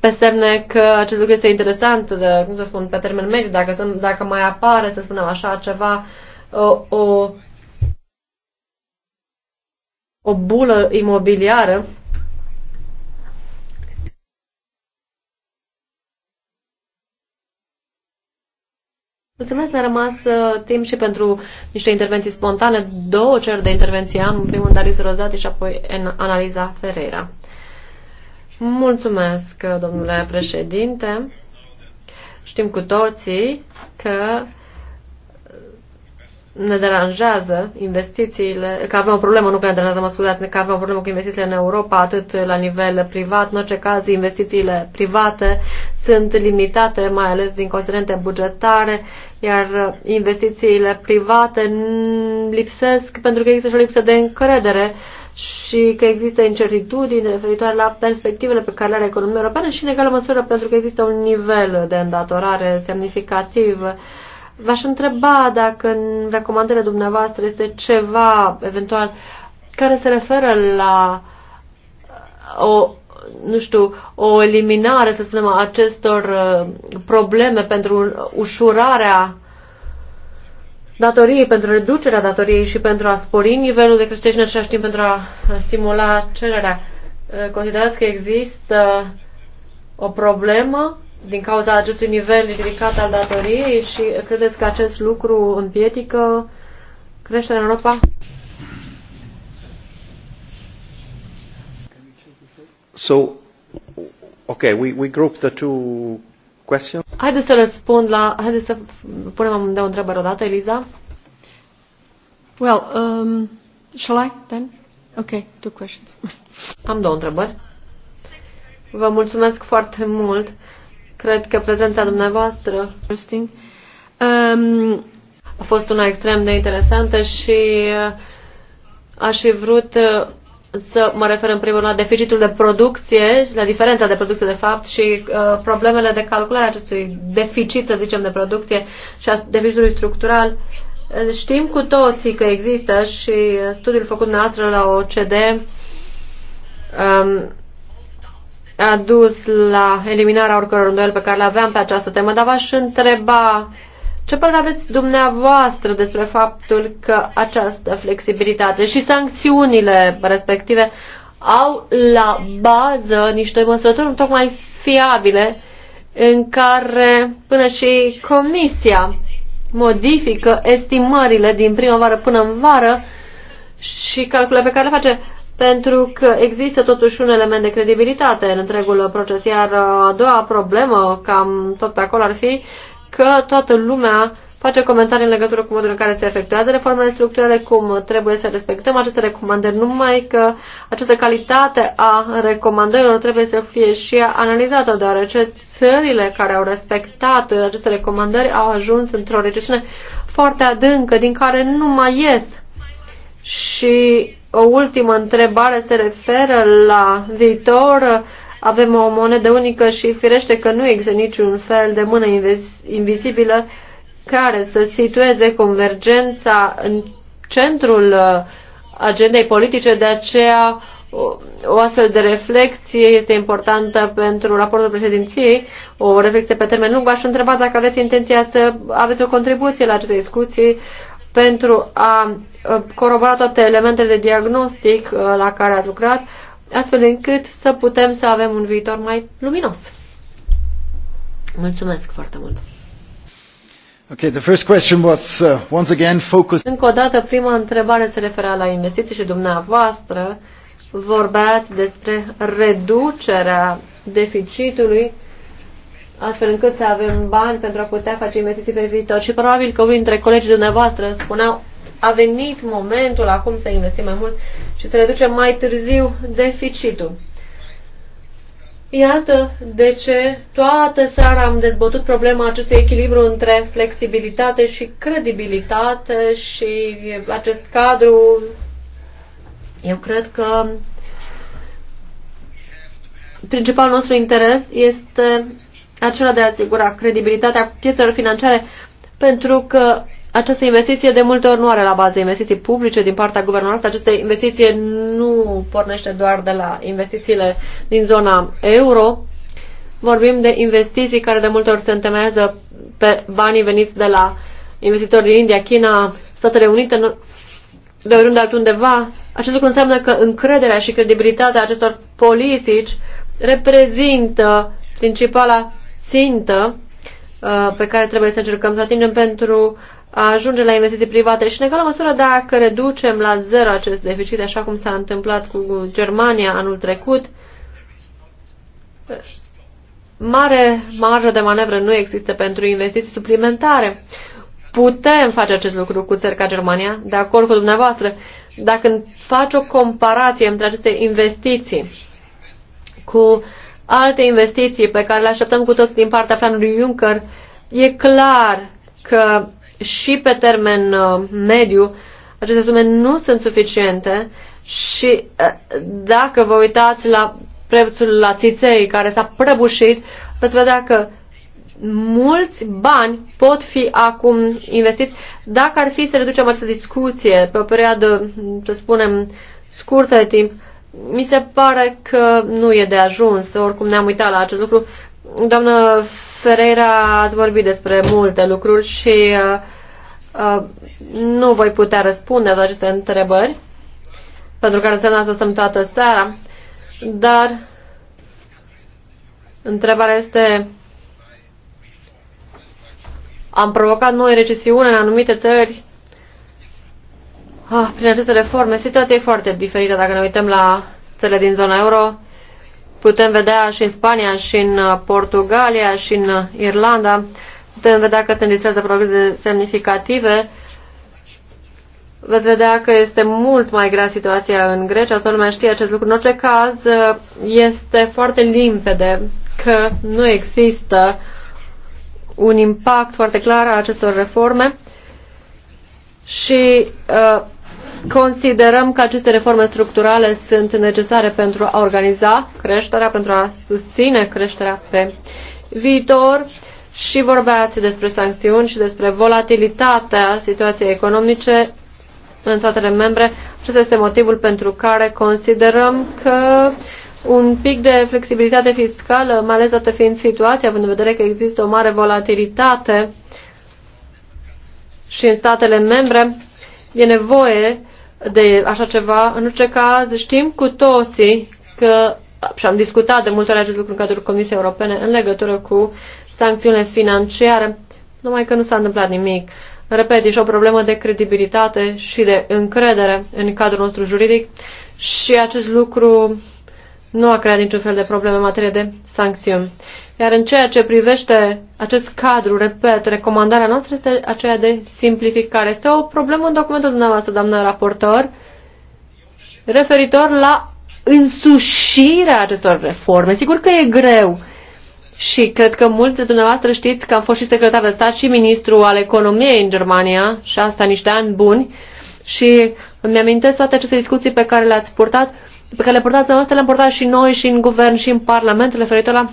pe semne că acest lucru este interesant, de, cum să spun, pe termen mediu, dacă, dacă mai apare, să spunem așa, ceva, uh, o, o o bulă imobiliară Mulțumesc, ne-a rămas uh, timp și pentru niște intervenții spontane. Două cereri de intervenție am, primul Darius Rozati și apoi Analiza Ferreira. Mulțumesc, uh, domnule președinte. Știm cu toții că ne deranjează investițiile, că avem o problemă, nu că ne deranjează, mă scuzați, că avem o problemă cu investițiile în Europa, atât la nivel privat, în orice caz investițiile private sunt limitate, mai ales din considerente bugetare, iar investițiile private lipsesc pentru că există și o lipsă de încredere și că există incertitudini referitoare la perspectivele pe care le are economia europeană și în egală măsură pentru că există un nivel de îndatorare semnificativ V-aș întreba dacă în recomandările dumneavoastră este ceva, eventual, care se referă la o, nu știu, o eliminare, să spunem, a acestor uh, probleme pentru ușurarea datoriei, pentru reducerea datoriei și pentru a spori nivelul de creștere și în același timp pentru a stimula cererea. Uh, considerați că există o problemă din cauza acestui nivel ridicat al datoriei și credeți că acest lucru împiedică creșterea în Europa? So, okay, we, we group the two questions. Haideți să răspund la, haideți să punem amândouă întrebări odată, Eliza. Well, um, shall I then? Okay, two questions. Am două întrebări. Vă mulțumesc foarte mult. Cred că prezența dumneavoastră interesting, um, a fost una extrem de interesantă și uh, aș fi vrut uh, să mă refer în primul rând la deficitul de producție, la diferența de producție de fapt și uh, problemele de calculare a acestui deficit, să zicem, de producție și a deficitului structural. Știm cu toții că există și uh, studiul făcut noastră la OCD um, a dus la eliminarea oricăror îndoieli pe care le aveam pe această temă, dar v-aș întreba ce părere aveți dumneavoastră despre faptul că această flexibilitate și sancțiunile respective au la bază niște măsurători tocmai fiabile în care până și Comisia modifică estimările din primăvară până în vară și calculele pe care le face pentru că există totuși un element de credibilitate în întregul proces. Iar uh, a doua problemă, cam tot pe acolo, ar fi că toată lumea face comentarii în legătură cu modul în care se efectuează reformele structurale, cum trebuie să respectăm aceste recomandări, numai că această calitate a recomandărilor trebuie să fie și analizată, deoarece țările care au respectat aceste recomandări au ajuns într-o recesiune foarte adâncă, din care nu mai ies și o ultimă întrebare se referă la viitor. Avem o monedă unică și firește că nu există niciun fel de mână invizibilă care să situeze convergența în centrul uh, agendei politice, de aceea o astfel de reflexie este importantă pentru raportul președinției, o reflexie pe termen lung. V-aș întreba dacă aveți intenția să aveți o contribuție la aceste discuții, pentru a corobora toate elementele de diagnostic la care ați lucrat, astfel încât să putem să avem un viitor mai luminos. Mulțumesc foarte mult! Okay, the first question was uh, once again focused. Încă o dată, prima întrebare se referea la investiții și dumneavoastră vorbeați despre reducerea deficitului astfel încât să avem bani pentru a putea face investiții pe viitor. Și probabil că unii dintre colegii dumneavoastră spuneau a venit momentul acum să investim mai mult și să reducem mai târziu deficitul. Iată de ce toată seara am dezbătut problema acestui echilibru între flexibilitate și credibilitate și acest cadru. Eu cred că principalul nostru interes este acela de a asigura credibilitatea piețelor financiare, pentru că această investiție de multe ori nu are la bază investiții publice din partea guvernului. Această investiție nu pornește doar de la investițiile din zona euro. Vorbim de investiții care de multe ori se întemeiază pe banii veniți de la investitori din India, China, Statele Unite, de oriunde altundeva. Acest lucru înseamnă că încrederea și credibilitatea acestor politici reprezintă principala țintă uh, pe care trebuie să încercăm să atingem pentru a ajunge la investiții private și în egală măsură dacă reducem la zero acest deficit, așa cum s-a întâmplat cu Germania anul trecut, mare marjă de manevră nu există pentru investiții suplimentare. Putem face acest lucru cu țări ca Germania, de acord cu dumneavoastră. Dacă faci o comparație între aceste investiții cu uh, alte investiții pe care le așteptăm cu toți din partea planului Juncker, e clar că și pe termen uh, mediu aceste sume nu sunt suficiente și uh, dacă vă uitați la prețul la țiței care s-a prăbușit, veți vedea că mulți bani pot fi acum investiți. Dacă ar fi să reducem această discuție pe o perioadă, să spunem, scurtă de timp, mi se pare că nu e de ajuns, oricum ne-am uitat la acest lucru. Doamnă Ferreira, ați vorbit despre multe lucruri și uh, uh, nu voi putea răspunde la aceste întrebări, pentru că înseamnă să stăm toată seara, dar întrebarea este am provocat noi recesiune în anumite țări ah, prin aceste reforme, situația e foarte diferită. Dacă ne uităm la țările din zona euro, putem vedea și în Spania, și în uh, Portugalia, și în uh, Irlanda, putem vedea că se înregistrează progrese semnificative. Veți vedea că este mult mai grea situația în Grecia, toată lumea știe acest lucru. În orice caz, uh, este foarte limpede că nu există un impact foarte clar a acestor reforme și uh, Considerăm că aceste reforme structurale sunt necesare pentru a organiza creșterea, pentru a susține creșterea pe viitor și vorbeați despre sancțiuni și despre volatilitatea situației economice în statele membre. Acesta este motivul pentru care considerăm că un pic de flexibilitate fiscală, mai ales dată fiind situația, având în vedere că există o mare volatilitate și în statele membre, E nevoie de așa ceva. În orice caz, știm cu toții că, și am discutat de multe ori acest lucru în cadrul Comisiei Europene în legătură cu sancțiunile financiare, numai că nu s-a întâmplat nimic. Repet, e și o problemă de credibilitate și de încredere în cadrul nostru juridic și acest lucru nu a creat niciun fel de probleme în materie de sancțiuni. Iar în ceea ce privește acest cadru, repet, recomandarea noastră este aceea de simplificare. Este o problemă în documentul dumneavoastră, doamnă raportor, referitor la însușirea acestor reforme. Sigur că e greu și cred că mulți de dumneavoastră știți că am fost și secretar de stat și ministru al economiei în Germania și asta niște ani buni și îmi amintesc toate aceste discuții pe care le-ați purtat pe care le purtați noastră le-am purtat și noi și în guvern și în parlament referitor la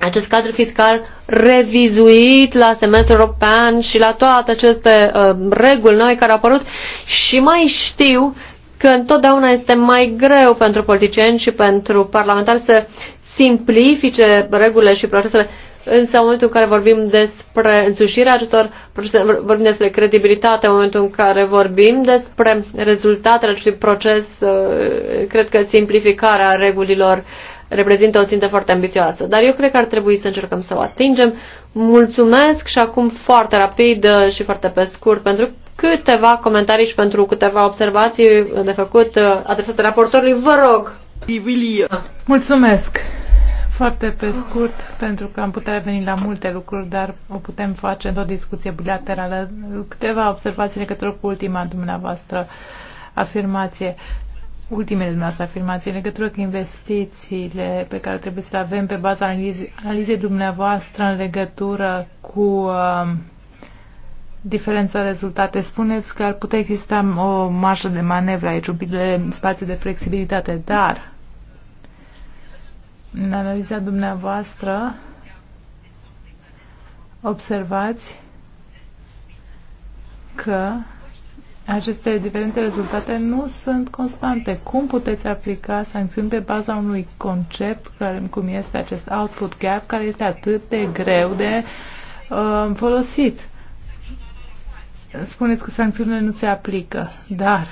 acest cadru fiscal revizuit la semestrul european și la toate aceste uh, reguli noi care au apărut și mai știu că întotdeauna este mai greu pentru politicieni și pentru parlamentari să simplifice regulile și procesele uh, Însă, în momentul în care vorbim despre însușirea acestor procese, vorbim despre credibilitate, în momentul în care vorbim despre rezultatele acestui proces, uh, cred că simplificarea regulilor reprezintă o țintă foarte ambițioasă. Dar eu cred că ar trebui să încercăm să o atingem. Mulțumesc și acum foarte rapid uh, și foarte pe scurt pentru câteva comentarii și pentru câteva observații de făcut uh, adresate raportorului. Vă rog! Mulțumesc! Foarte pe scurt, pentru că am putea reveni la multe lucruri, dar o putem face într-o discuție bilaterală. Câteva observații legătură cu ultima dumneavoastră afirmație ultimele dumneavoastră afirmații legătură cu investițiile pe care trebuie să le avem pe baza analizei, analizei dumneavoastră în legătură cu uh, diferența rezultate. Spuneți că ar putea exista o marjă de manevră aici, un pic de spațiu de flexibilitate, dar în analiza dumneavoastră observați că aceste diferite rezultate nu sunt constante. Cum puteți aplica sancțiuni pe baza unui concept care, cum este acest output gap, care este atât de greu de uh, folosit? Spuneți că sancțiunile nu se aplică, dar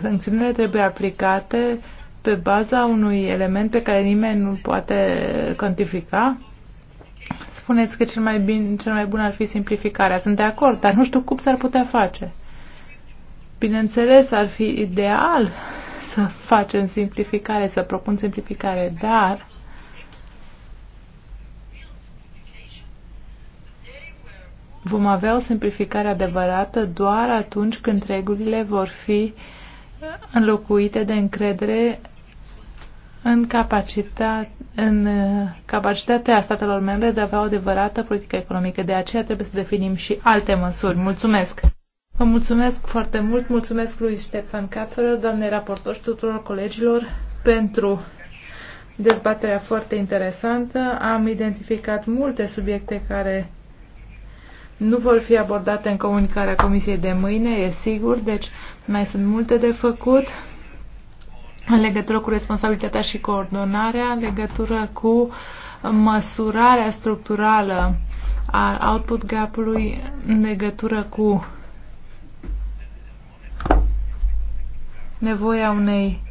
Sancțiunile trebuie aplicate pe baza unui element pe care nimeni nu poate cantifica. Spuneți că cel mai, bine, cel mai bun ar fi simplificarea. Sunt de acord, dar nu știu cum s-ar putea face. Bineînțeles, ar fi ideal să facem simplificare, să propun simplificare, dar vom avea o simplificare adevărată doar atunci când regulile vor fi uh, înlocuite de încredere în, capacita, în uh, capacitatea statelor membre de a avea o adevărată politică economică. De aceea trebuie să definim și alte măsuri. Mulțumesc! Vă mulțumesc foarte mult, mulțumesc lui Stefan Kapferer, doamne raportor și tuturor colegilor pentru dezbaterea foarte interesantă. Am identificat multe subiecte care nu vor fi abordate în comunicarea Comisiei de mâine, e sigur, deci mai sunt multe de făcut în legătură cu responsabilitatea și coordonarea, în legătură cu măsurarea structurală a output gap-ului, în legătură cu nevoia unei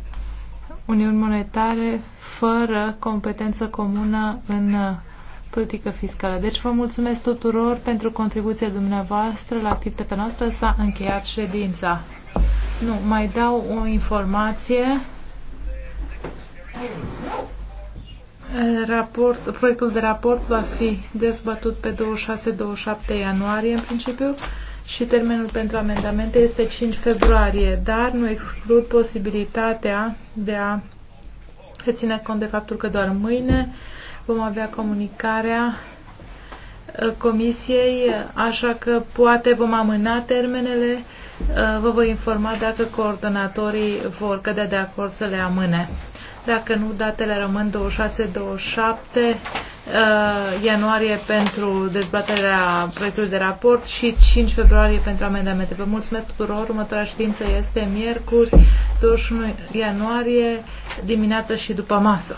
uniuni monetare fără competență comună în politică fiscală. Deci vă mulțumesc tuturor pentru contribuția dumneavoastră la activitatea noastră. S-a încheiat ședința. Nu, mai dau o informație. Raport, proiectul de raport va fi dezbătut pe 26-27 ianuarie în principiu și termenul pentru amendamente este 5 februarie, dar nu exclud posibilitatea de a ține cont de faptul că doar mâine vom avea comunicarea uh, comisiei, așa că poate vom amâna termenele Uh, vă voi informa dacă coordonatorii vor cădea de acord să le amâne. Dacă nu, datele rămân 26-27 uh, ianuarie pentru dezbaterea proiectului de raport și 5 februarie pentru amendamente. Vă mulțumesc tuturor. Următoarea știință este miercuri, 21 ianuarie, dimineață și după masă.